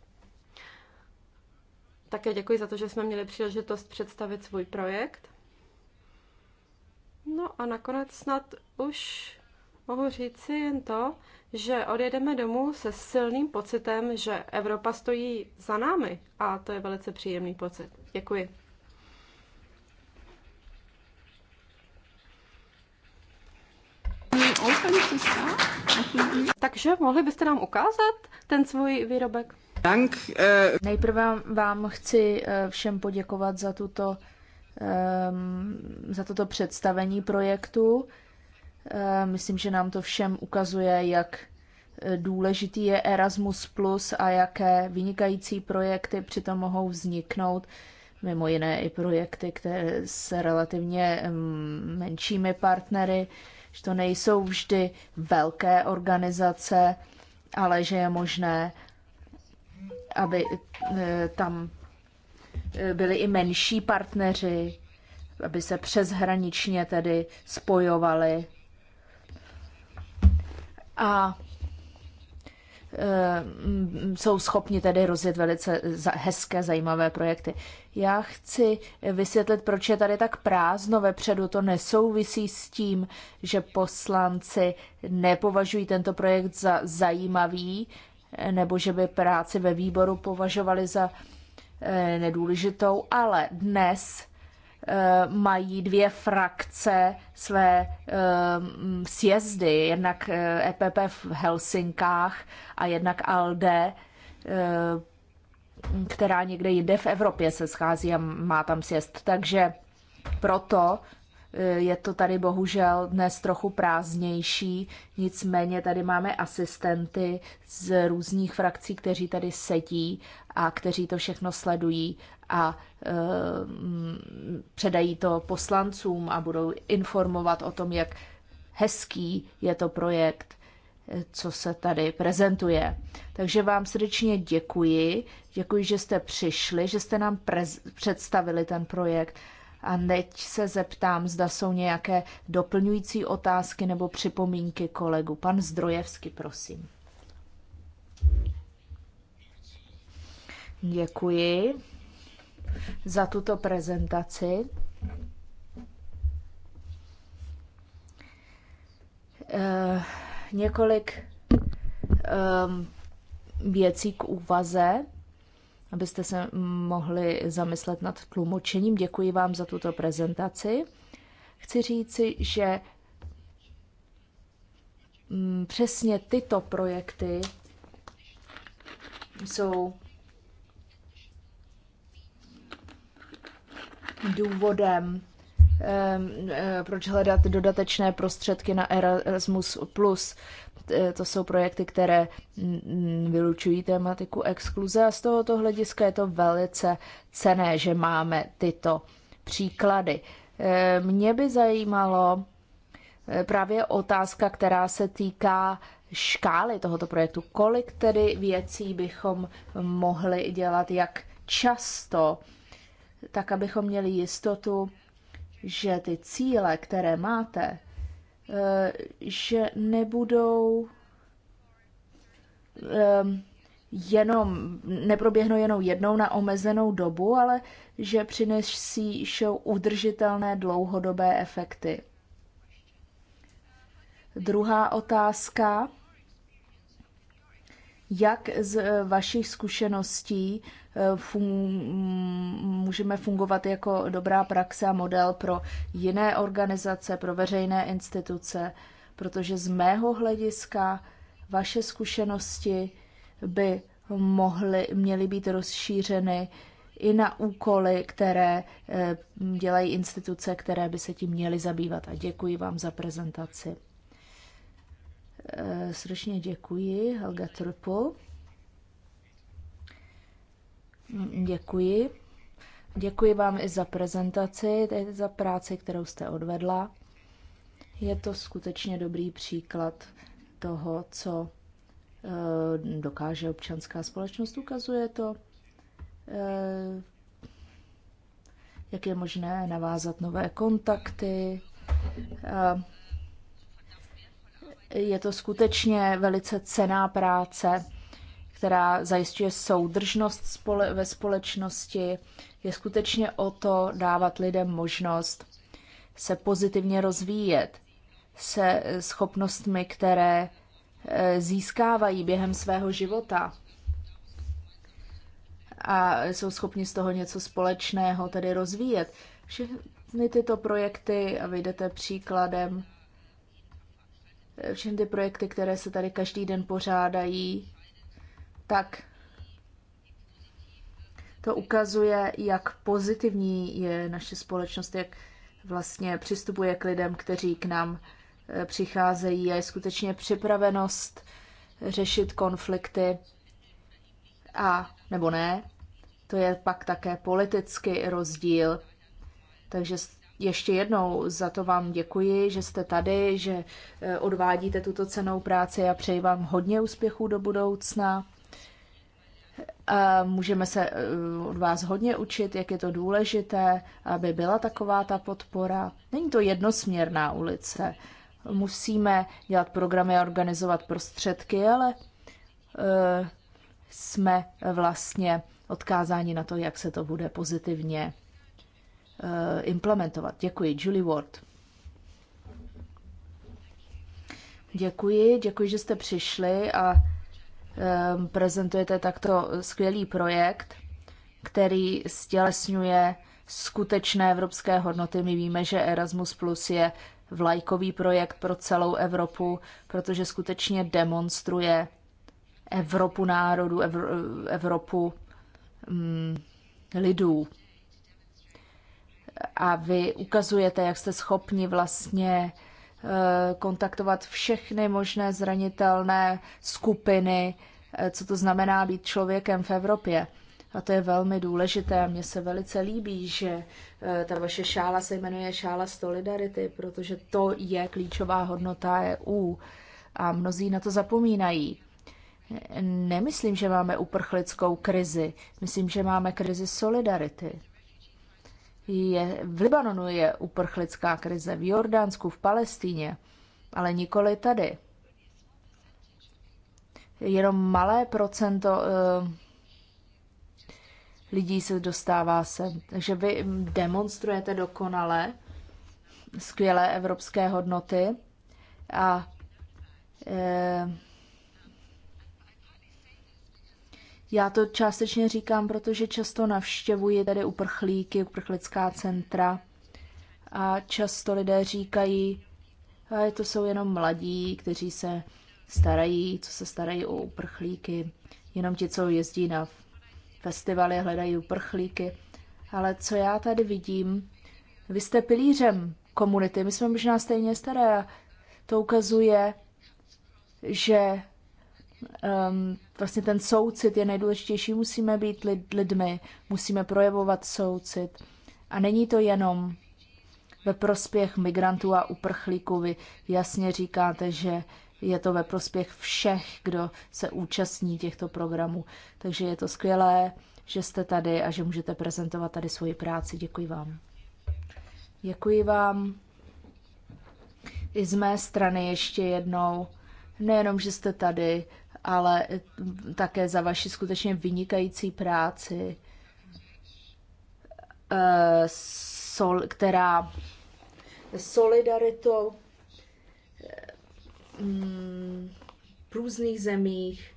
Také děkuji za to, že jsme měli příležitost představit svůj projekt. No a nakonec snad už mohu říci jen to, že odjedeme domů se silným pocitem, že Evropa stojí za námi a to je velice příjemný pocit. Děkuji. Takže mohli byste nám ukázat ten svůj výrobek? Dank, eh. Nejprve vám chci eh, všem poděkovat za tuto Ehm, za toto představení projektu. Ehm, myslím, že nám to všem ukazuje, jak eh, důležitý je Erasmus Plus a jaké vynikající projekty přitom mohou vzniknout. Mimo jiné i projekty, které s relativně ehm, menšími partnery, že to nejsou vždy velké organizace, ale že je možné, aby eh, tam byli i menší partneři, aby se přeshraničně tedy spojovali. A eh, jsou schopni tedy rozjet velice hezké, zajímavé projekty. Já chci vysvětlit, proč je tady tak prázdno vepředu. To nesouvisí s tím, že poslanci nepovažují tento projekt za zajímavý, nebo že by práci ve výboru považovali za Eh, nedůležitou, ale dnes eh, mají dvě frakce své eh, sjezdy, jednak EPP e v Helsinkách a jednak ALDE, která někde jinde v Evropě se schází a má tam sjezd. Takže proto Eh, je to tady bohužel dnes trochu prázdnější, nicméně tady máme asistenty z různých frakcí, kteří tady sedí a kteří to všechno sledují a e, předají to poslancům a budou informovat o tom, jak hezký je to projekt, eh, co se tady prezentuje. Takže vám srdečně děkuji. Děkuji, že jste přišli, že jste nám prez- představili ten projekt. A teď se zeptám, zda jsou nějaké doplňující otázky nebo připomínky kolegu. Pan Zdrojevsky, prosím. Děkuji za tuto prezentaci. Eh, několik e, věcí k úvaze abyste se mohli zamyslet nad tlumočením. Děkuji vám za tuto prezentaci. Chci říci, že mm, přesně tyto projekty jsou důvodem, e, proč hledat dodatečné prostředky na Erasmus+. Eh, to jsou projekty, které vylučují tématiku exkluze a z tohoto hlediska je to velice cené, že máme tyto příklady. Eh, mě by zajímalo eh, právě otázka, která se týká škály tohoto projektu. Kolik tedy věcí bychom mohli dělat, jak často, tak abychom měli jistotu, že ty cíle, které máte, Eh, že nebudou jenom, neproběhnou jenom jednou na omezenou dobu, ale že přinesí udržitelné dlouhodobé efekty. Druhá otázka jak z eh, vašich zkušeností eh, fun- můžeme fungovat jako dobrá praxe a model pro jiné organizace, pro veřejné instituce? Protože z mého hlediska vaše zkušenosti by mohly, měly být rozšířeny i na úkoly, které eh, dělají instituce, které by se tím měly zabývat. A děkuji vám za prezentaci. Eh, srdečně děkuji, Helga Trpo. Mm, děkuji. Děkuji vám i za prezentaci, tedy za práci, kterou jste odvedla. Je to skutečně dobrý příklad toho, co eh, dokáže občanská společnost. Ukazuje to, eh, jak je možné navázat nové kontakty. Je to skutečně velice cená práce, která zajišťuje soudržnost spole- ve společnosti. Je skutečně o to dávat lidem možnost se pozitivně rozvíjet, se schopnostmi, které e, získávají během svého života a jsou schopni z toho něco společného tedy rozvíjet. Všechny tyto projekty, a vyjdete příkladem, všechny ty projekty, které se tady každý den pořádají, tak to ukazuje, jak pozitivní je naše společnost, jak vlastně přistupuje k lidem, kteří k nám eh, přicházejí a je skutečně připravenost řešit konflikty a nebo ne. To je pak také politický rozdíl. Takže ještě jednou za to vám děkuji, že jste tady, že eh, odvádíte tuto cenou práci a přeji vám hodně úspěchů do budoucna. A můžeme se eh, od vás hodně učit, jak je to důležité, aby byla taková ta podpora. Není to jednosměrná ulice. Musíme dělat programy a organizovat prostředky, ale eh, jsme vlastně odkázáni na to, jak se to bude pozitivně Eh, implementovat. Děkuji. Julie Ward. Děkuji, děkuji, že jste přišli a um, prezentujete takto skvělý projekt, který stělesňuje skutečné evropské hodnoty. My víme, že Erasmus Plus je vlajkový projekt pro celou Evropu, protože skutečně demonstruje Evropu národů, Evropu um, lidů a vy ukazujete, jak jste schopni vlastně eh, kontaktovat všechny možné zranitelné skupiny, eh, co to znamená být člověkem v Evropě. A to je velmi důležité. Mně se velice líbí, že eh, ta vaše šála se jmenuje šála Solidarity, protože to je klíčová hodnota EU a mnozí na to zapomínají. Nemyslím, že máme uprchlickou krizi, myslím, že máme krizi solidarity je, v Libanonu je uprchlická krize, v Jordánsku, v Palestíně, ale nikoli tady. Jenom malé procento uh, lidí se dostává sem. Takže vy demonstrujete dokonale skvělé evropské hodnoty a uh, Já to částečně říkám, protože často navštěvuji tady uprchlíky, uprchlická centra a často lidé říkají, že to jsou jenom mladí, kteří se starají, co se starají o uprchlíky, jenom ti, co jezdí na festivaly, hledají uprchlíky. Ale co já tady vidím, vy jste pilířem komunity, my jsme možná stejně staré a to ukazuje, že um, vlastně ten soucit je nejdůležitější. Musíme být lid, lidmi, musíme projevovat soucit. A není to jenom ve prospěch migrantů a uprchlíků. Vy jasně říkáte, že je to ve prospěch všech, kdo se účastní těchto programů. Takže je to skvělé, že jste tady a že můžete prezentovat tady svoji práci. Děkuji vám. Děkuji vám. I z mé strany ještě jednou. Nejenom, že jste tady, ale eh, také za vaši skutečně vynikající práci, eh, sol, která solidaritou eh, mm, v různých zemích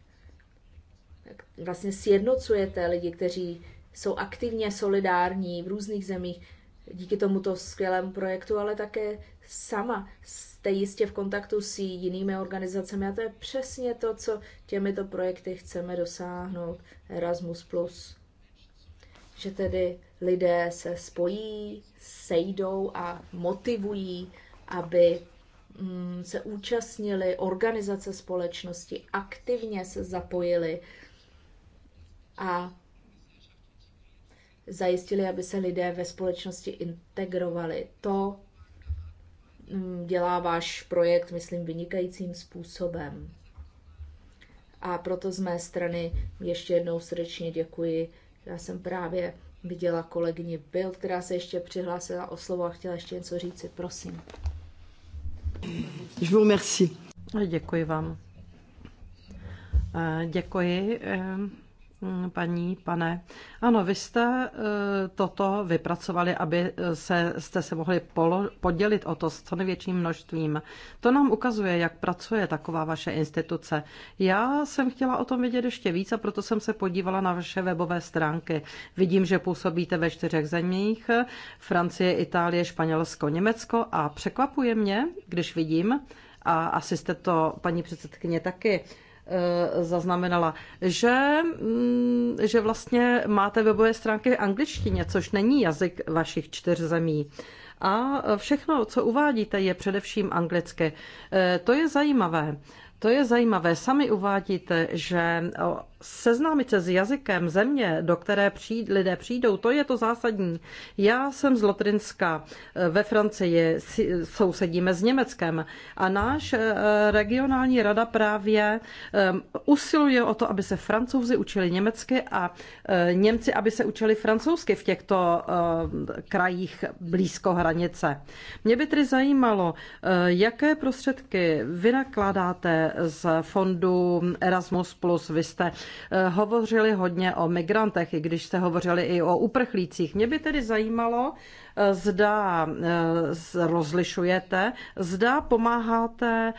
vlastně sjednocujete lidi, kteří jsou aktivně solidární v různých zemích díky tomuto skvělému projektu, ale také sama jste jistě v kontaktu s jinými organizacemi a to je přesně to, co těmito projekty chceme dosáhnout Erasmus+. Že tedy lidé se spojí, sejdou a motivují, aby mm, se účastnili organizace společnosti, aktivně se zapojili a zajistili, aby se lidé ve společnosti integrovali. To Mm, dělá váš projekt, myslím, vynikajícím způsobem. A proto z mé strany ještě jednou srdečně děkuji. Já jsem právě viděla kolegyni Bill, která se ještě přihlásila o slovo a chtěla ještě něco říct, Prosím. Je vous remercie. Děkuji vám. Eh, děkuji eh, Mm, paní, pane. Ano, vy jste e, toto vypracovali, aby e, se, jste se mohli polo, podělit o to s co největším množstvím. To nám ukazuje, jak pracuje taková vaše instituce. Já jsem chtěla o tom vědět ještě víc a proto jsem se podívala na vaše webové stránky. Vidím, že působíte ve čtyřech zemích, Francie, Itálie, Španělsko, Německo a překvapuje mě, když vidím, a asi jste to, paní předsedkyně, taky Eh, zaznamenala, že, mm, že vlastně máte webové stránky v angličtině, což není jazyk vašich čtyř zemí. A všechno, co uvádíte, je především anglicky. Eh, to je zajímavé. To je zajímavé. Sami uvádíte, že seznámit se s jazykem země, do které přijít, lidé přijdou, to je to zásadní. Já jsem z Lotrinska, eh, ve Francii sousedíme s Německem a náš eh, regionální rada právě ehm, usiluje o to, aby se francouzi učili německy a eh, Němci, aby se učili francouzsky v těchto ehm, krajích blízko hranice. Mě by tedy zajímalo, jaké prostředky vynakládáte z fondu Erasmus+, vy jste Eh, hovořili hodně o migrantech, i když jste hovořili i o uprchlících. Mě by tedy zajímalo, eh, zda eh, rozlišujete, zda pomáháte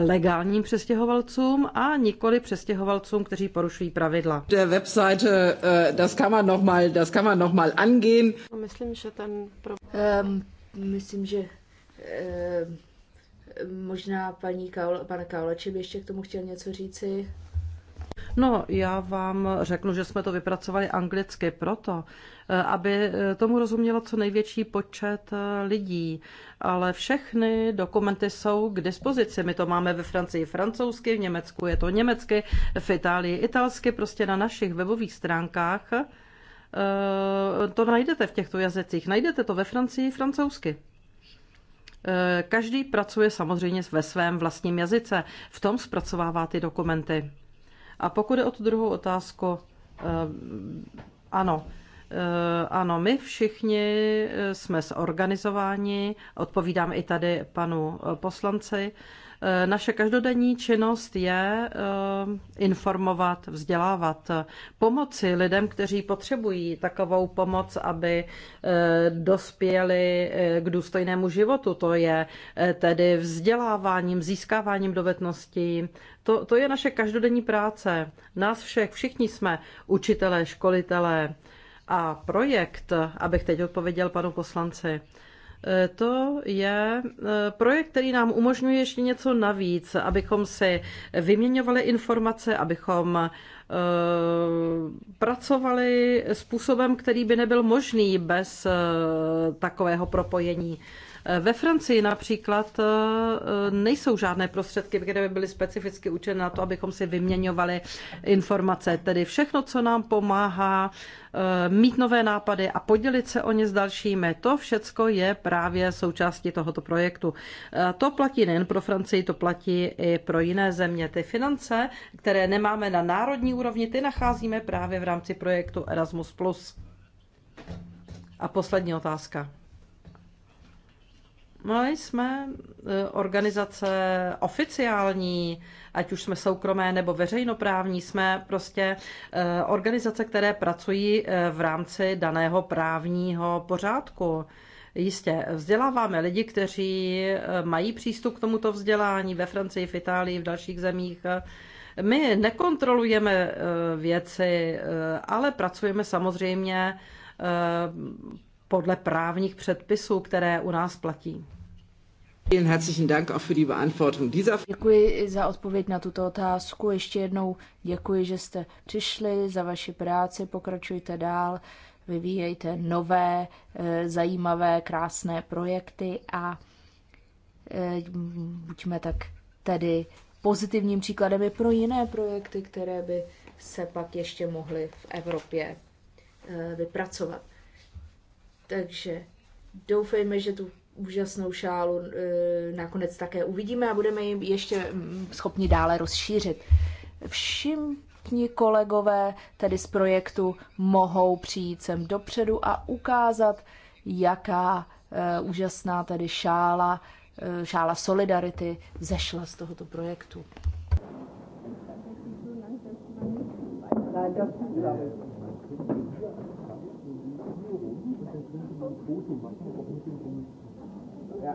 legálním přestěhovalcům a nikoli přestěhovalcům, kteří porušují pravidla. Der Webseite, das kann man noch mal, das kann man noch mal angehen. Myslím, že ten um, myslím, že um, možná paní Kaul, pan by ještě k tomu chtěl něco říci. No, já vám řeknu, že jsme to vypracovali anglicky proto, eh, aby eh, tomu rozumělo co největší počet eh, lidí. Ale všechny dokumenty jsou k dispozici. My to máme ve Francii francouzsky, v Německu je to německy, v Itálii italsky, prostě na našich webových stránkách. To najdete v těchto jazycích. Najdete to ve Francii francouzsky. Každý pracuje samozřejmě ve svém vlastním jazyce. V tom zpracovává ty dokumenty. A pokud je o tu druhou otázku, eh, ano, eh, ano, my všichni eh, jsme zorganizováni, odpovídám i tady panu poslanci. Eh, naše každodenní činnost je eh, informovat, vzdělávat, pomoci lidem, kteří potřebují takovou pomoc, aby eh, dospěli k důstojnému životu. To je tedy vzděláváním, získáváním dovedností. To, to je naše každodenní práce. Nás všech, všichni jsme učitelé, školitelé. A projekt, abych teď odpověděl panu poslanci, Eh, to je eh, projekt, který nám umožňuje ještě něco navíc, abychom si vyměňovali informace, abychom eh, pracovali způsobem, který by nebyl možný bez takového propojení. Ve Francii například e, e, nejsou žádné prostředky, které by byly specificky učeny na to, abychom si vyměňovali informace. Tedy všechno, co nám pomáhá e, mít nové nápady a podělit se o ně s dalšími, to všecko je právě součástí tohoto projektu. To platí nejen pro Francii, to platí i pro jiné země. Ty finance, které nemáme na národní úrovni, ty nacházíme právě v rámci projektu Erasmus. A poslední otázka. No jsme e, organizace oficiální, ať už jsme soukromé nebo veřejnoprávní, jsme prostě e, organizace, které pracují e, v rámci daného právního pořádku. Jistě, vzděláváme lidi, kteří mají přístup k tomuto vzdělání ve Francii, v Itálii, v dalších zemích. My nekontrolujeme věci, ale pracujeme samozřejmě podle právních předpisů, které u nás platí. Děkuji za odpověď na tuto otázku. Ještě jednou děkuji, že jste přišli za vaši práci. Pokračujte dál, vyvíjejte nové, eh, zajímavé, krásné projekty a eh, buďme tak tedy pozitivním příkladem i pro jiné projekty, které by se pak ještě mohly v Evropě eh, vypracovat. Takže doufejme, že tu úžasnou šálu eh, nakonec také uvidíme a budeme ji ještě mm, schopni dále rozšířit. Všichni kolegové tedy z projektu mohou přijít sem dopředu a ukázat, jaká eh, úžasná tedy šála, eh, šála solidarity zešla z tohoto projektu. Hmm. Ja.